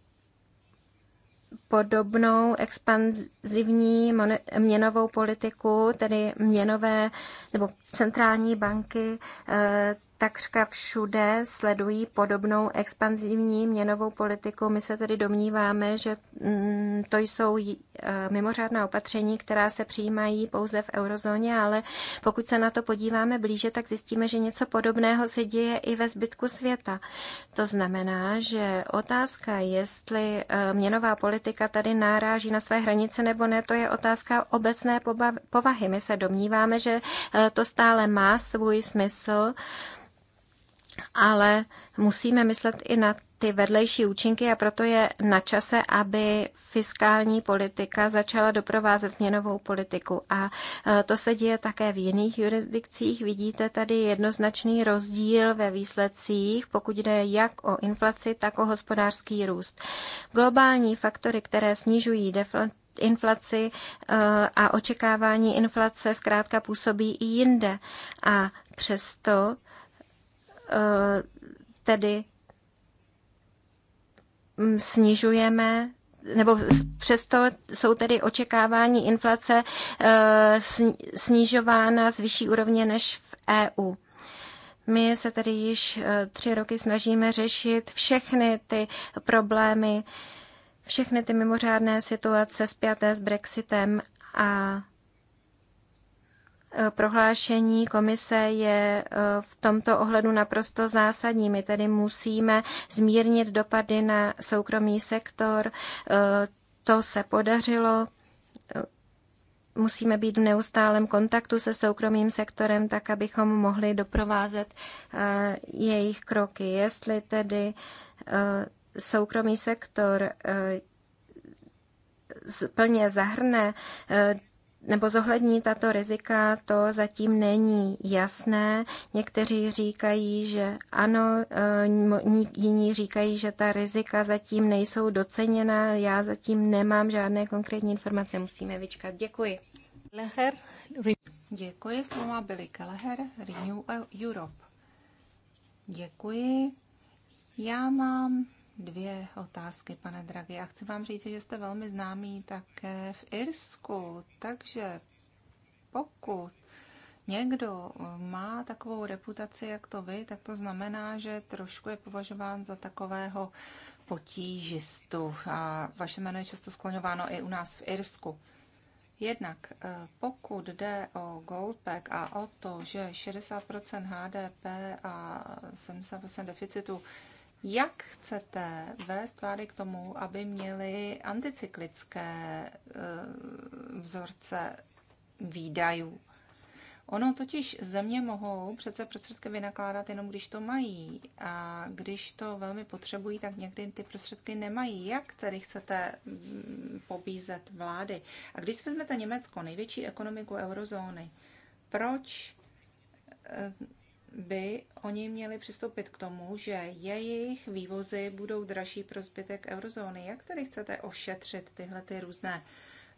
podobnou expanzivní měnovou politiku, tedy měnové nebo centrální banky eh, takřka všude sledují podobnou expanzivní měnovou politiku. My se tedy domníváme, že mm, to jsou e, mimořádná opatření, která se přijímají pouze v eurozóně, ale pokud se na to podíváme blíže, tak zjistíme, že něco podobného se děje i ve zbytku světa. To znamená, že otázka, jestli e, měnová politika tady náráží na své hranice nebo ne, to je otázka obecné povahy. My se domníváme, že e, to stále má svůj smysl ale musíme myslet i na ty vedlejší účinky a proto je na čase, aby fiskální politika začala doprovázet měnovou politiku. A e, to se děje také v jiných jurisdikcích. Vidíte tady jednoznačný rozdíl ve výsledcích, pokud jde jak o inflaci, tak o hospodářský růst. Globální faktory, které snižují deflaci, inflaci e, a očekávání inflace zkrátka působí i jinde. A přesto Eh, tedy mm, snižujeme nebo přesto jsou tedy očekávání inflace eh, snižována z vyšší úrovně než v EU. My se tedy již eh, tři roky snažíme řešit všechny ty problémy, všechny ty mimořádné situace spjaté s Brexitem a Eh, prohlášení komise je eh, v tomto ohledu naprosto zásadní. My tedy musíme zmírnit dopady na soukromý sektor. Eh, to se podařilo. Musíme být v neustálém kontaktu se soukromým sektorem, tak abychom mohli doprovázet jejich kroky. Jestli tedy soukromý sektor plně zahrne nebo zohlední tato rizika, to zatím není jasné. Někteří říkají, že ano, eh, jiní říkají, že ta rizika zatím nejsou doceněna. Já zatím nemám žádné konkrétní informace, musíme vyčkat. Děkuji. Leher. Děkuji, slova byly Kelleher, Renew Europe. Děkuji. Já mám dvě otázky, pane Dragi. A chci vám říct, že jste velmi známý také v Irsku, takže pokud někdo má takovou reputaci, jak to vy, tak to znamená, že trošku je považován za takového potížistu. A vaše jméno je často skloňováno i u nás v Irsku. Jednak eh, pokud jde o Goldpack a o to, že 60% HDP a 70% deficitu jak chcete vést vlády k tomu, aby měly anticyklické eh, vzorce výdajů? Ono totiž země mohou přece prostředky vynakládat jenom, když to mají. A když to velmi potřebují, tak někdy ty prostředky nemají. Jak tedy chcete mm, pobízet vlády? A když vezmete Německo, největší ekonomiku eurozóny, proč eh, by oni měli přistoupit k tomu, že jejich vývozy budou dražší pro zbytek eurozóny. Jak tedy chcete ošetřit tyhle ty různé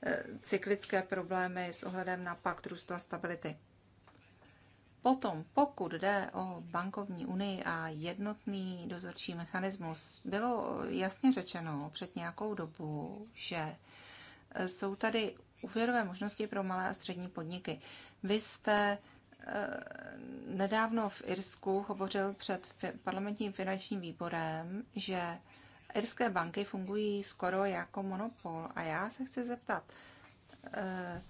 eh, cyklické problémy s ohledem na pakt růstu a stability? Potom, pokud jde o bankovní unii a jednotný dozorčí mechanismus, bylo jasně řečeno před nějakou dobu, že eh, jsou tady úvěrové možnosti pro malé a střední podniky. Vy jste Eh, nedávno v Irsku hovořil před parlamentním finančním výborem, že irské banky fungují skoro jako monopol. A já se chci zeptat, eh,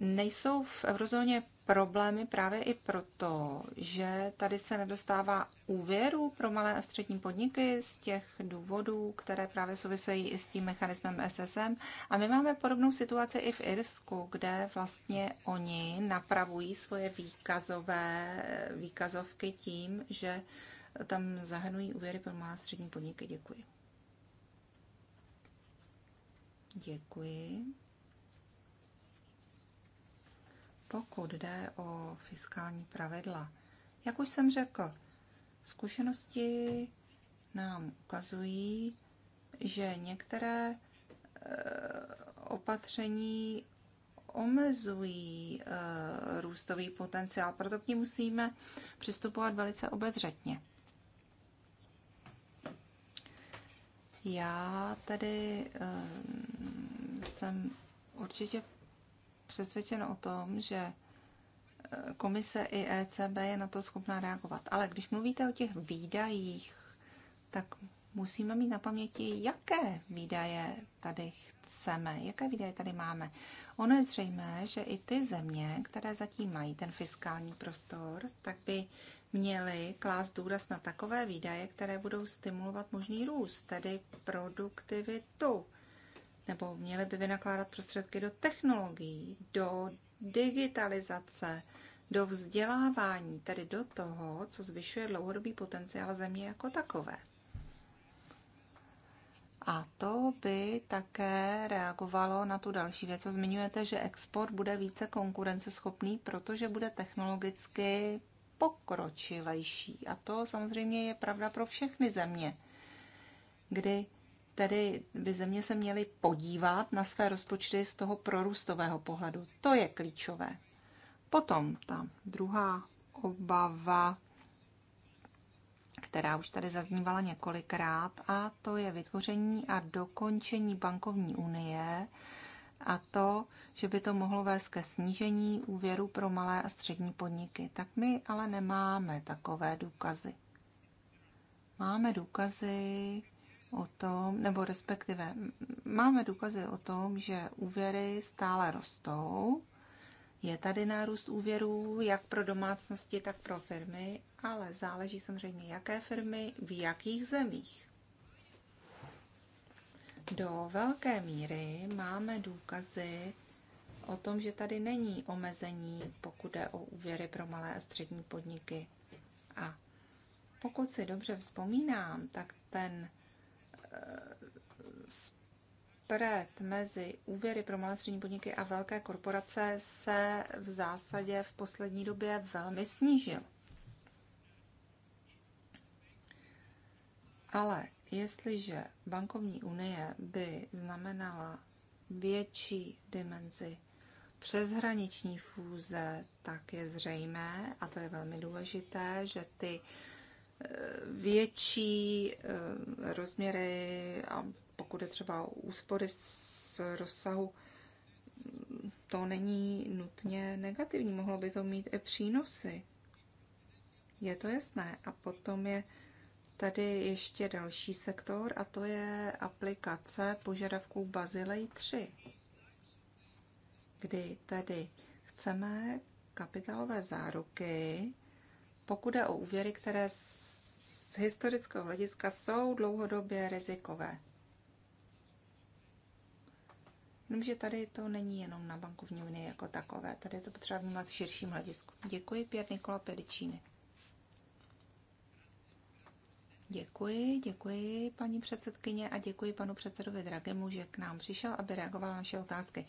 nejsou v eurozóně problémy právě i proto, že tady se nedostává úvěru pro malé a střední podniky z těch důvodů, které právě souvisejí i s tím mechanismem SSM. A my máme podobnou situaci i v Irsku, kde vlastně oni napravují svoje výkazové výkazovky tím, že tam zahrnují úvěry pro malé a střední podniky. Děkuji. Děkuji. pokud jde o fiskální pravidla, jak už jsem řekl, zkušenosti nám ukazují, že některé eh, opatření omezují eh, růstový potenciál, proto k ní musíme přistupovat velice obezřetně. Já tedy eh, jsem určitě přesvědčen o tom, že e, komise i ECB je na to schopná reagovat. Ale když mluvíte o těch výdajích, tak musíme mít na paměti, jaké výdaje tady chceme, jaké výdaje tady máme. Ono je zřejmé, že i ty země, které zatím mají ten fiskální prostor, tak by měly klást důraz na takové výdaje, které budou stimulovat možný růst, tedy produktivitu nebo měli by vynakládat prostředky do technologií, do digitalizace, do vzdělávání, tedy do toho, co zvyšuje dlouhodobý potenciál země jako takové. A to by také reagovalo na tu další věc, co zmiňujete, že export bude více konkurenceschopný, protože bude technologicky pokročilejší. A to samozřejmě je pravda pro všechny země, kdy Tedy by země se měly podívat na své rozpočty z toho prorůstového pohledu. To je klíčové. Potom ta druhá obava, která už tady zaznívala několikrát, a to je vytvoření a dokončení bankovní unie a to, že by to mohlo vést ke snížení úvěru pro malé a střední podniky. Tak my ale nemáme takové důkazy. Máme důkazy, o tom, nebo respektive máme důkazy o tom, že úvěry stále rostou. Je tady nárůst úvěrů jak pro domácnosti, tak pro firmy, ale záleží samozřejmě, jaké firmy, v jakých zemích. Do velké míry máme důkazy o tom, že tady není omezení, pokud jde o úvěry pro malé a střední podniky. A pokud si dobře vzpomínám, tak ten spread mezi úvěry pro malé střední podniky a velké korporace se v zásadě v poslední době velmi snížil. Ale jestliže bankovní unie by znamenala větší dimenzi přeshraniční fůze, tak je zřejmé, a to je velmi důležité, že ty uh, větší eh, rozměry a pokud je třeba úspory z rozsahu, to není nutně negativní, mohlo by to mít i přínosy. Je to jasné. A potom je tady ještě další sektor a to je aplikace požadavků Bazilej 3, kdy tedy chceme kapitálové záruky, pokud je o úvěry, které z historického hlediska jsou dlouhodobě rizikové. Jenomže tady to není jenom na bankovní unii jako takové, tady je to potřeba vnímat v širším hledisku. Děkuji, Pier Nikola Pedičíny. Děkuji, děkuji paní předsedkyně a děkuji panu předsedovi Dragemu, že k nám přišel, aby reagoval na naše otázky.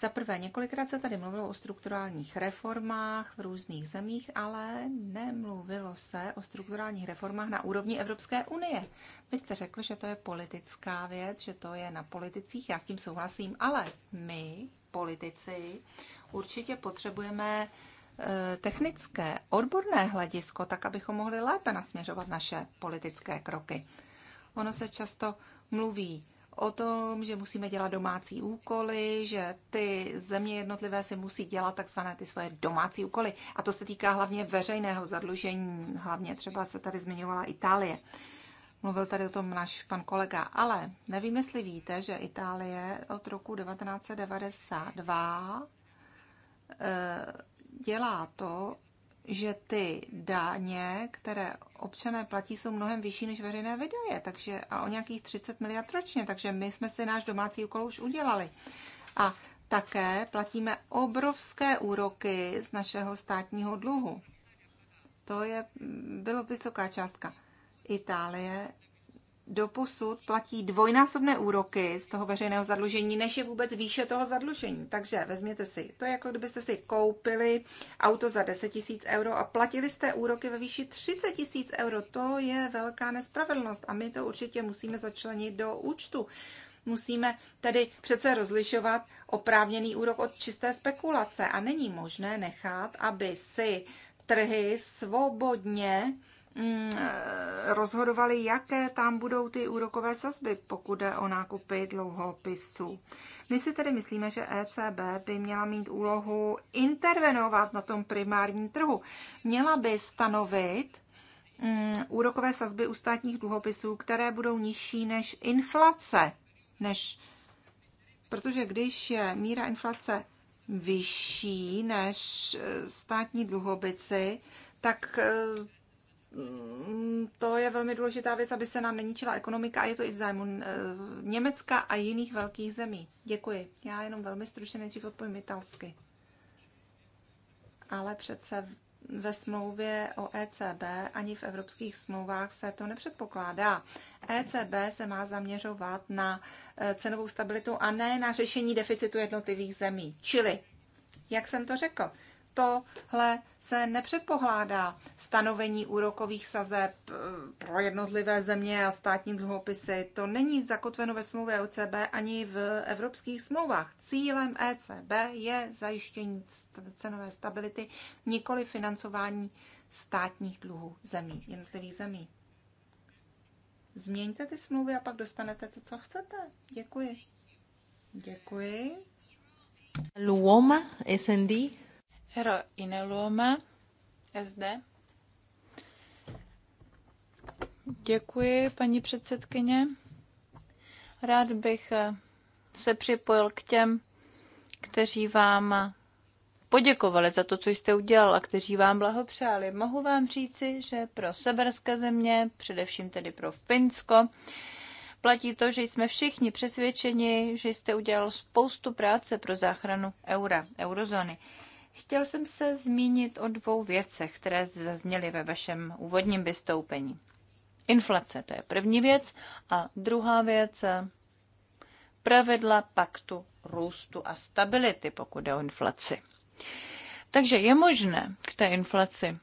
Za prvé, několikrát se tady mluvilo o strukturálních reformách v různých zemích, ale nemluvilo se o strukturálních reformách na úrovni Evropské unie. Vy jste řekl, že to je politická věc, že to je na politicích, já s tím souhlasím, ale my, politici, určitě potřebujeme eh, technické, odborné hledisko, tak abychom mohli lépe nasměřovat naše politické kroky. Ono se často mluví o tom, že musíme dělat domácí úkoly, že ty země jednotlivé si musí dělat takzvané ty svoje domácí úkoly. A to se týká hlavně veřejného zadlužení, hlavně třeba se tady zmiňovala Itálie. Mluvil tady o tom náš pan kolega, ale nevím, jestli víte, že Itálie od roku 1992 eh, dělá to, že ty dáně, které občané platí, jsou mnohem vyšší než veřejné výdaje, takže a o nějakých 30 miliard ročně, takže my jsme si náš domácí úkol už udělali. A také platíme obrovské úroky z našeho státního dluhu. To je, bylo vysoká částka. Itálie doposud platí dvojnásobné úroky z toho veřejného zadlužení, než je vůbec výše toho zadlužení. Takže vezměte si, to je jako kdybyste si koupili auto za 10 tisíc euro a platili jste úroky ve výši 30 tisíc euro. To je velká nespravedlnost a my to určitě musíme začlenit do účtu. Musíme tedy přece rozlišovat oprávněný úrok od čisté spekulace a není možné nechat, aby si trhy svobodně Mm, eh, rozhodovali, jaké tam budou ty úrokové sazby, pokud jde o nákupy dlouhopisů. My si tedy myslíme, že ECB by měla mít úlohu intervenovat na tom primárním trhu. Měla by stanovit mm, úrokové sazby u státních dluhopisů, které budou nižší než inflace. Než, protože když je míra inflace vyšší než eh, státní dluhopisy, tak eh, Mm, to je velmi důležitá věc, aby se nám neníčila ekonomika a je to i v zájmu eh, Německa a jiných velkých zemí. Děkuji. Já jenom velmi stručně nejdřív odpovím italsky. Ale přece ve smlouvě o ECB ani v evropských smlouvách se to nepředpokládá. ECB se má zaměřovat na eh, cenovou stabilitu a ne na řešení deficitu jednotlivých zemí. Čili, jak jsem to řekl, tohle se nepředpohládá stanovení úrokových sazeb eh, pro jednotlivé země a státní dluhopisy. To není zakotveno ve smlouvě ECB ani v evropských smlouvách. Cílem ECB je zajištění cenové stability, nikoli financování státních dluhů zemí, jednotlivých zemí. Změňte ty smlouvy a pak dostanete to, co chcete. Děkuji. Děkuji. Luoma, SND. Herra Ineluoma, SD. Děkuji, paní předsedkyně. Rád bych eh, se připojil k těm, kteří vám poděkovali za to, co jste udělal a kteří vám blahopřáli. Mohu vám říci, že pro severské země, především tedy pro Finsko, platí to, že jsme všichni přesvědčeni, že jste udělal spoustu práce pro záchranu eura, eurozóny. Chtěl jsem se zmínit o dvou věcech, které zazněly ve vašem úvodním vystoupení. Inflace, to je první věc. A druhá věc, pravidla paktu růstu a stability, pokud jde o inflaci. Takže je možné k té inflaci,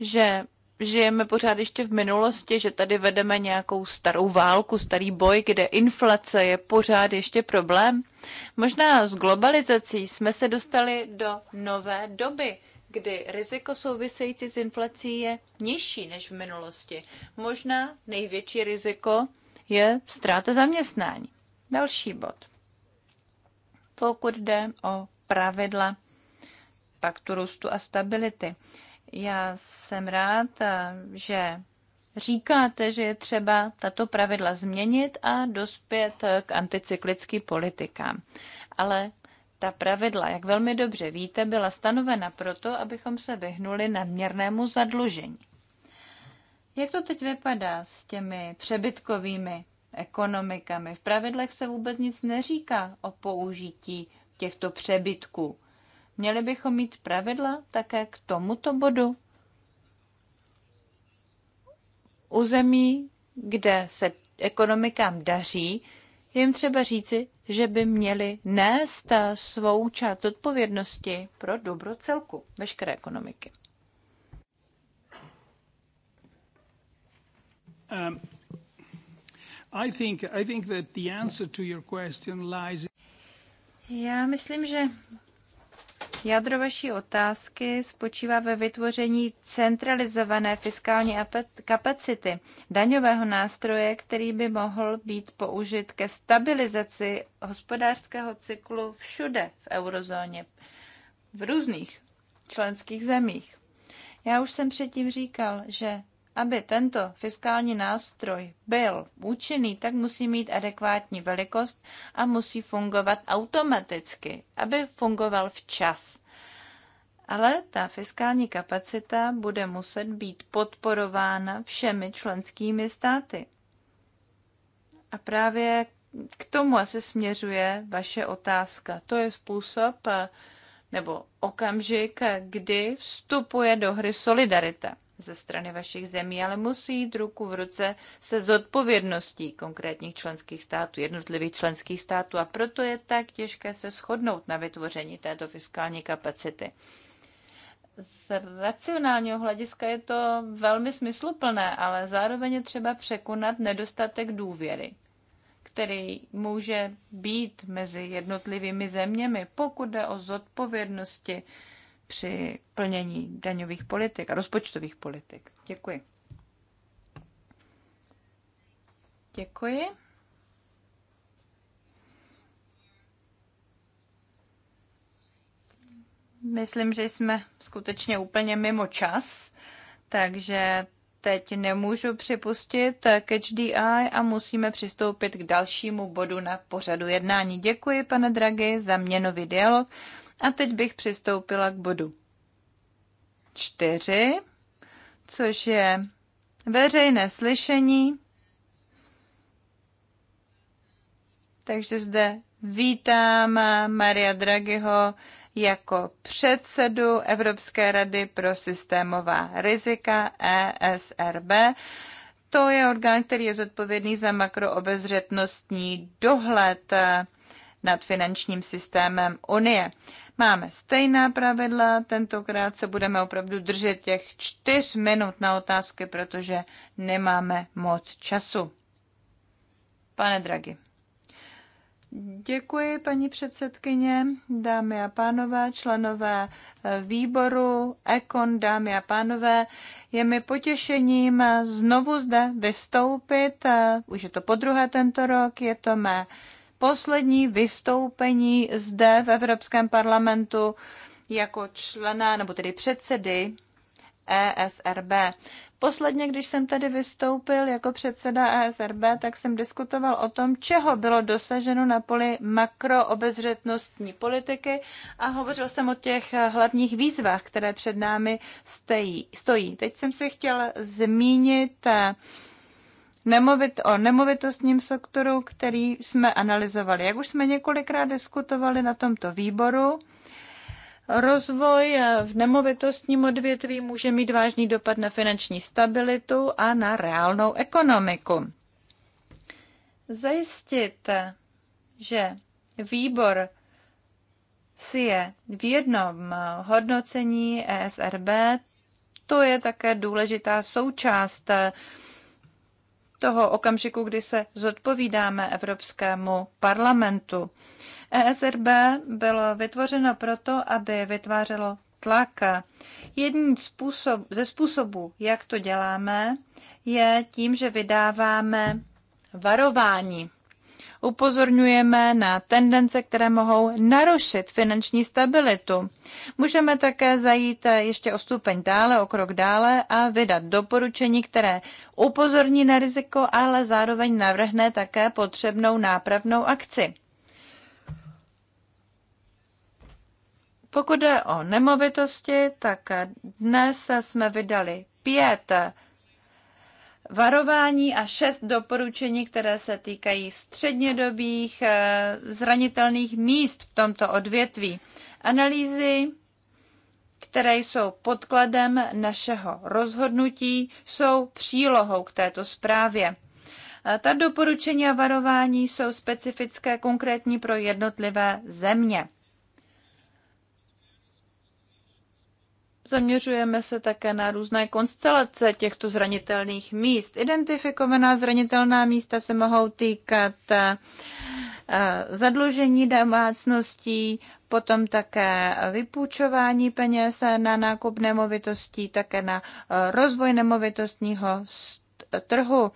že žijeme pořád ještě v minulosti, že tady vedeme nějakou starou válku, starý boj, kde inflace je pořád ještě problém. Možná s globalizací jsme se dostali do nové doby, kdy riziko související s inflací je nižší než v minulosti. Možná největší riziko je ztráta zaměstnání. Další bod. Pokud jde o pravidla paktu růstu a stability. Já jsem rád, eh, že říkáte, že je třeba tato pravidla změnit a dospět eh, k anticyklickým politikám. Ale ta pravidla, jak velmi dobře víte, byla stanovena proto, abychom se vyhnuli nadměrnému zadlužení. Jak to teď vypadá s těmi přebytkovými ekonomikami? V pravidlech se vůbec nic neříká o použití těchto přebytků. Měli bychom mít pravidla také k tomuto bodu. U zemí, kde se ekonomikám daří, je jim třeba říci, že by měli nést svou část odpovědnosti pro dobro celku veškeré ekonomiky. Um, Já myslím, že Jádro vaší otázky spočívá ve vytvoření centralizované fiskální kapacity daňového nástroje, který by mohl být použit ke stabilizaci hospodářského cyklu všude v eurozóně, v různých členských zemích. Já už jsem předtím říkal, že aby tento fiskální nástroj byl účinný, tak musí mít adekvátní velikost a musí fungovat automaticky, aby fungoval včas. Ale ta fiskální kapacita bude muset být podporována všemi členskými státy. A právě k tomu asi směřuje vaše otázka. To je způsob eh, nebo okamžik, eh, kdy vstupuje do hry solidarita ze strany vašich zemí, ale musí jít ruku v ruce se zodpovědností konkrétních členských států, jednotlivých členských států a proto je tak těžké se shodnout na vytvoření této fiskální kapacity. Z racionálního hlediska je to velmi smysluplné, ale zároveň je třeba překonat nedostatek důvěry, který může být mezi jednotlivými zeměmi, pokud jde o zodpovědnosti při plnění daňových politik a rozpočtových politik. Děkuji. Děkuji. Myslím, že jsme skutečně úplně mimo čas, takže teď nemůžu připustit catch DI a musíme přistoupit k dalšímu bodu na pořadu jednání. Děkuji, pane Dragi, za měnový dialog. A teď bych přistoupila k bodu 4, což je veřejné slyšení. Takže zde vítám Maria Draghiho jako předsedu Evropské rady pro systémová rizika ESRB. To je orgán, který je zodpovědný za makroobezřetnostní dohled nad finančním systémem Unie. Máme stejná pravidla, tentokrát se budeme opravdu držet těch čtyř minut na otázky, protože nemáme moc času. Pane Dragi. Děkuji, paní předsedkyně, dámy a pánové, členové eh, výboru Ekon, dámy a pánové. Je mi potěšením eh, znovu zde vystoupit, eh, už je to po druhé tento rok, je to mé poslední vystoupení zde v Evropském parlamentu jako člena, nebo tedy předsedy ESRB. Posledně, když jsem tady vystoupil jako předseda ESRB, tak jsem diskutoval o tom, čeho bylo dosaženo na poli makroobezřetnostní politiky a hovořil jsem o těch hlavních výzvách, které před námi stojí. Teď jsem se chtěl zmínit nemovit, o nemovitostním sektoru, který jsme analyzovali. Jak už jsme několikrát diskutovali na tomto výboru, rozvoj v nemovitostním odvětví může mít vážný dopad na finanční stabilitu a na reálnou ekonomiku. Zajistit, že výbor si je v jednom hodnocení ESRB, to je také důležitá součást toho okamžiku, kdy se zodpovídáme Evropskému parlamentu. ESRB bylo vytvořeno proto, aby vytvářelo tlak. Jedním způsob, ze způsobů, jak to děláme, je tím, že vydáváme varování upozorňujeme na tendence, které mohou narušit finanční stabilitu. Můžeme také zajít ještě o stupeň dále, o krok dále a vydat doporučení, které upozorní na riziko, ale zároveň navrhne také potřebnou nápravnou akci. Pokud jde o nemovitosti, tak dnes jsme vydali pět varování a šest doporučení, které se týkají střednědobých eh, zranitelných míst v tomto odvětví. Analýzy, které jsou podkladem našeho rozhodnutí, jsou přílohou k této zprávě. Eh, ta doporučení a varování jsou specifické konkrétní pro jednotlivé země. Zaměřujeme se také na různé konstelace těchto zranitelných míst. Identifikovaná zranitelná místa se mohou týkat eh, zadlužení domácností, potom také vypůjčování peněz na nákup nemovitostí, také na eh, rozvoj nemovitostního trhu.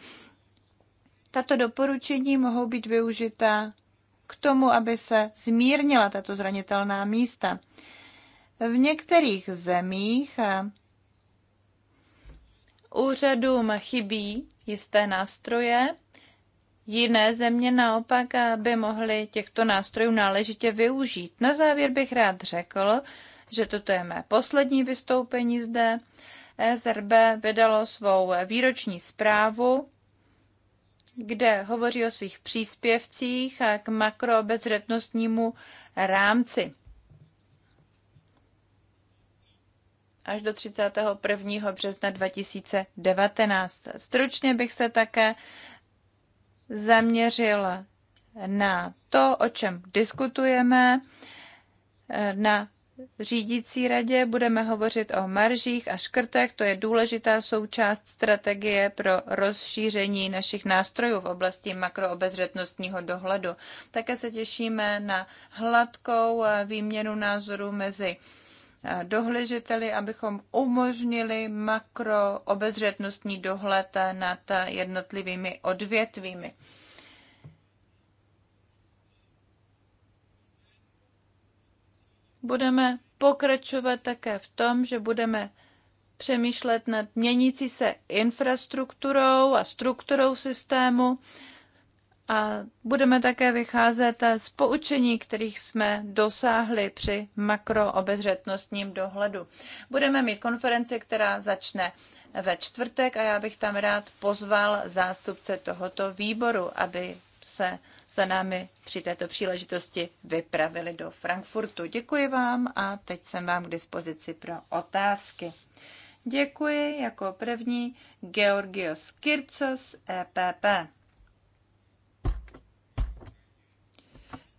Tato doporučení mohou být využita k tomu, aby se zmírnila tato zranitelná místa v některých zemích eh, úřadům chybí jisté nástroje, jiné země naopak eh, by mohly těchto nástrojů náležitě využít. Na závěr bych rád řekl, že toto je mé poslední vystoupení zde. SRB vydalo svou výroční zprávu, kde hovoří o svých příspěvcích a eh, k makrobezřetnostnímu rámci. až do 31. března 2019. Stručně bych se také zaměřil na to, o čem diskutujeme. Na řídící radě budeme hovořit o maržích a škrtech. To je důležitá součást strategie pro rozšíření našich nástrojů v oblasti makroobezřetnostního dohledu. Také se těšíme na hladkou výměnu názorů mezi Eh, dohležiteli, abychom umožnili makroobezřetnostní dohled nad jednotlivými odvětvími. Budeme pokračovat také v tom, že budeme přemýšlet nad měnící se infrastrukturou a strukturou systému a budeme také vycházet z poučení, kterých jsme dosáhli při makroobezřetnostním dohledu. Budeme mít konferenci, která začne ve čtvrtek a já bych tam rád pozval zástupce tohoto výboru, aby se za námi při této příležitosti vypravili do Frankfurtu. Děkuji vám a teď jsem vám k dispozici pro otázky. Děkuji jako první Georgios Kircos, EPP.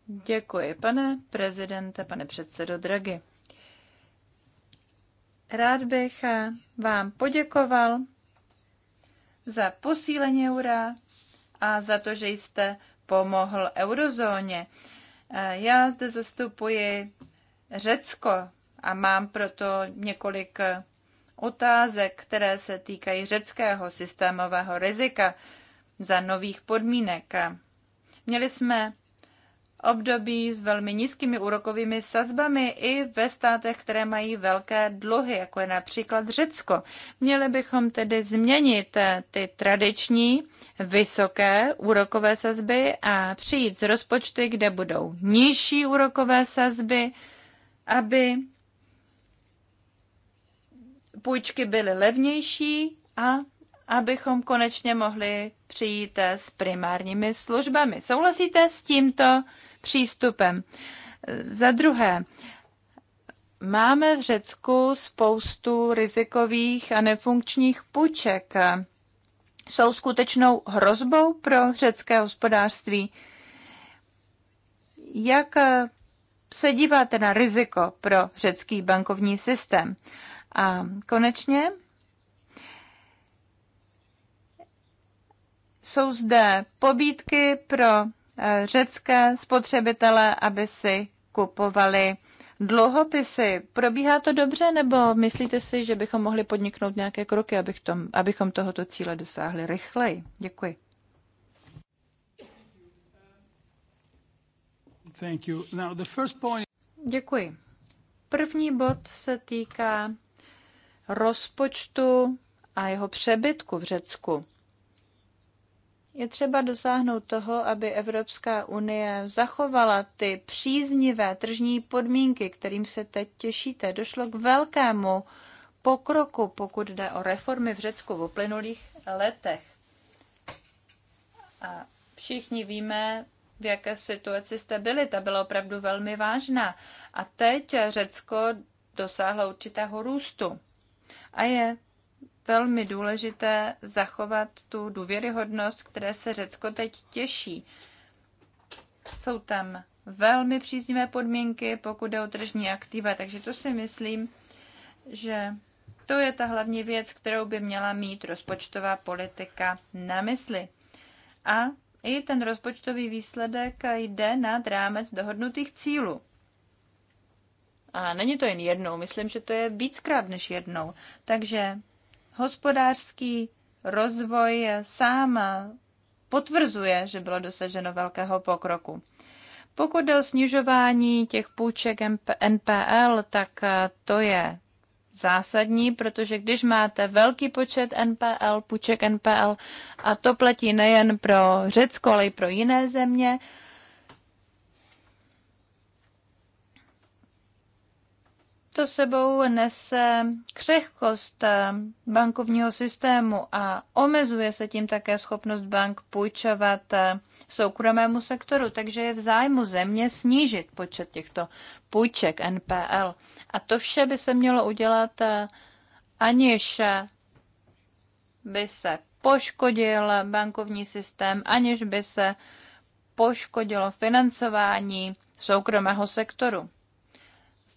Děkuji, pane prezidente, pane předsedo Draghi. Rád bych vám poděkoval za posílení eura a za to, že jste pomohl eurozóně. Já zde zastupuji Řecko a mám proto několik otázek, které se týkají řeckého systémového rizika za nových podmínek. Měli jsme období s velmi nízkými úrokovými sazbami i ve státech, které mají velké dluhy, jako je například Řecko. Měli bychom tedy změnit eh, ty tradiční vysoké úrokové sazby a přijít z rozpočty, kde budou nižší úrokové sazby, aby půjčky byly levnější a abychom konečně mohli přijít s primárními službami. Souhlasíte s tímto přístupem? Za druhé, máme v Řecku spoustu rizikových a nefunkčních půjček. Jsou skutečnou hrozbou pro řecké hospodářství. Jak se díváte na riziko pro řecký bankovní systém? A konečně Jsou zde pobídky pro eh, řecké spotřebitele, aby si kupovali dluhopisy. Probíhá to dobře, nebo myslíte si, že bychom mohli podniknout nějaké kroky, abych tom, abychom tohoto cíle dosáhli rychleji? Děkuji. Thank you. Now the first point... Děkuji. První bod se týká rozpočtu a jeho přebytku v Řecku. Je třeba dosáhnout toho, aby Evropská unie zachovala ty příznivé tržní podmínky, kterým se teď těšíte. Došlo k velkému pokroku, pokud jde o reformy v Řecku v uplynulých letech. A všichni víme, v jaké situaci jste byli. Ta byla opravdu velmi vážná. A teď Řecko dosáhlo určitého růstu. A je velmi důležité zachovat tu důvěryhodnost, které se Řecko teď těší. Jsou tam velmi příznivé podmínky, pokud jde o tržní aktiva, takže to si myslím, že to je ta hlavní věc, kterou by měla mít rozpočtová politika na mysli. A i ten rozpočtový výsledek jde nad rámec dohodnutých cílů. A není to jen jednou, myslím, že to je víckrát než jednou. Takže hospodářský rozvoj sám potvrzuje, že bylo dosaženo velkého pokroku. Pokud jde o snižování těch půjček NPL, tak eh, to je zásadní, protože když máte velký počet NPL, půjček NPL, a to platí nejen pro Řecko, ale i pro jiné země, To sebou nese křehkost eh, bankovního systému a omezuje se tím také schopnost bank půjčovat eh, soukromému sektoru, takže je v zájmu země snížit počet těchto půjček NPL. A to vše by se mělo udělat, eh, aniž by se poškodil bankovní systém, aniž by se poškodilo financování soukromého sektoru.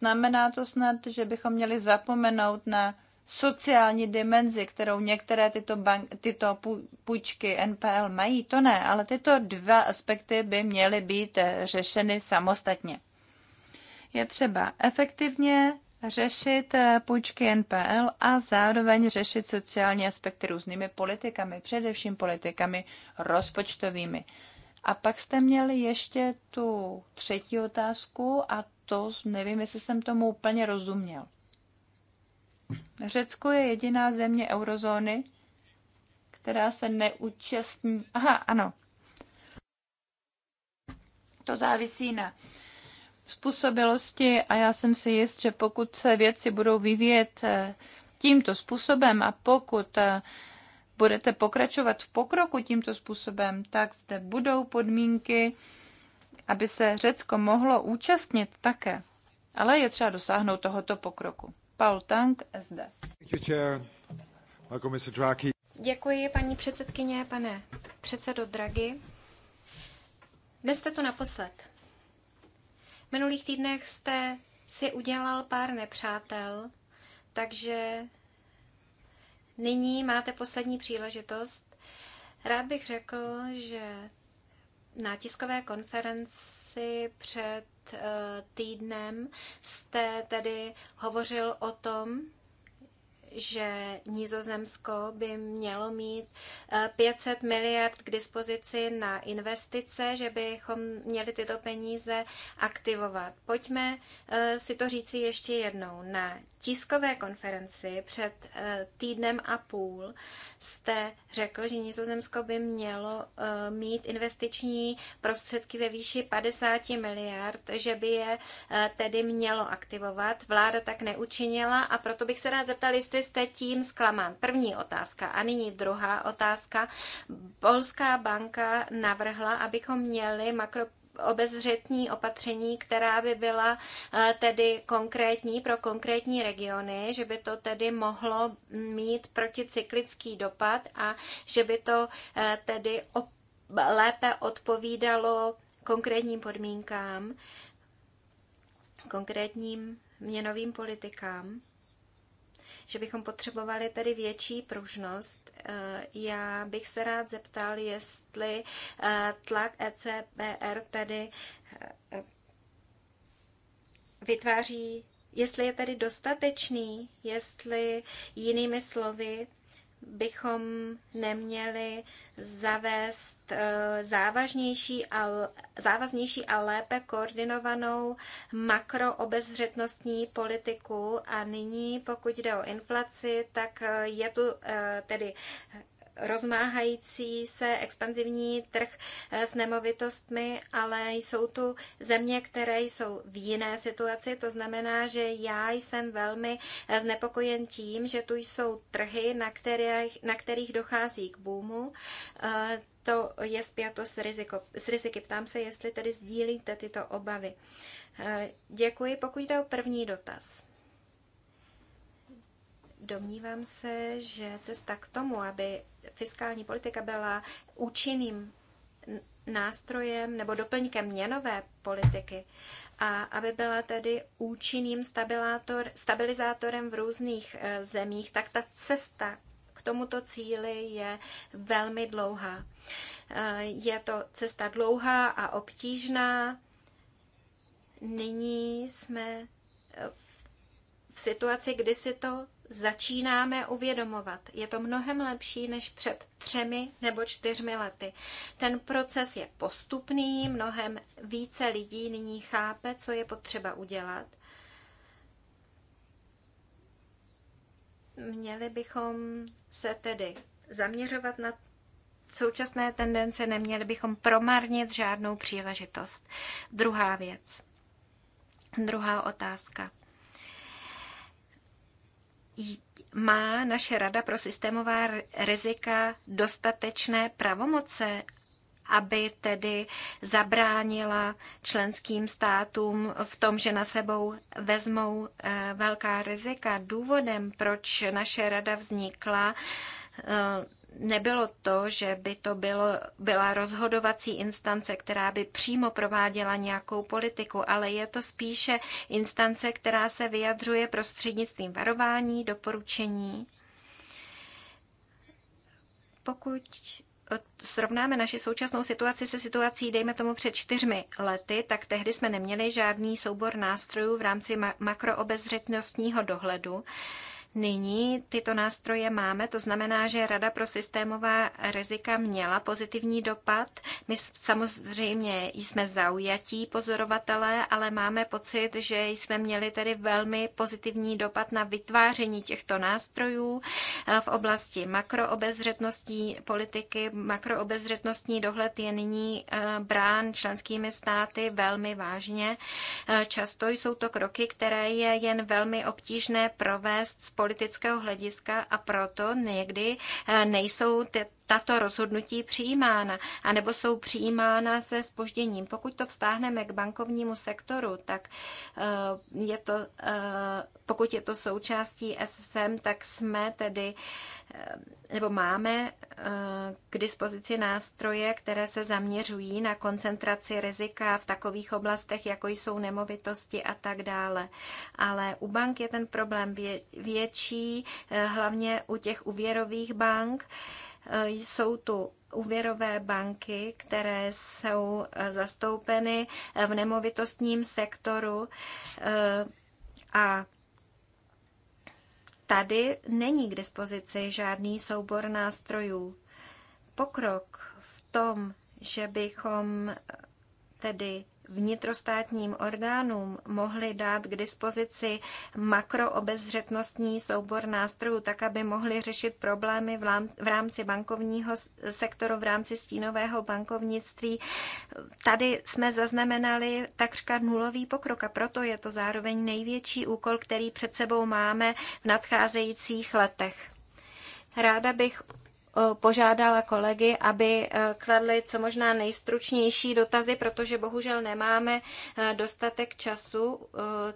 Znamená to snad, že bychom měli zapomenout na sociální dimenzi, kterou některé tyto, bank, tyto půjčky NPL mají, to ne, ale tyto dva aspekty by měly být eh, řešeny samostatně. Je třeba efektivně řešit eh, půjčky NPL a zároveň řešit sociální aspekty různými politikami, především politikami rozpočtovými. A pak jste měli ještě tu třetí otázku a to nevím, jestli jsem tomu úplně rozuměl. Řecko je jediná země eurozóny, která se neúčastní. Aha, ano. To závisí na způsobilosti a já jsem si jist, že pokud se věci budou vyvíjet eh, tímto způsobem a pokud eh, budete pokračovat v pokroku tímto způsobem, tak zde budou podmínky, aby se Řecko mohlo účastnit také. Ale je třeba dosáhnout tohoto pokroku. Paul Tank, SD. Děkuji, paní předsedkyně, pane předsedo Draghi. Dnes jste tu naposled. V minulých týdnech jste si udělal pár nepřátel, takže nyní máte poslední příležitost. Rád bych řekl, že na tiskové konferenci před eh, týdnem jste tedy hovořil o tom, že Nizozemsko by mělo mít 500 eh, miliard k dispozici na investice, že bychom měli tyto peníze aktivovat. Pojďme eh, si to říci ještě jednou. Na tiskové konferenci před eh, týdnem a půl jste řekl, že Nizozemsko by mělo mít investiční prostředky ve výši 50 miliard, že by je tedy mělo aktivovat. Vláda tak neučinila a proto bych se rád zeptal, jestli jestli jste tím zklamán. První otázka. A nyní druhá otázka. Polská banka navrhla, abychom měli makro obezřetní opatření, která by byla eh, tedy konkrétní pro konkrétní regiony, že by to tedy mohlo mít proticyklický dopad a že by to eh, tedy lépe odpovídalo konkrétním podmínkám, konkrétním měnovým politikám že bychom potřebovali tedy větší pružnost. Eh, já bych se rád zeptal, jestli eh, tlak ECPR tedy eh, vytváří, jestli je tedy dostatečný, jestli jinými slovy bychom neměli zavést eh, závažnější a, závaznější a lépe koordinovanou makroobezřetnostní politiku. A nyní, pokud jde o inflaci, tak eh, je tu eh, tedy rozmáhající se expanzivní trh eh, s nemovitostmi, ale jsou tu země, které jsou v jiné situaci. To znamená, že já jsem velmi eh, znepokojen tím, že tu jsou trhy, na kterých, na kterých dochází k boomu. Eh, to je zpěto s, riziko, s riziky. Ptám se, jestli tedy sdílíte tyto obavy. Děkuji, pokud jde o první dotaz. Domnívám se, že cesta k tomu, aby fiskální politika byla účinným nástrojem nebo doplňkem měnové politiky a aby byla tedy účinným stabilizátorem v různých e, zemích, tak ta cesta k tomuto cíli je velmi dlouhá. E, je to cesta dlouhá a obtížná. Nyní jsme e, v situaci, kdy si to začínáme uvědomovat. Je to mnohem lepší než před třemi nebo čtyřmi lety. Ten proces je postupný, mnohem více lidí nyní chápe, co je potřeba udělat. Měli bychom se tedy zaměřovat na současné tendence, neměli bychom promarnit žádnou příležitost. Druhá věc, druhá otázka má naše Rada pro systémová rizika dostatečné pravomoce, aby tedy zabránila členským státům v tom, že na sebou vezmou eh, velká rizika. Důvodem, proč naše rada vznikla, nebylo to, že by to bylo, byla rozhodovací instance, která by přímo prováděla nějakou politiku, ale je to spíše instance, která se vyjadřuje prostřednictvím varování, doporučení. Pokud srovnáme naši současnou situaci se situací, dejme tomu před čtyřmi lety, tak tehdy jsme neměli žádný soubor nástrojů v rámci makroobezřetnostního dohledu. Uh, Nyní tyto nástroje máme, to znamená, že Rada pro systémová rizika měla pozitivní dopad. My samozřejmě jsme zaujatí pozorovatelé, ale máme pocit, že jsme měli tedy velmi pozitivní dopad na vytváření těchto nástrojů eh, v oblasti makroobezřetnostní politiky. Makroobezřetnostní dohled je nyní eh, brán členskými státy velmi vážně. Eh, často jsou to kroky, které je jen velmi obtížné provést politického hlediska a proto někdy eh, nejsou ty, tato rozhodnutí přijímána, anebo jsou přijímána se spožděním. Pokud to vztáhneme k bankovnímu sektoru, tak eh, je to, eh, pokud je to součástí SSM, tak jsme tedy eh, nebo máme k dispozici nástroje, které se zaměřují na koncentraci rizika v takových oblastech, jako jsou nemovitosti a tak dále. Ale u bank je ten problém větší, hlavně u těch úvěrových bank. Jsou tu úvěrové banky, které jsou eh, zastoupeny eh, v nemovitostním sektoru eh, a tady není k dispozici žádný soubor nástrojů. Pokrok v tom, že bychom tedy vnitrostátním orgánům mohli dát k dispozici makroobezřetnostní soubor nástrojů, tak aby mohli řešit problémy v rámci bankovního sektoru, v rámci stínového bankovnictví. Tady jsme zaznamenali takřka nulový pokrok a proto je to zároveň největší úkol, který před sebou máme v nadcházejících letech. Ráda bych požádala kolegy, aby e, kladli co možná nejstručnější dotazy, protože bohužel nemáme e, dostatek času e,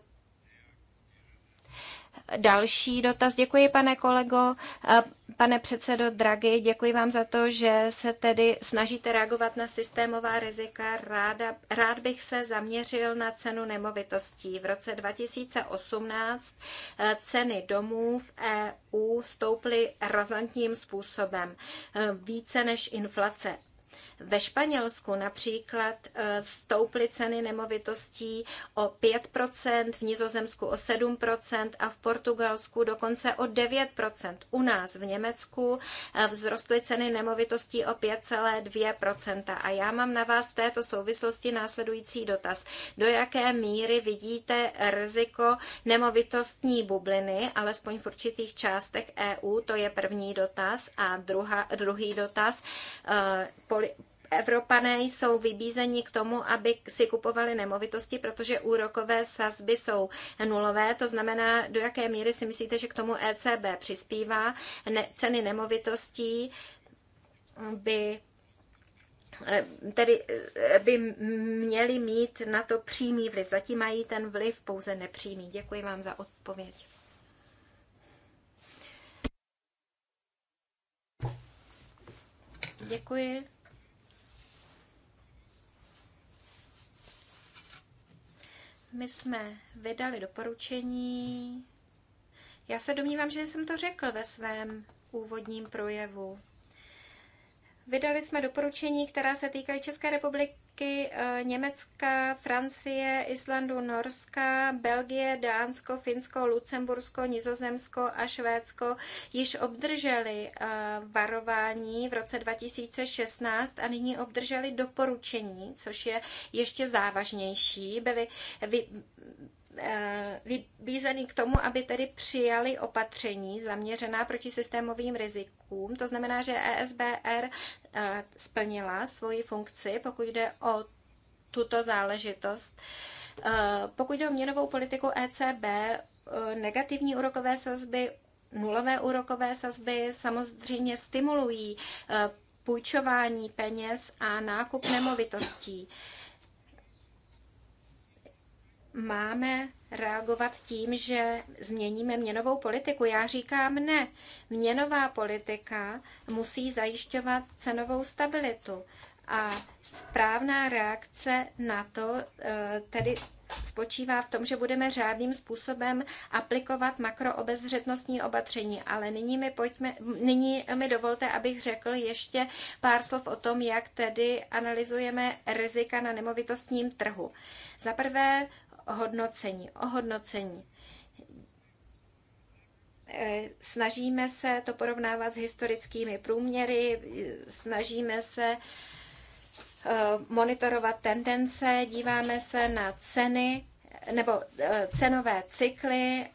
další dotaz. Děkuji, pane kolego, pane předsedo Draghi, děkuji vám za to, že se tedy snažíte reagovat na systémová rizika. Ráda, rád bych se zaměřil na cenu nemovitostí. V roce 2018 e, ceny domů v EU stouply razantním způsobem, e, více než inflace. Ve Španělsku například eh, stouply ceny nemovitostí o 5%, v Nizozemsku o 7% a v Portugalsku dokonce o 9%. U nás v Německu eh, vzrostly ceny nemovitostí o 5,2%. A já mám na vás v této souvislosti následující dotaz. Do jaké míry vidíte riziko nemovitostní bubliny, alespoň v určitých částech EU? To je první dotaz. A druhá, druhý dotaz. Eh, poli Evropané jsou vybízeni k tomu, aby si kupovali nemovitosti, protože úrokové sazby jsou nulové. To znamená, do jaké míry si myslíte, že k tomu ECB přispívá. Ne, ceny nemovitostí by eh, tedy eh, by měly mít na to přímý vliv. Zatím mají ten vliv pouze nepřímý. Děkuji vám za odpověď. Děkuji. my jsme vydali doporučení. Já se domnívám, že jsem to řekl ve svém úvodním projevu. Vydali jsme doporučení, která se týkají České republiky, eh, Německa, Francie, Islandu, Norska, Belgie, Dánsko, Finsko, Lucembursko, Nizozemsko a Švédsko již obdrželi eh, varování v roce 2016 a nyní obdrželi doporučení, což je ještě závažnější. Byly vy Eh, vybízeny k tomu, aby tedy přijali opatření zaměřená proti systémovým rizikům. To znamená, že ESBR eh, splnila svoji funkci, pokud jde o tuto záležitost. Eh, pokud jde o měnovou politiku ECB, negativní úrokové sazby, nulové úrokové sazby samozřejmě stimulují půjčování peněz a nákup nemovitostí máme reagovat tím, že změníme měnovou politiku. Já říkám ne. Měnová politika musí zajišťovat cenovou stabilitu a správná reakce na to e, tedy spočívá v tom, že budeme řádným způsobem aplikovat makroobezřetnostní opatření. Ale nyní mi, pojďme, nyní mi dovolte, abych řekl ještě pár slov o tom, jak tedy analyzujeme rizika na nemovitostním trhu. Za prvé hodnocení, ohodnocení. E, snažíme se to porovnávat s historickými průměry, snažíme se e, monitorovat tendence, díváme se na ceny nebo e, cenové cykly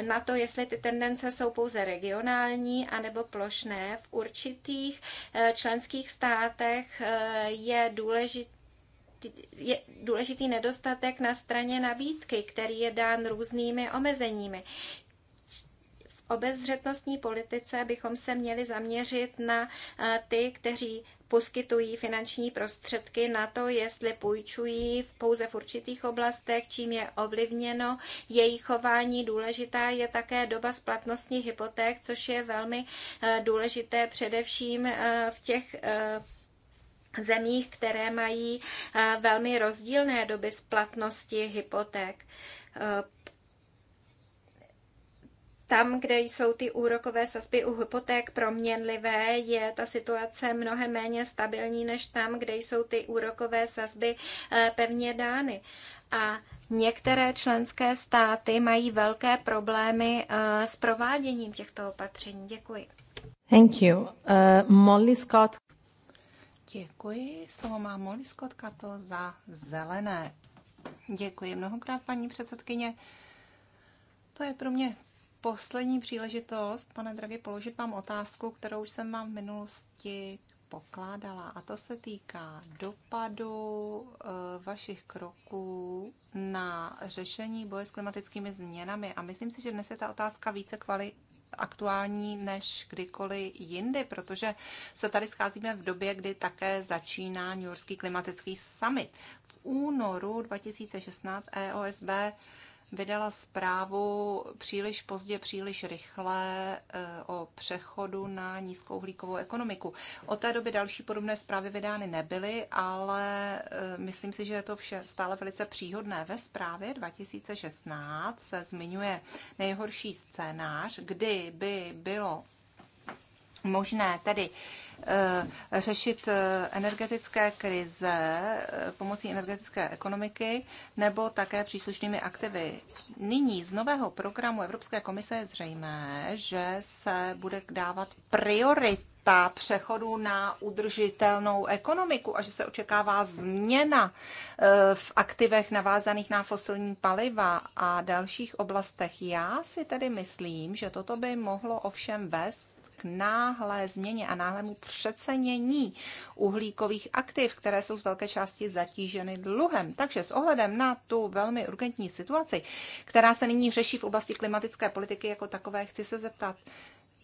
na to, jestli ty tendence jsou pouze regionální anebo plošné. V určitých členských státech je důležité je důležitý nedostatek na straně nabídky, který je dán různými omezeními. V obezřetnostní politice bychom se měli zaměřit na eh, ty, kteří poskytují finanční prostředky na to, jestli půjčují pouze v určitých oblastech, čím je ovlivněno jejich chování. Důležitá je také doba splatnosti hypoték, což je velmi eh, důležité především eh, v těch zemích, které mají eh, velmi rozdílné doby splatnosti hypoték eh, tam, kde jsou ty úrokové sazby u hypoték proměnlivé, je ta situace mnohem méně stabilní než tam, kde jsou ty úrokové sazby eh, pevně dány. A některé členské státy mají velké problémy s prováděním těchto opatření. Děkuji. Thank you. Uh, Molly Scott. Děkuji. Slovo má Molly Scott Kato za zelené. Děkuji mnohokrát, paní předsedkyně. To je pro mě poslední příležitost, pane dravě, položit vám otázku, kterou jsem vám v minulosti pokládala. A to se týká dopadu eh, vašich kroků na řešení boje s klimatickými změnami. A myslím si, že dnes je ta otázka více kvali- aktuální než kdykoliv jindy, protože se tady scházíme v době, kdy také začíná New Yorkský klimatický summit. V únoru 2016 EOSB vydala zprávu příliš pozdě, příliš rychle eh, o přechodu na nízkouhlíkovou ekonomiku. Od té doby další podobné zprávy vydány nebyly, ale eh, myslím si, že je to vše stále velice příhodné. Ve zprávě 2016 se zmiňuje nejhorší scénář, kdy by bylo možné tedy eh, řešit eh, energetické krize eh, pomocí energetické ekonomiky nebo také příslušnými aktivy. Nyní z nového programu Evropské komise je zřejmé, že se bude dávat priorita přechodu na udržitelnou ekonomiku a že se očekává změna v aktivech navázaných na fosilní paliva a dalších oblastech. Já si tedy myslím, že toto by mohlo ovšem vést náhlé změně a náhlému přecenění uhlíkových aktiv, které jsou z velké části zatíženy dluhem. Takže s ohledem na tu velmi urgentní situaci, která se nyní řeší v oblasti klimatické politiky jako takové, chci se zeptat,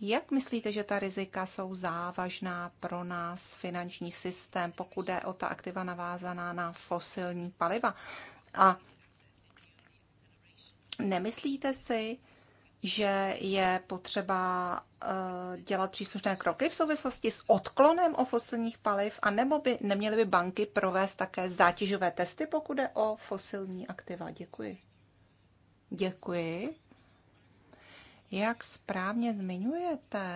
jak myslíte, že ta rizika jsou závažná pro nás, finanční systém, pokud je o ta aktiva navázaná na fosilní paliva? A nemyslíte si, že je potřeba eh, dělat příslušné kroky v souvislosti s odklonem o fosilních paliv, anebo by neměly by banky provést také zátěžové testy, pokud jde o fosilní aktiva. Děkuji. Děkuji. Jak správně zmiňujete,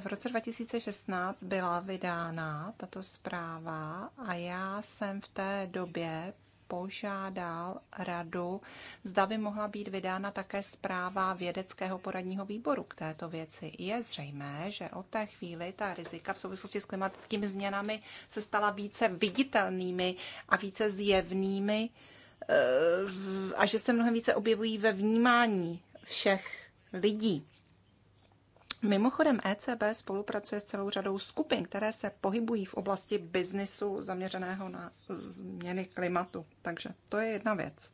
v roce 2016 byla vydána tato zpráva a já jsem v té době požádal radu, zda by mohla být vydána také zpráva vědeckého poradního výboru k této věci. Je zřejmé, že od té chvíli ta rizika v souvislosti s klimatickými změnami se stala více viditelnými a více zjevnými eh, a že se mnohem více objevují ve vnímání všech lidí. Mimochodem ECB spolupracuje s celou řadou skupin, které se pohybují v oblasti biznisu zaměřeného na změny klimatu. Takže to je jedna věc.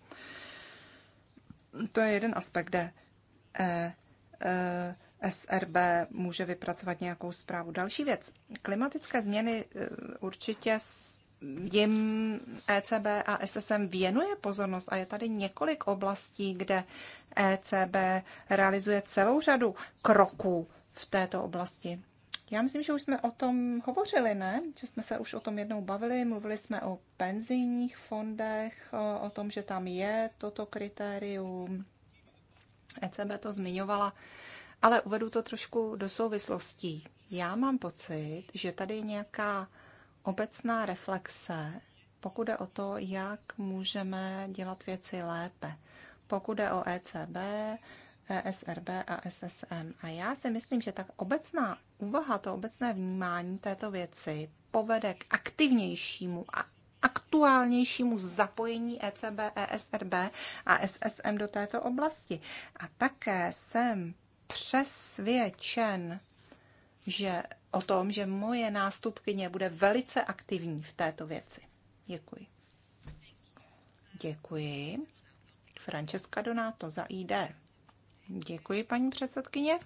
To je jeden aspekt, kde e, eh, e, eh, SRB může vypracovat nějakou zprávu. Další věc. Klimatické změny eh, určitě jim ECB a SSM věnuje pozornost a je tady několik oblastí, kde ECB realizuje celou řadu kroků v této oblasti. Já myslím, že už jsme o tom hovořili, ne? Že jsme se už o tom jednou bavili, mluvili jsme o penzijních fondech, o, tom, že tam je toto kritérium. ECB to zmiňovala, ale uvedu to trošku do souvislostí. Já mám pocit, že tady je nějaká obecná reflexe, pokud je o to, jak můžeme dělat věci lépe. Pokud je o ECB, ESRB a SSM. A já si myslím, že tak obecná úvaha, to obecné vnímání této věci povede k aktivnějšímu a aktuálnějšímu zapojení ECB, ESRB a SSM do této oblasti. A také jsem přesvědčen, že o tom, že moje nástupkyně bude velice aktivní v této věci. Děkuji. Děkuji. Francesca Donato za ID. Děkuji, paní předsedkyně.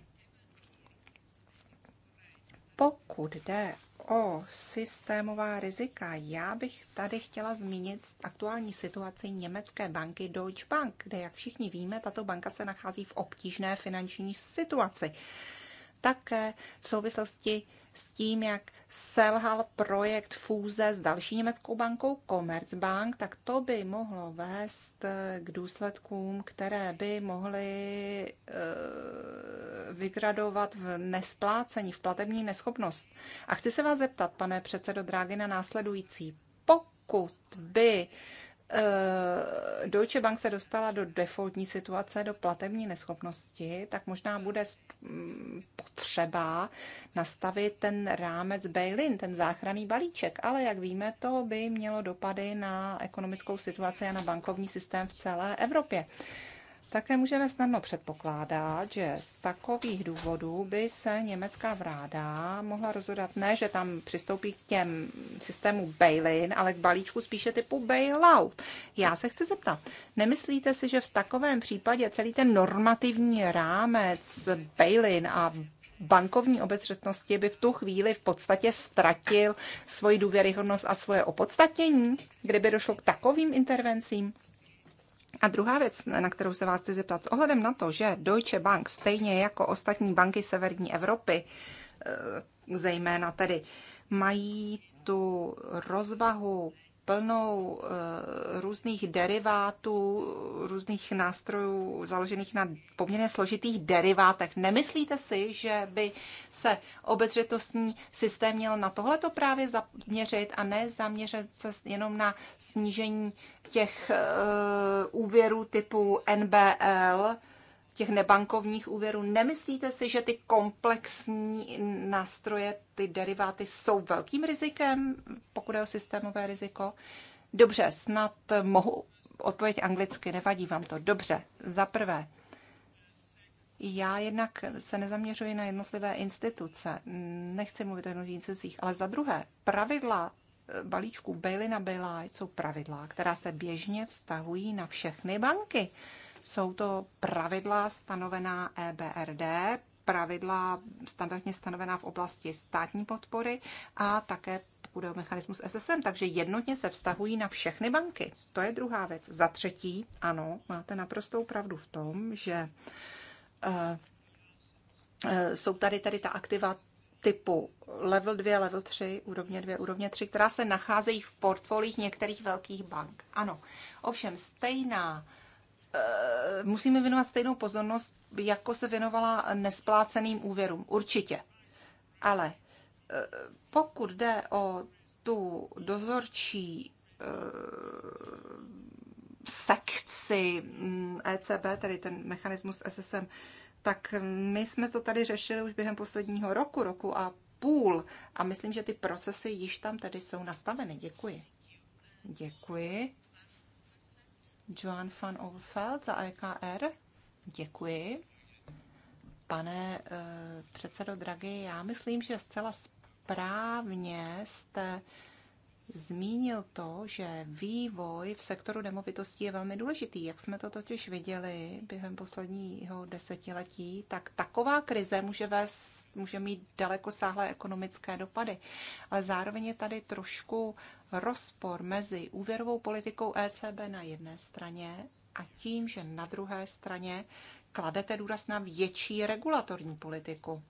Pokud jde o systémová rizika, já bych tady chtěla zmínit aktuální situaci německé banky Deutsche Bank, kde, jak všichni víme, tato banka se nachází v obtížné finanční situaci také v souvislosti s tím, jak selhal projekt fúze s další německou bankou Commerzbank, tak to by mohlo vést k důsledkům, které by mohly eh, vygradovat v nesplácení, v platební neschopnost. A chci se vás zeptat, pane předsedo Drágy, na následující. Pokud by Eh, Deutsche Bank se dostala do defaultní situace, do platební neschopnosti, tak možná bude mm, potřeba nastavit ten rámec bail-in, ten záchranný balíček. Ale jak víme, to by mělo dopady na ekonomickou situaci a na bankovní systém v celé Evropě. Také můžeme snadno předpokládat, že z takových důvodů by se německá vláda mohla rozhodat ne, že tam přistoupí k těm systému bail-in, ale k balíčku spíše typu bail-out. Já se chci zeptat, nemyslíte si, že v takovém případě celý ten normativní rámec bail-in a bankovní obezřetnosti by v tu chvíli v podstatě ztratil svoji důvěryhodnost a svoje opodstatnění, kdyby došlo k takovým intervencím? A druhá věc, na kterou se vás chci zeptat, s ohledem na to, že Deutsche Bank, stejně jako ostatní banky severní Evropy, eh, zejména tedy, mají tu rozvahu plnou eh, různých derivátů, různých nástrojů založených na poměrně složitých derivátech. Nemyslíte si, že by se obezřetostní systém měl na tohleto právě zaměřit a ne zaměřit se jenom na snížení těch eh, úvěrů typu NBL, těch nebankovních úvěrů. Nemyslíte si, že ty komplexní nástroje, ty deriváty jsou velkým rizikem, pokud je o systémové riziko? Dobře, snad mohu odpověď anglicky, nevadí vám to. Dobře, za prvé, já jednak se nezaměřuji na jednotlivé instituce, nechci mluvit o jednotlivých institucích, ale za druhé, pravidla eh, balíčků bail na bail jsou pravidla, která se běžně vztahují na všechny banky. Jsou to pravidla stanovená EBRD, pravidla standardně stanovená v oblasti státní podpory a také pokud je o mechanismus SSM, takže jednotně se vztahují na všechny banky. To je druhá věc. Za třetí, ano, máte naprostou pravdu v tom, že uh, jsou tady tady ta aktiva typu level 2, level 3, úrovně 2, úrovně 3, která se nacházejí v portfolích některých velkých bank. Ano, ovšem stejná uh, Eh, musíme věnovat stejnou pozornost, jako se věnovala nespláceným úvěrům. Určitě. Ale eh, pokud jde o tu dozorčí eh, sekci mm, ECB, tedy ten mechanismus SSM, tak my jsme to tady řešili už během posledního roku, roku a půl a myslím, že ty procesy již tam tady jsou nastaveny. Děkuji. Děkuji. Joan van Overfeld za EKR. Děkuji. Pane e, předsedo Draghi, já myslím, že zcela správně jste zmínil to, že vývoj v sektoru nemovitostí je velmi důležitý. Jak jsme to totiž viděli během posledního desetiletí, tak taková krize může, vést, může mít daleko sáhlé ekonomické dopady. Ale zároveň je tady trošku rozpor mezi úvěrovou politikou ECB na jedné straně a tím, že na druhé straně kladete důraz na větší regulatorní politiku.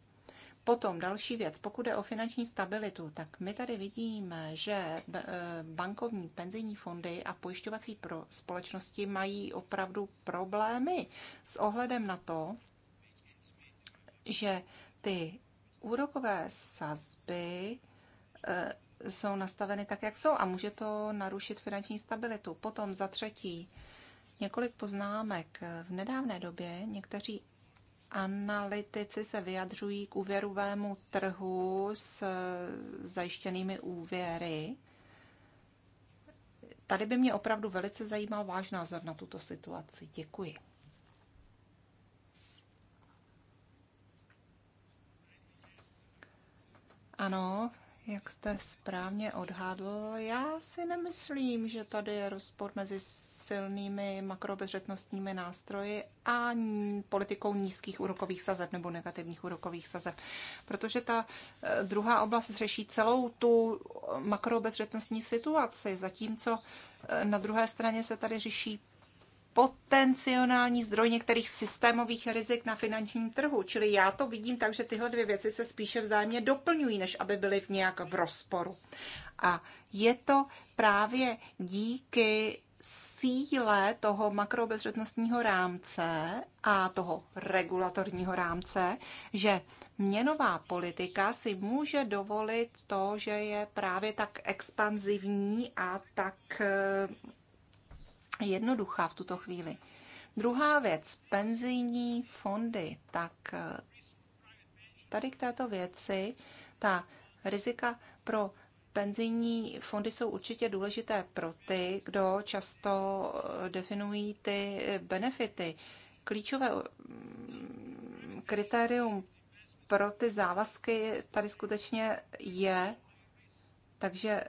Potom další věc, pokud je o finanční stabilitu, tak my tady vidíme, že e, bankovní penzijní fondy a pojišťovací pro společnosti mají opravdu problémy s ohledem na to, že ty úrokové sazby e, jsou nastaveny tak, jak jsou a může to narušit finanční stabilitu. Potom za třetí, několik poznámek. V nedávné době někteří analytici se vyjadřují k úvěrovému trhu s zajištěnými úvěry. Tady by mě opravdu velice zajímal váš názor na tuto situaci. Děkuji. Ano, jak jste správně odhadl, já si nemyslím, že tady je rozpor mezi silnými makrobezřetnostními nástroji a politikou nízkých úrokových sazeb nebo negativních úrokových sazeb. Protože ta eh, druhá oblast řeší celou tu eh, makrobezřetnostní situaci, zatímco eh, na druhé straně se tady řeší potenciální zdroj některých systémových rizik na finančním trhu. Čili já to vidím tak, že tyhle dvě věci se spíše vzájemně doplňují, než aby byly v nějak v rozporu. A je to právě díky síle toho makroobezřetnostního rámce a toho regulatorního rámce, že měnová politika si může dovolit to, že je právě tak expanzivní a tak jednoduchá v tuto chvíli. Druhá věc, penzijní fondy. Tak eh, tady k této věci ta rizika pro penzijní fondy jsou určitě důležité pro ty, kdo často eh, definují ty eh, benefity. Klíčové mm, kritérium pro ty závazky tady skutečně je, takže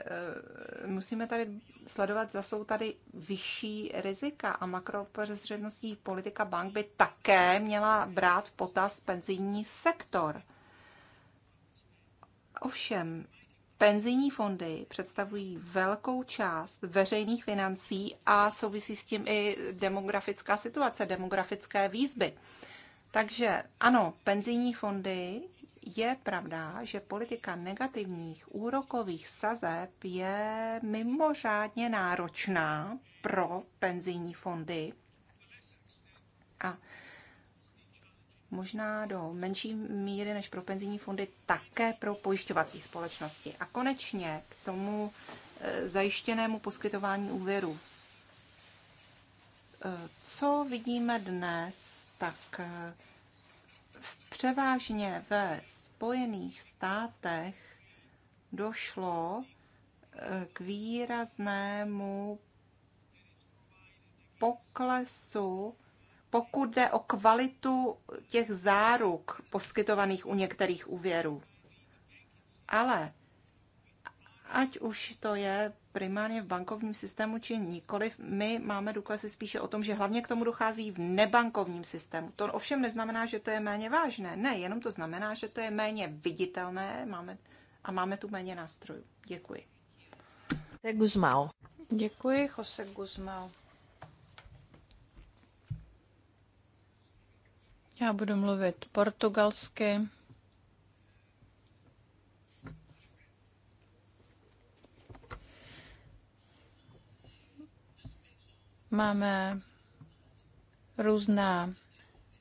musíme tady sledovat, zda jsou tady vyšší rizika a makropřezřednostní politika bank by také měla brát v potaz penzijní sektor. Ovšem, penzijní fondy představují velkou část veřejných financí a souvisí s tím i demografická situace, demografické výzby. Takže ano, penzijní fondy je pravda, že politika negativních úrokových sazeb je mimořádně náročná pro penzijní fondy a možná do menší míry než pro penzijní fondy, také pro pojišťovací společnosti. A konečně k tomu e, zajištěnému poskytování úvěru. E, co vidíme dnes, tak e, Převážně ve Spojených státech došlo eh, k výraznému poklesu, pokud jde o kvalitu těch záruk poskytovaných u některých úvěrů. Ale ať už to je primárně v bankovním systému či nikoliv. My máme důkazy spíše o tom, že hlavně k tomu dochází v nebankovním systému. To ovšem neznamená, že to je méně vážné. Ne, jenom to znamená, že to je méně viditelné máme, a máme tu méně nástrojů. Děkuji. Jose Guzmao. Děkuji, Jose Guzmao. Já budu mluvit portugalsky. máme různá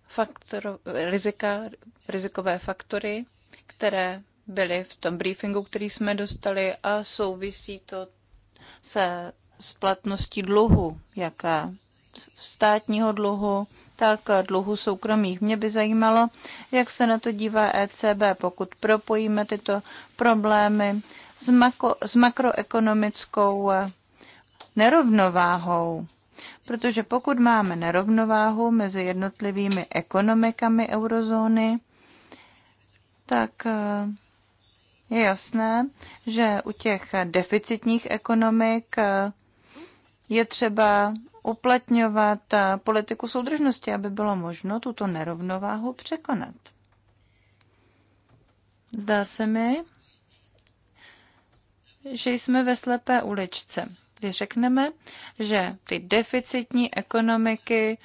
faktor, rizika, rizikové faktory, které byly v tom briefingu, který jsme dostali a souvisí to se splatností dluhu, jaká státního dluhu, tak dluhu soukromých. Mě by zajímalo, jak se na to dívá ECB, pokud propojíme tyto problémy s, mako, s makroekonomickou nerovnováhou protože pokud máme nerovnováhu mezi jednotlivými ekonomikami eurozóny, tak eh, je jasné, že u těch deficitních ekonomik eh, je třeba uplatňovat eh, politiku soudržnosti, aby bylo možno tuto nerovnováhu překonat. Zdá se mi, že jsme ve slepé uličce kdy řekneme, že ty deficitní ekonomiky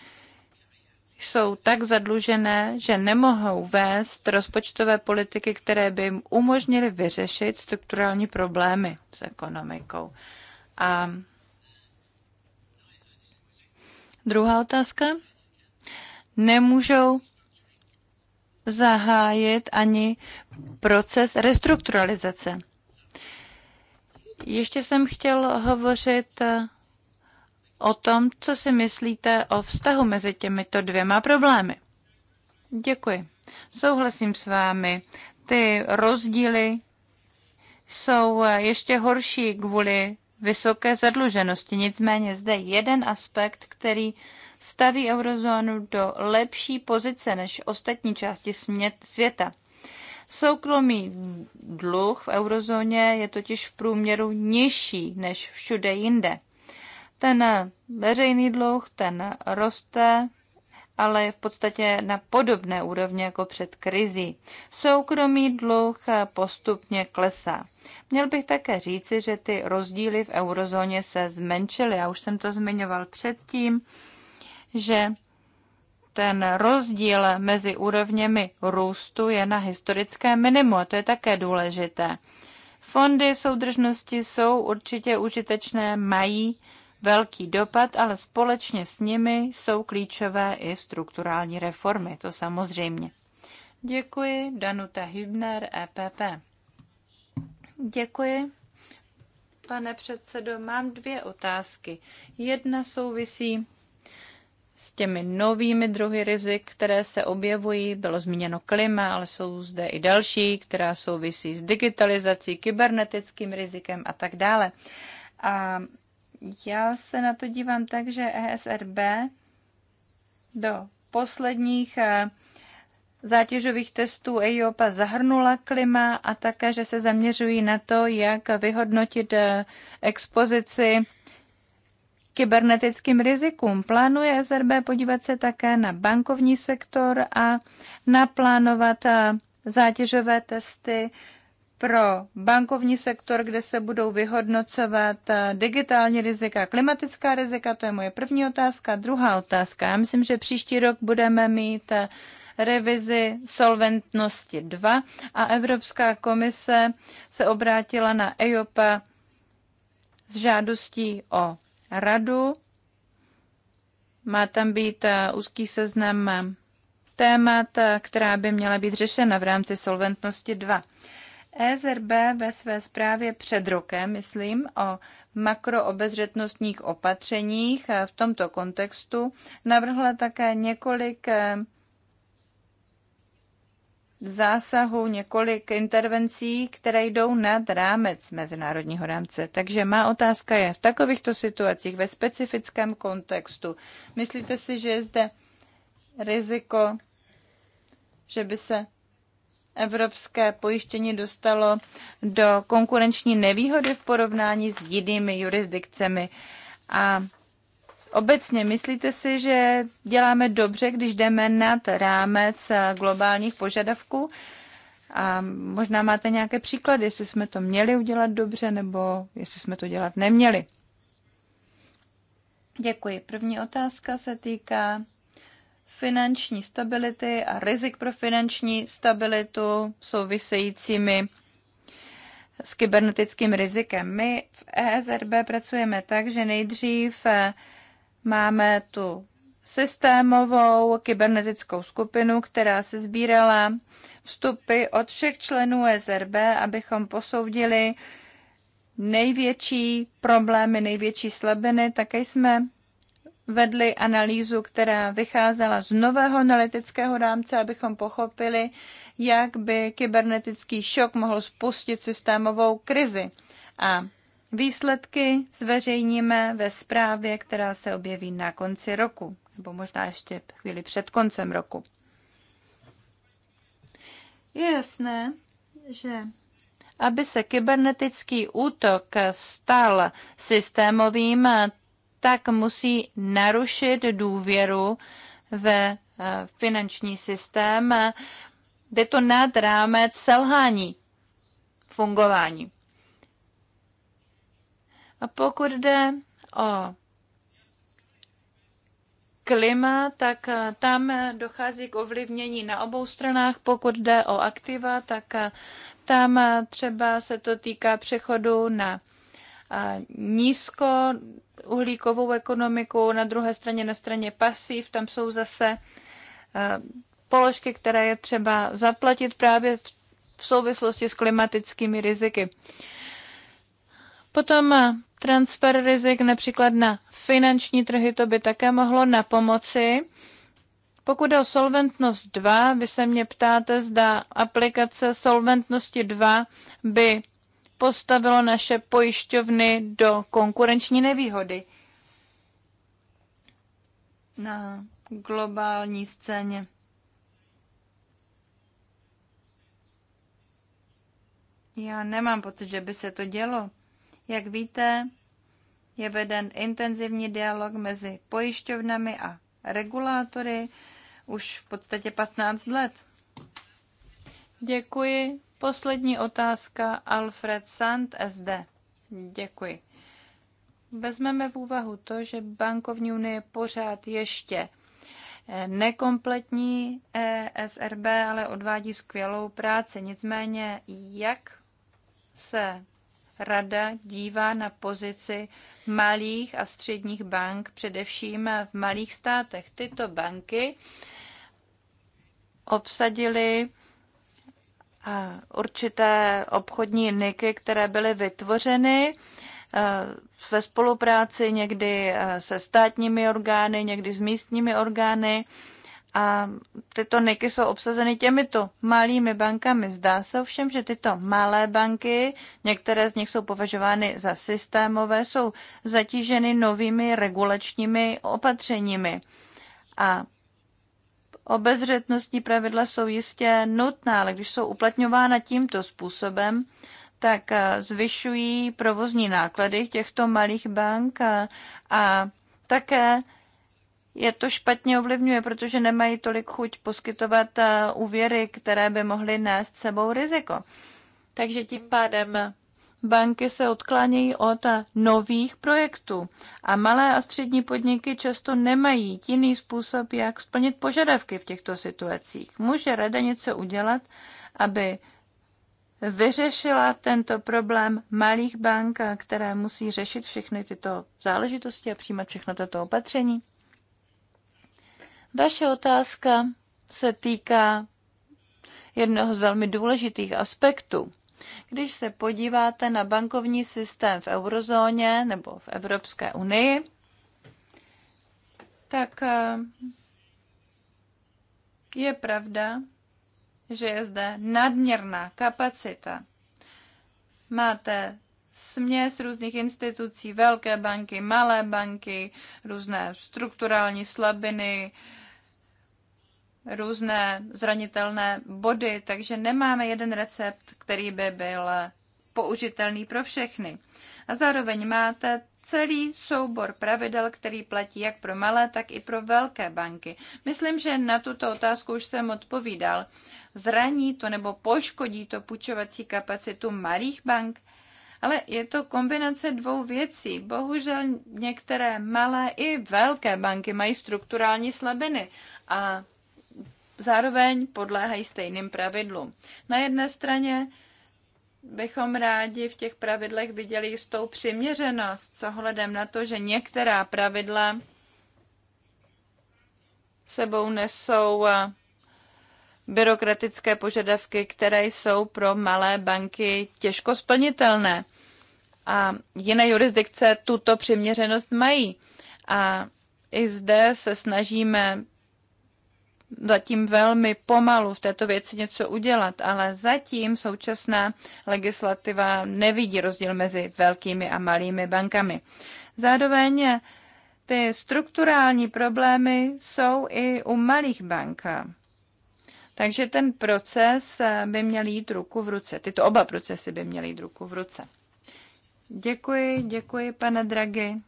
jsou tak zadlužené, že nemohou vést rozpočtové politiky, které by jim umožnily vyřešit strukturální problémy s ekonomikou. A druhá otázka. Nemůžou zahájit ani proces restrukturalizace. Ještě jsem chtěl hovořit eh, o tom, co si myslíte o vztahu mezi těmito dvěma problémy. Děkuji. Souhlasím s vámi. Ty rozdíly jsou eh, ještě horší kvůli vysoké zadluženosti. Nicméně zde jeden aspekt, který staví eurozónu do lepší pozice než ostatní části světa. Soukromý dluh v eurozóně je totiž v průměru nižší než všude jinde. Ten veřejný dluh, ten roste, ale je v podstatě na podobné úrovni jako před krizí. Soukromý dluh postupně klesá. Měl bych také říci, že ty rozdíly v eurozóně se zmenšily. Já už jsem to zmiňoval předtím, že ten rozdíl mezi úrovněmi růstu je na historické minimum a to je také důležité. Fondy soudržnosti jsou určitě užitečné, mají velký dopad, ale společně s nimi jsou klíčové i strukturální reformy, to samozřejmě. Děkuji, Danuta Hübner, EPP. Děkuji. Pane předsedo, mám dvě otázky. Jedna souvisí s těmi novými druhy rizik, které se objevují. Bylo zmíněno klima, ale jsou zde i další, která souvisí s digitalizací, kybernetickým rizikem a tak dále. A já se na to dívám tak, že ESRB do posledních eh, zátěžových testů EIOPA zahrnula klima a také, že se zaměřují na to, jak vyhodnotit eh, expozici kybernetickým rizikům. Plánuje SRB podívat se také na bankovní sektor a naplánovat eh, zátěžové testy pro bankovní sektor, kde se budou vyhodnocovat eh, digitální rizika, klimatická rizika, to je moje první otázka. Druhá otázka, já myslím, že příští rok budeme mít eh, revizi solventnosti 2 a Evropská komise se obrátila na EIOPA s žádostí o radu. Má tam být eh, úzký seznam eh, témat, eh, která by měla být řešena v rámci solventnosti 2. ESRB ve své zprávě před rokem, myslím, o makroobezřetnostních opatřeních v tomto kontextu navrhla také několik zásahů, několik intervencí, které jdou nad rámec mezinárodního rámce. Takže má otázka je, v takovýchto situacích, ve specifickém kontextu, myslíte si, že je zde riziko, že by se evropské pojištění dostalo do konkurenční nevýhody v porovnání s jinými jurisdikcemi a obecně myslíte si, že děláme dobře, když jdeme nad rámec eh, globálních požadavků? A možná máte nějaké příklady, jestli jsme to měli udělat dobře, nebo jestli jsme to dělat neměli. Děkuji. První otázka se týká finanční stability a rizik pro finanční stabilitu souvisejícími s kybernetickým rizikem. My v ESRB pracujeme tak, že nejdřív eh, Máme tu systémovou kybernetickou skupinu, která se sbírala vstupy od všech členů SRB, abychom posoudili největší problémy, největší slabiny. Také jsme vedli analýzu, která vycházela z nového analytického rámce, abychom pochopili, jak by kybernetický šok mohl spustit systémovou krizi. A Výsledky zveřejníme ve zprávě, která se objeví na konci roku, nebo možná ještě chvíli před koncem roku. Je jasné, že aby se kybernetický útok stal systémovým, tak musí narušit důvěru ve eh, finanční systém. Jde to nad rámec selhání fungování. A pokud jde o klima, tak eh, tam eh, dochází k ovlivnění na obou stranách. Pokud jde o aktiva, tak eh, tam třeba se to týká přechodu na nízko uhlíkovou ekonomiku, na druhé straně na straně pasiv, tam jsou zase položky, které je třeba zaplatit právě v souvislosti s klimatickými riziky. Potom transfer rizik například na finanční trhy, to by také mohlo na pomoci. Pokud je o solventnost 2, vy se mě ptáte, zda aplikace solventnosti 2 by postavilo naše pojišťovny do konkurenční nevýhody na globální scéně. Já nemám pocit, že by se to dělo. Jak víte, je veden intenzivní dialog mezi pojišťovnami a regulátory už v podstatě 15 let. Děkuji. Poslední otázka Alfred Sand SD. Děkuji. Vezmeme v úvahu to, že bankovní unie je pořád ještě eh, nekompletní eh, SRB, ale odvádí skvělou práci. Nicméně, jak se rada dívá na pozici malých a středních bank, především v malých státech. Tyto banky obsadily eh, určité obchodní niky, které byly vytvořeny eh, ve spolupráci někdy eh, se státními orgány, někdy s místními orgány a tyto niky jsou obsazeny těmito malými bankami. Zdá se ovšem, že tyto malé banky, některé z nich jsou považovány za systémové, jsou zatíženy novými regulačními opatřeními. A obezřetnostní pravidla jsou jistě nutná, ale když jsou uplatňována tímto způsobem, tak eh, zvyšují provozní náklady těchto malých bank a, eh, a také je to špatně ovlivňuje, protože nemají tolik chuť poskytovat eh, úvěry, které by mohly nést sebou riziko. Takže tím pádem banky se odklánějí od nových projektů a malé a střední podniky často nemají jiný způsob, jak splnit požadavky v těchto situacích. Může rada něco udělat, aby vyřešila tento problém malých bank, které musí řešit všechny tyto záležitosti a přijímat všechno tato opatření? Vaše otázka se týká jednoho z velmi důležitých aspektů. Když se podíváte na bankovní systém v eurozóně nebo v Evropské unii, tak eh, je pravda, že je zde nadměrná kapacita. Máte směs různých institucí, velké banky, malé banky, různé strukturální slabiny, různé zranitelné body, takže nemáme jeden recept, který by byl použitelný pro všechny. A zároveň máte celý soubor pravidel, který platí jak pro malé, tak i pro velké banky. Myslím, že na tuto otázku už jsem odpovídal. Zraní to nebo poškodí to půjčovací kapacitu malých bank? Ale je to kombinace dvou věcí. Bohužel některé malé i velké banky mají strukturální slabiny a zároveň podléhají stejným pravidlům. Na jedné straně bychom rádi v těch pravidlech viděli jistou přiměřenost s ohledem na to, že některá pravidla sebou nesou eh, byrokratické požadavky, které jsou pro malé banky těžko splnitelné. A jiné jurisdikce tuto přiměřenost mají. A i zde se snažíme zatím velmi pomalu v této věci něco udělat, ale zatím současná legislativa nevidí rozdíl mezi velkými a malými bankami. Zároveň ty strukturální problémy jsou i u malých bank. Takže ten proces by měl jít ruku v ruce. Tyto oba procesy by měly jít ruku v ruce. Děkuji, děkuji, pane Dragi.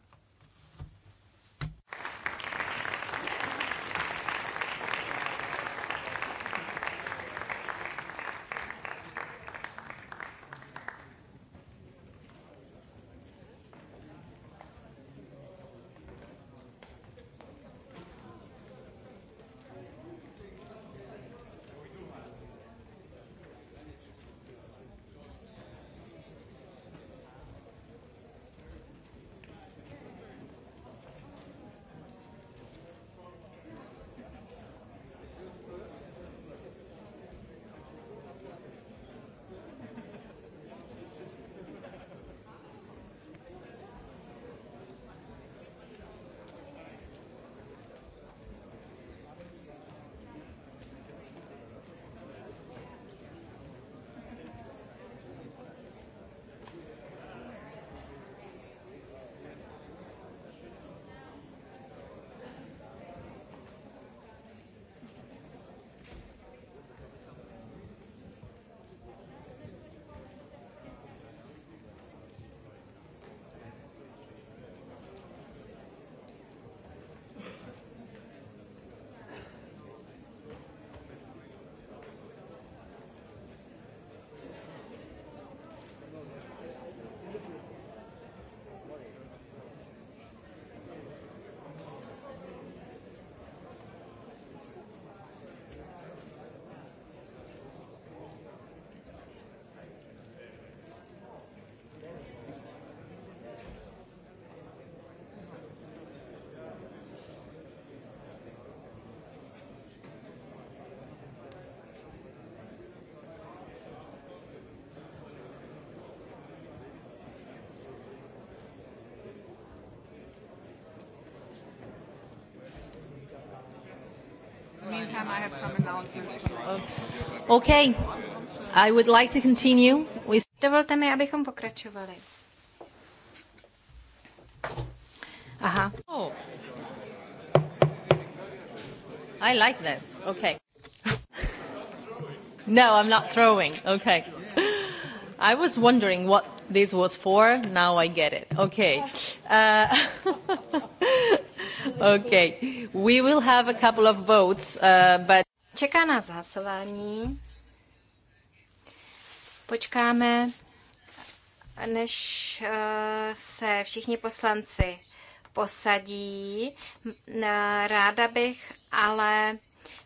Okay. I would like to continue with... Dovolte mi, abychom pokračovali. Aha. Oh. I like this. Okay. <laughs> no, I'm not throwing. Okay. I was wondering what this was for. Now I get it. Okay. Uh, <laughs> okay. We will have a couple of votes, uh, but Čeká nás hlasování. Počkáme, než eh, se všichni poslanci posadí. Eh, ráda bych ale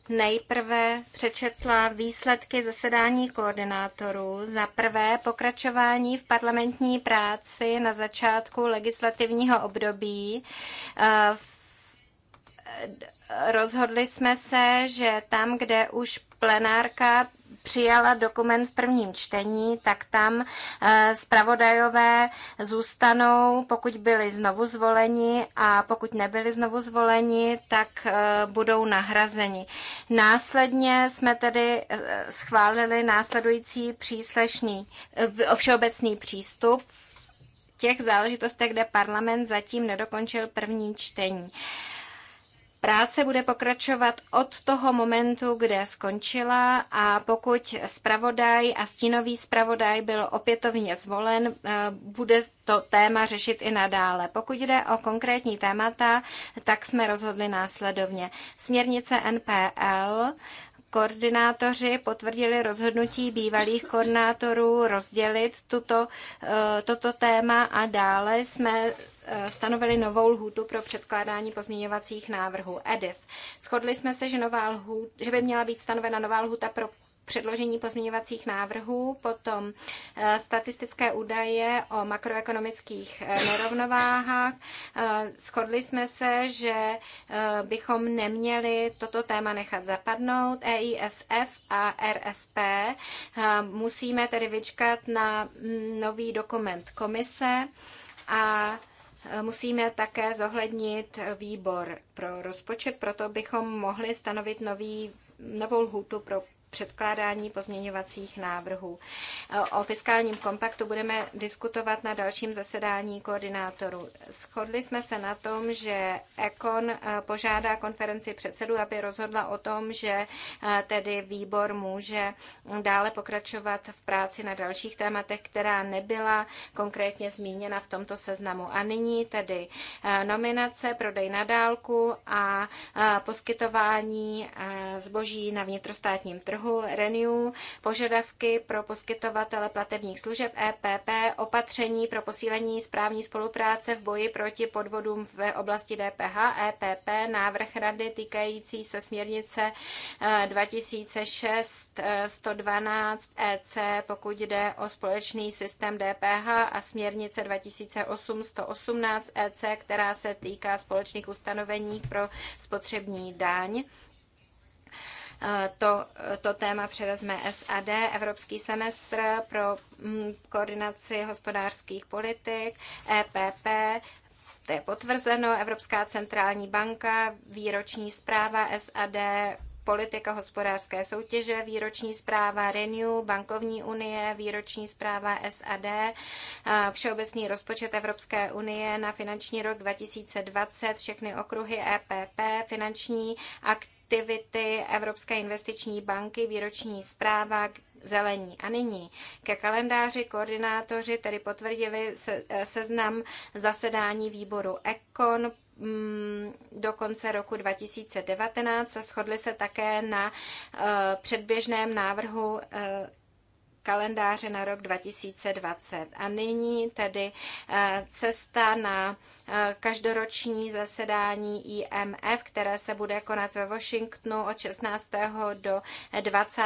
Nejprve přečetla výsledky zasedání koordinátorů. Za prvé pokračování v parlamentní práci na začátku legislativního období eh, v rozhodli jsme se, že tam, kde už plenárka přijala dokument v prvním čtení, tak tam eh, zpravodajové zůstanou, pokud byli znovu zvoleni a pokud nebyli znovu zvoleni, tak eh, budou nahrazeni. Následně jsme tedy eh, schválili následující příslešný, všeobecný přístup v těch záležitostech, kde parlament zatím nedokončil první čtení. Práce bude pokračovat od toho momentu, kde skončila a pokud zpravodaj a stínový zpravodaj byl opětovně zvolen, eh, bude to téma řešit i nadále. Pokud jde o konkrétní témata, tak jsme rozhodli následovně. Směrnice NPL koordinátoři potvrdili rozhodnutí bývalých koordinátorů rozdělit tuto, eh, toto téma a dále jsme Eh, stanovili novou lhůtu pro předkládání pozměňovacích návrhů EDIS. Shodli jsme se, že, nová lhůt, že by měla být stanovena nová lhůta pro předložení pozměňovacích návrhů, potom eh, statistické údaje o makroekonomických eh, nerovnováhách. Shodli jsme se, že bychom neměli toto téma nechat zapadnout. EISF a RSP musíme tedy vyčkat na mm, nový dokument komise a musíme také zohlednit výbor pro rozpočet, proto bychom mohli stanovit nový, novou lhůtu pro předkládání pozměňovacích návrhů. O fiskálním kompaktu budeme diskutovat na dalším zasedání koordinátorů. Shodli jsme se na tom, že Ekon eh, požádá konferenci předsedu, aby rozhodla o tom, že eh, tedy výbor může dále pokračovat v práci na dalších tématech, která nebyla konkrétně zmíněna v tomto seznamu. A nyní tedy eh, nominace, prodej na dálku a poskytování zboží na vnitrostátním trhu trhu Renew, požadavky pro poskytovatele platebních služeb EPP, opatření pro posílení správní spolupráce v boji proti podvodům v oblasti DPH EPP, návrh rady týkající se směrnice 2006-112 eh, EC, eh, e pokud jde o společný systém DPH a směrnice 2008-118 EC, která se týká společných ustanovení pro spotřební daň to, to téma převezme SAD, Evropský semestr pro mm, koordinaci hospodářských politik, EPP, to je potvrzeno, Evropská centrální banka, výroční zpráva SAD, politika hospodářské soutěže, výroční zpráva Renew, bankovní unie, výroční zpráva SAD, všeobecný rozpočet Evropské unie na finanční rok 2020, všechny okruhy EPP, finanční akt aktivity Evropské investiční banky, výroční zpráva, zelení. A nyní ke kalendáři koordinátoři tedy potvrdili se, eh, seznam zasedání výboru ECON mm, do konce roku 2019 a shodli se také na eh, předběžném návrhu eh, kalendáře na rok 2020. A nyní tedy eh, cesta na eh, každoroční zasedání IMF, které se bude konat ve Washingtonu od 16. do 20.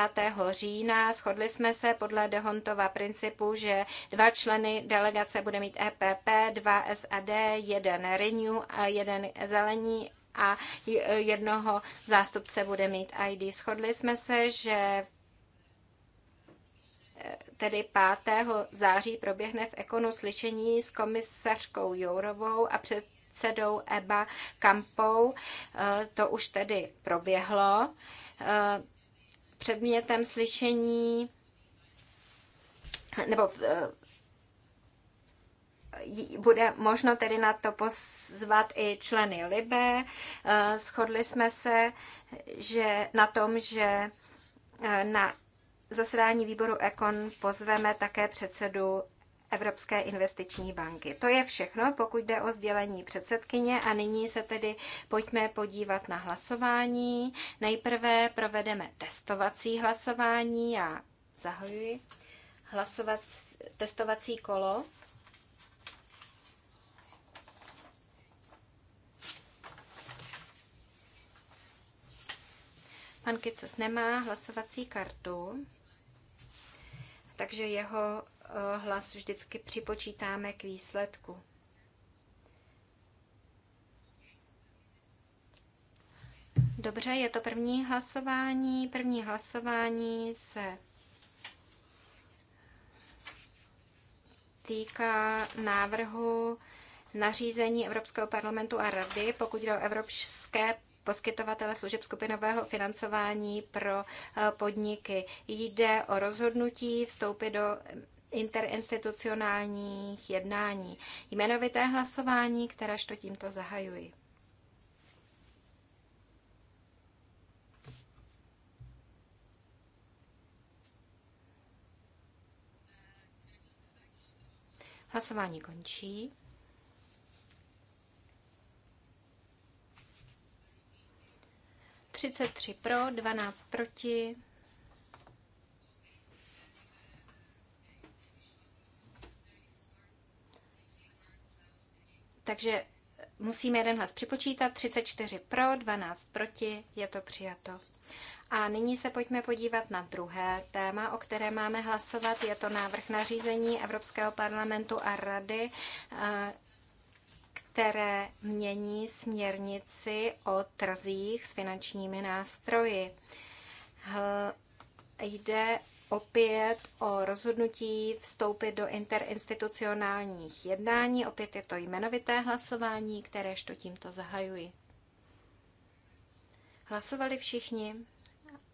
října. Shodli jsme se podle Dehontova principu, že dva členy delegace bude mít EPP, dva SAD, jeden Renew a jeden Zelení a jednoho zástupce bude mít ID. Shodli jsme se, že v tedy 5. září, proběhne v Ekonu slyšení s komisařkou Jourovou a předsedou EBA Kampou. E, to už tedy proběhlo. E, předmětem slyšení nebo e, bude možno tedy na to pozvat i členy Libe. Shodli jsme se že na tom, že na zasedání výboru Econ pozveme také předsedu Evropské investiční banky. To je všechno, pokud jde o sdělení předsedkyně a nyní se tedy pojďme podívat na hlasování. Nejprve provedeme testovací hlasování. Já zahajuji hlasovat testovací kolo. Pan Kicos nemá hlasovací kartu takže jeho eh, hlas vždycky připočítáme k výsledku. Dobře, je to první hlasování. První hlasování se týká návrhu nařízení Evropského parlamentu a rady, pokud jde o evropské poskytovatele služeb skupinového financování pro eh, podniky. Jde o rozhodnutí vstoupit do interinstitucionálních jednání. Jmenovité hlasování, kteréž to tímto zahajuji. Hlasování končí. 33 pro, 12 proti. Takže musíme jeden hlas připočítat. 34 pro, 12 proti, je to přijato. A nyní se pojďme podívat na druhé téma, o které máme hlasovat. Je to návrh nařízení Evropského parlamentu a rady eh, které mění směrnici o trzích s finančními nástroji. Hl, jde opět o rozhodnutí vstoupit do interinstitucionálních jednání. Opět je to jmenovité hlasování, kteréžto tímto zahajuji. Hlasovali všichni.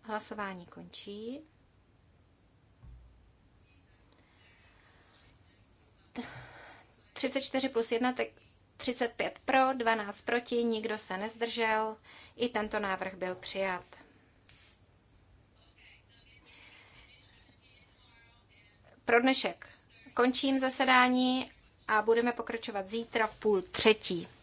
Hlasování končí. T- 34 plus 1, tak 35 pro, 12 proti, nikdo se nezdržel. I tento návrh byl přijat. Pro dnešek končím zasedání a budeme pokračovat zítra v půl třetí.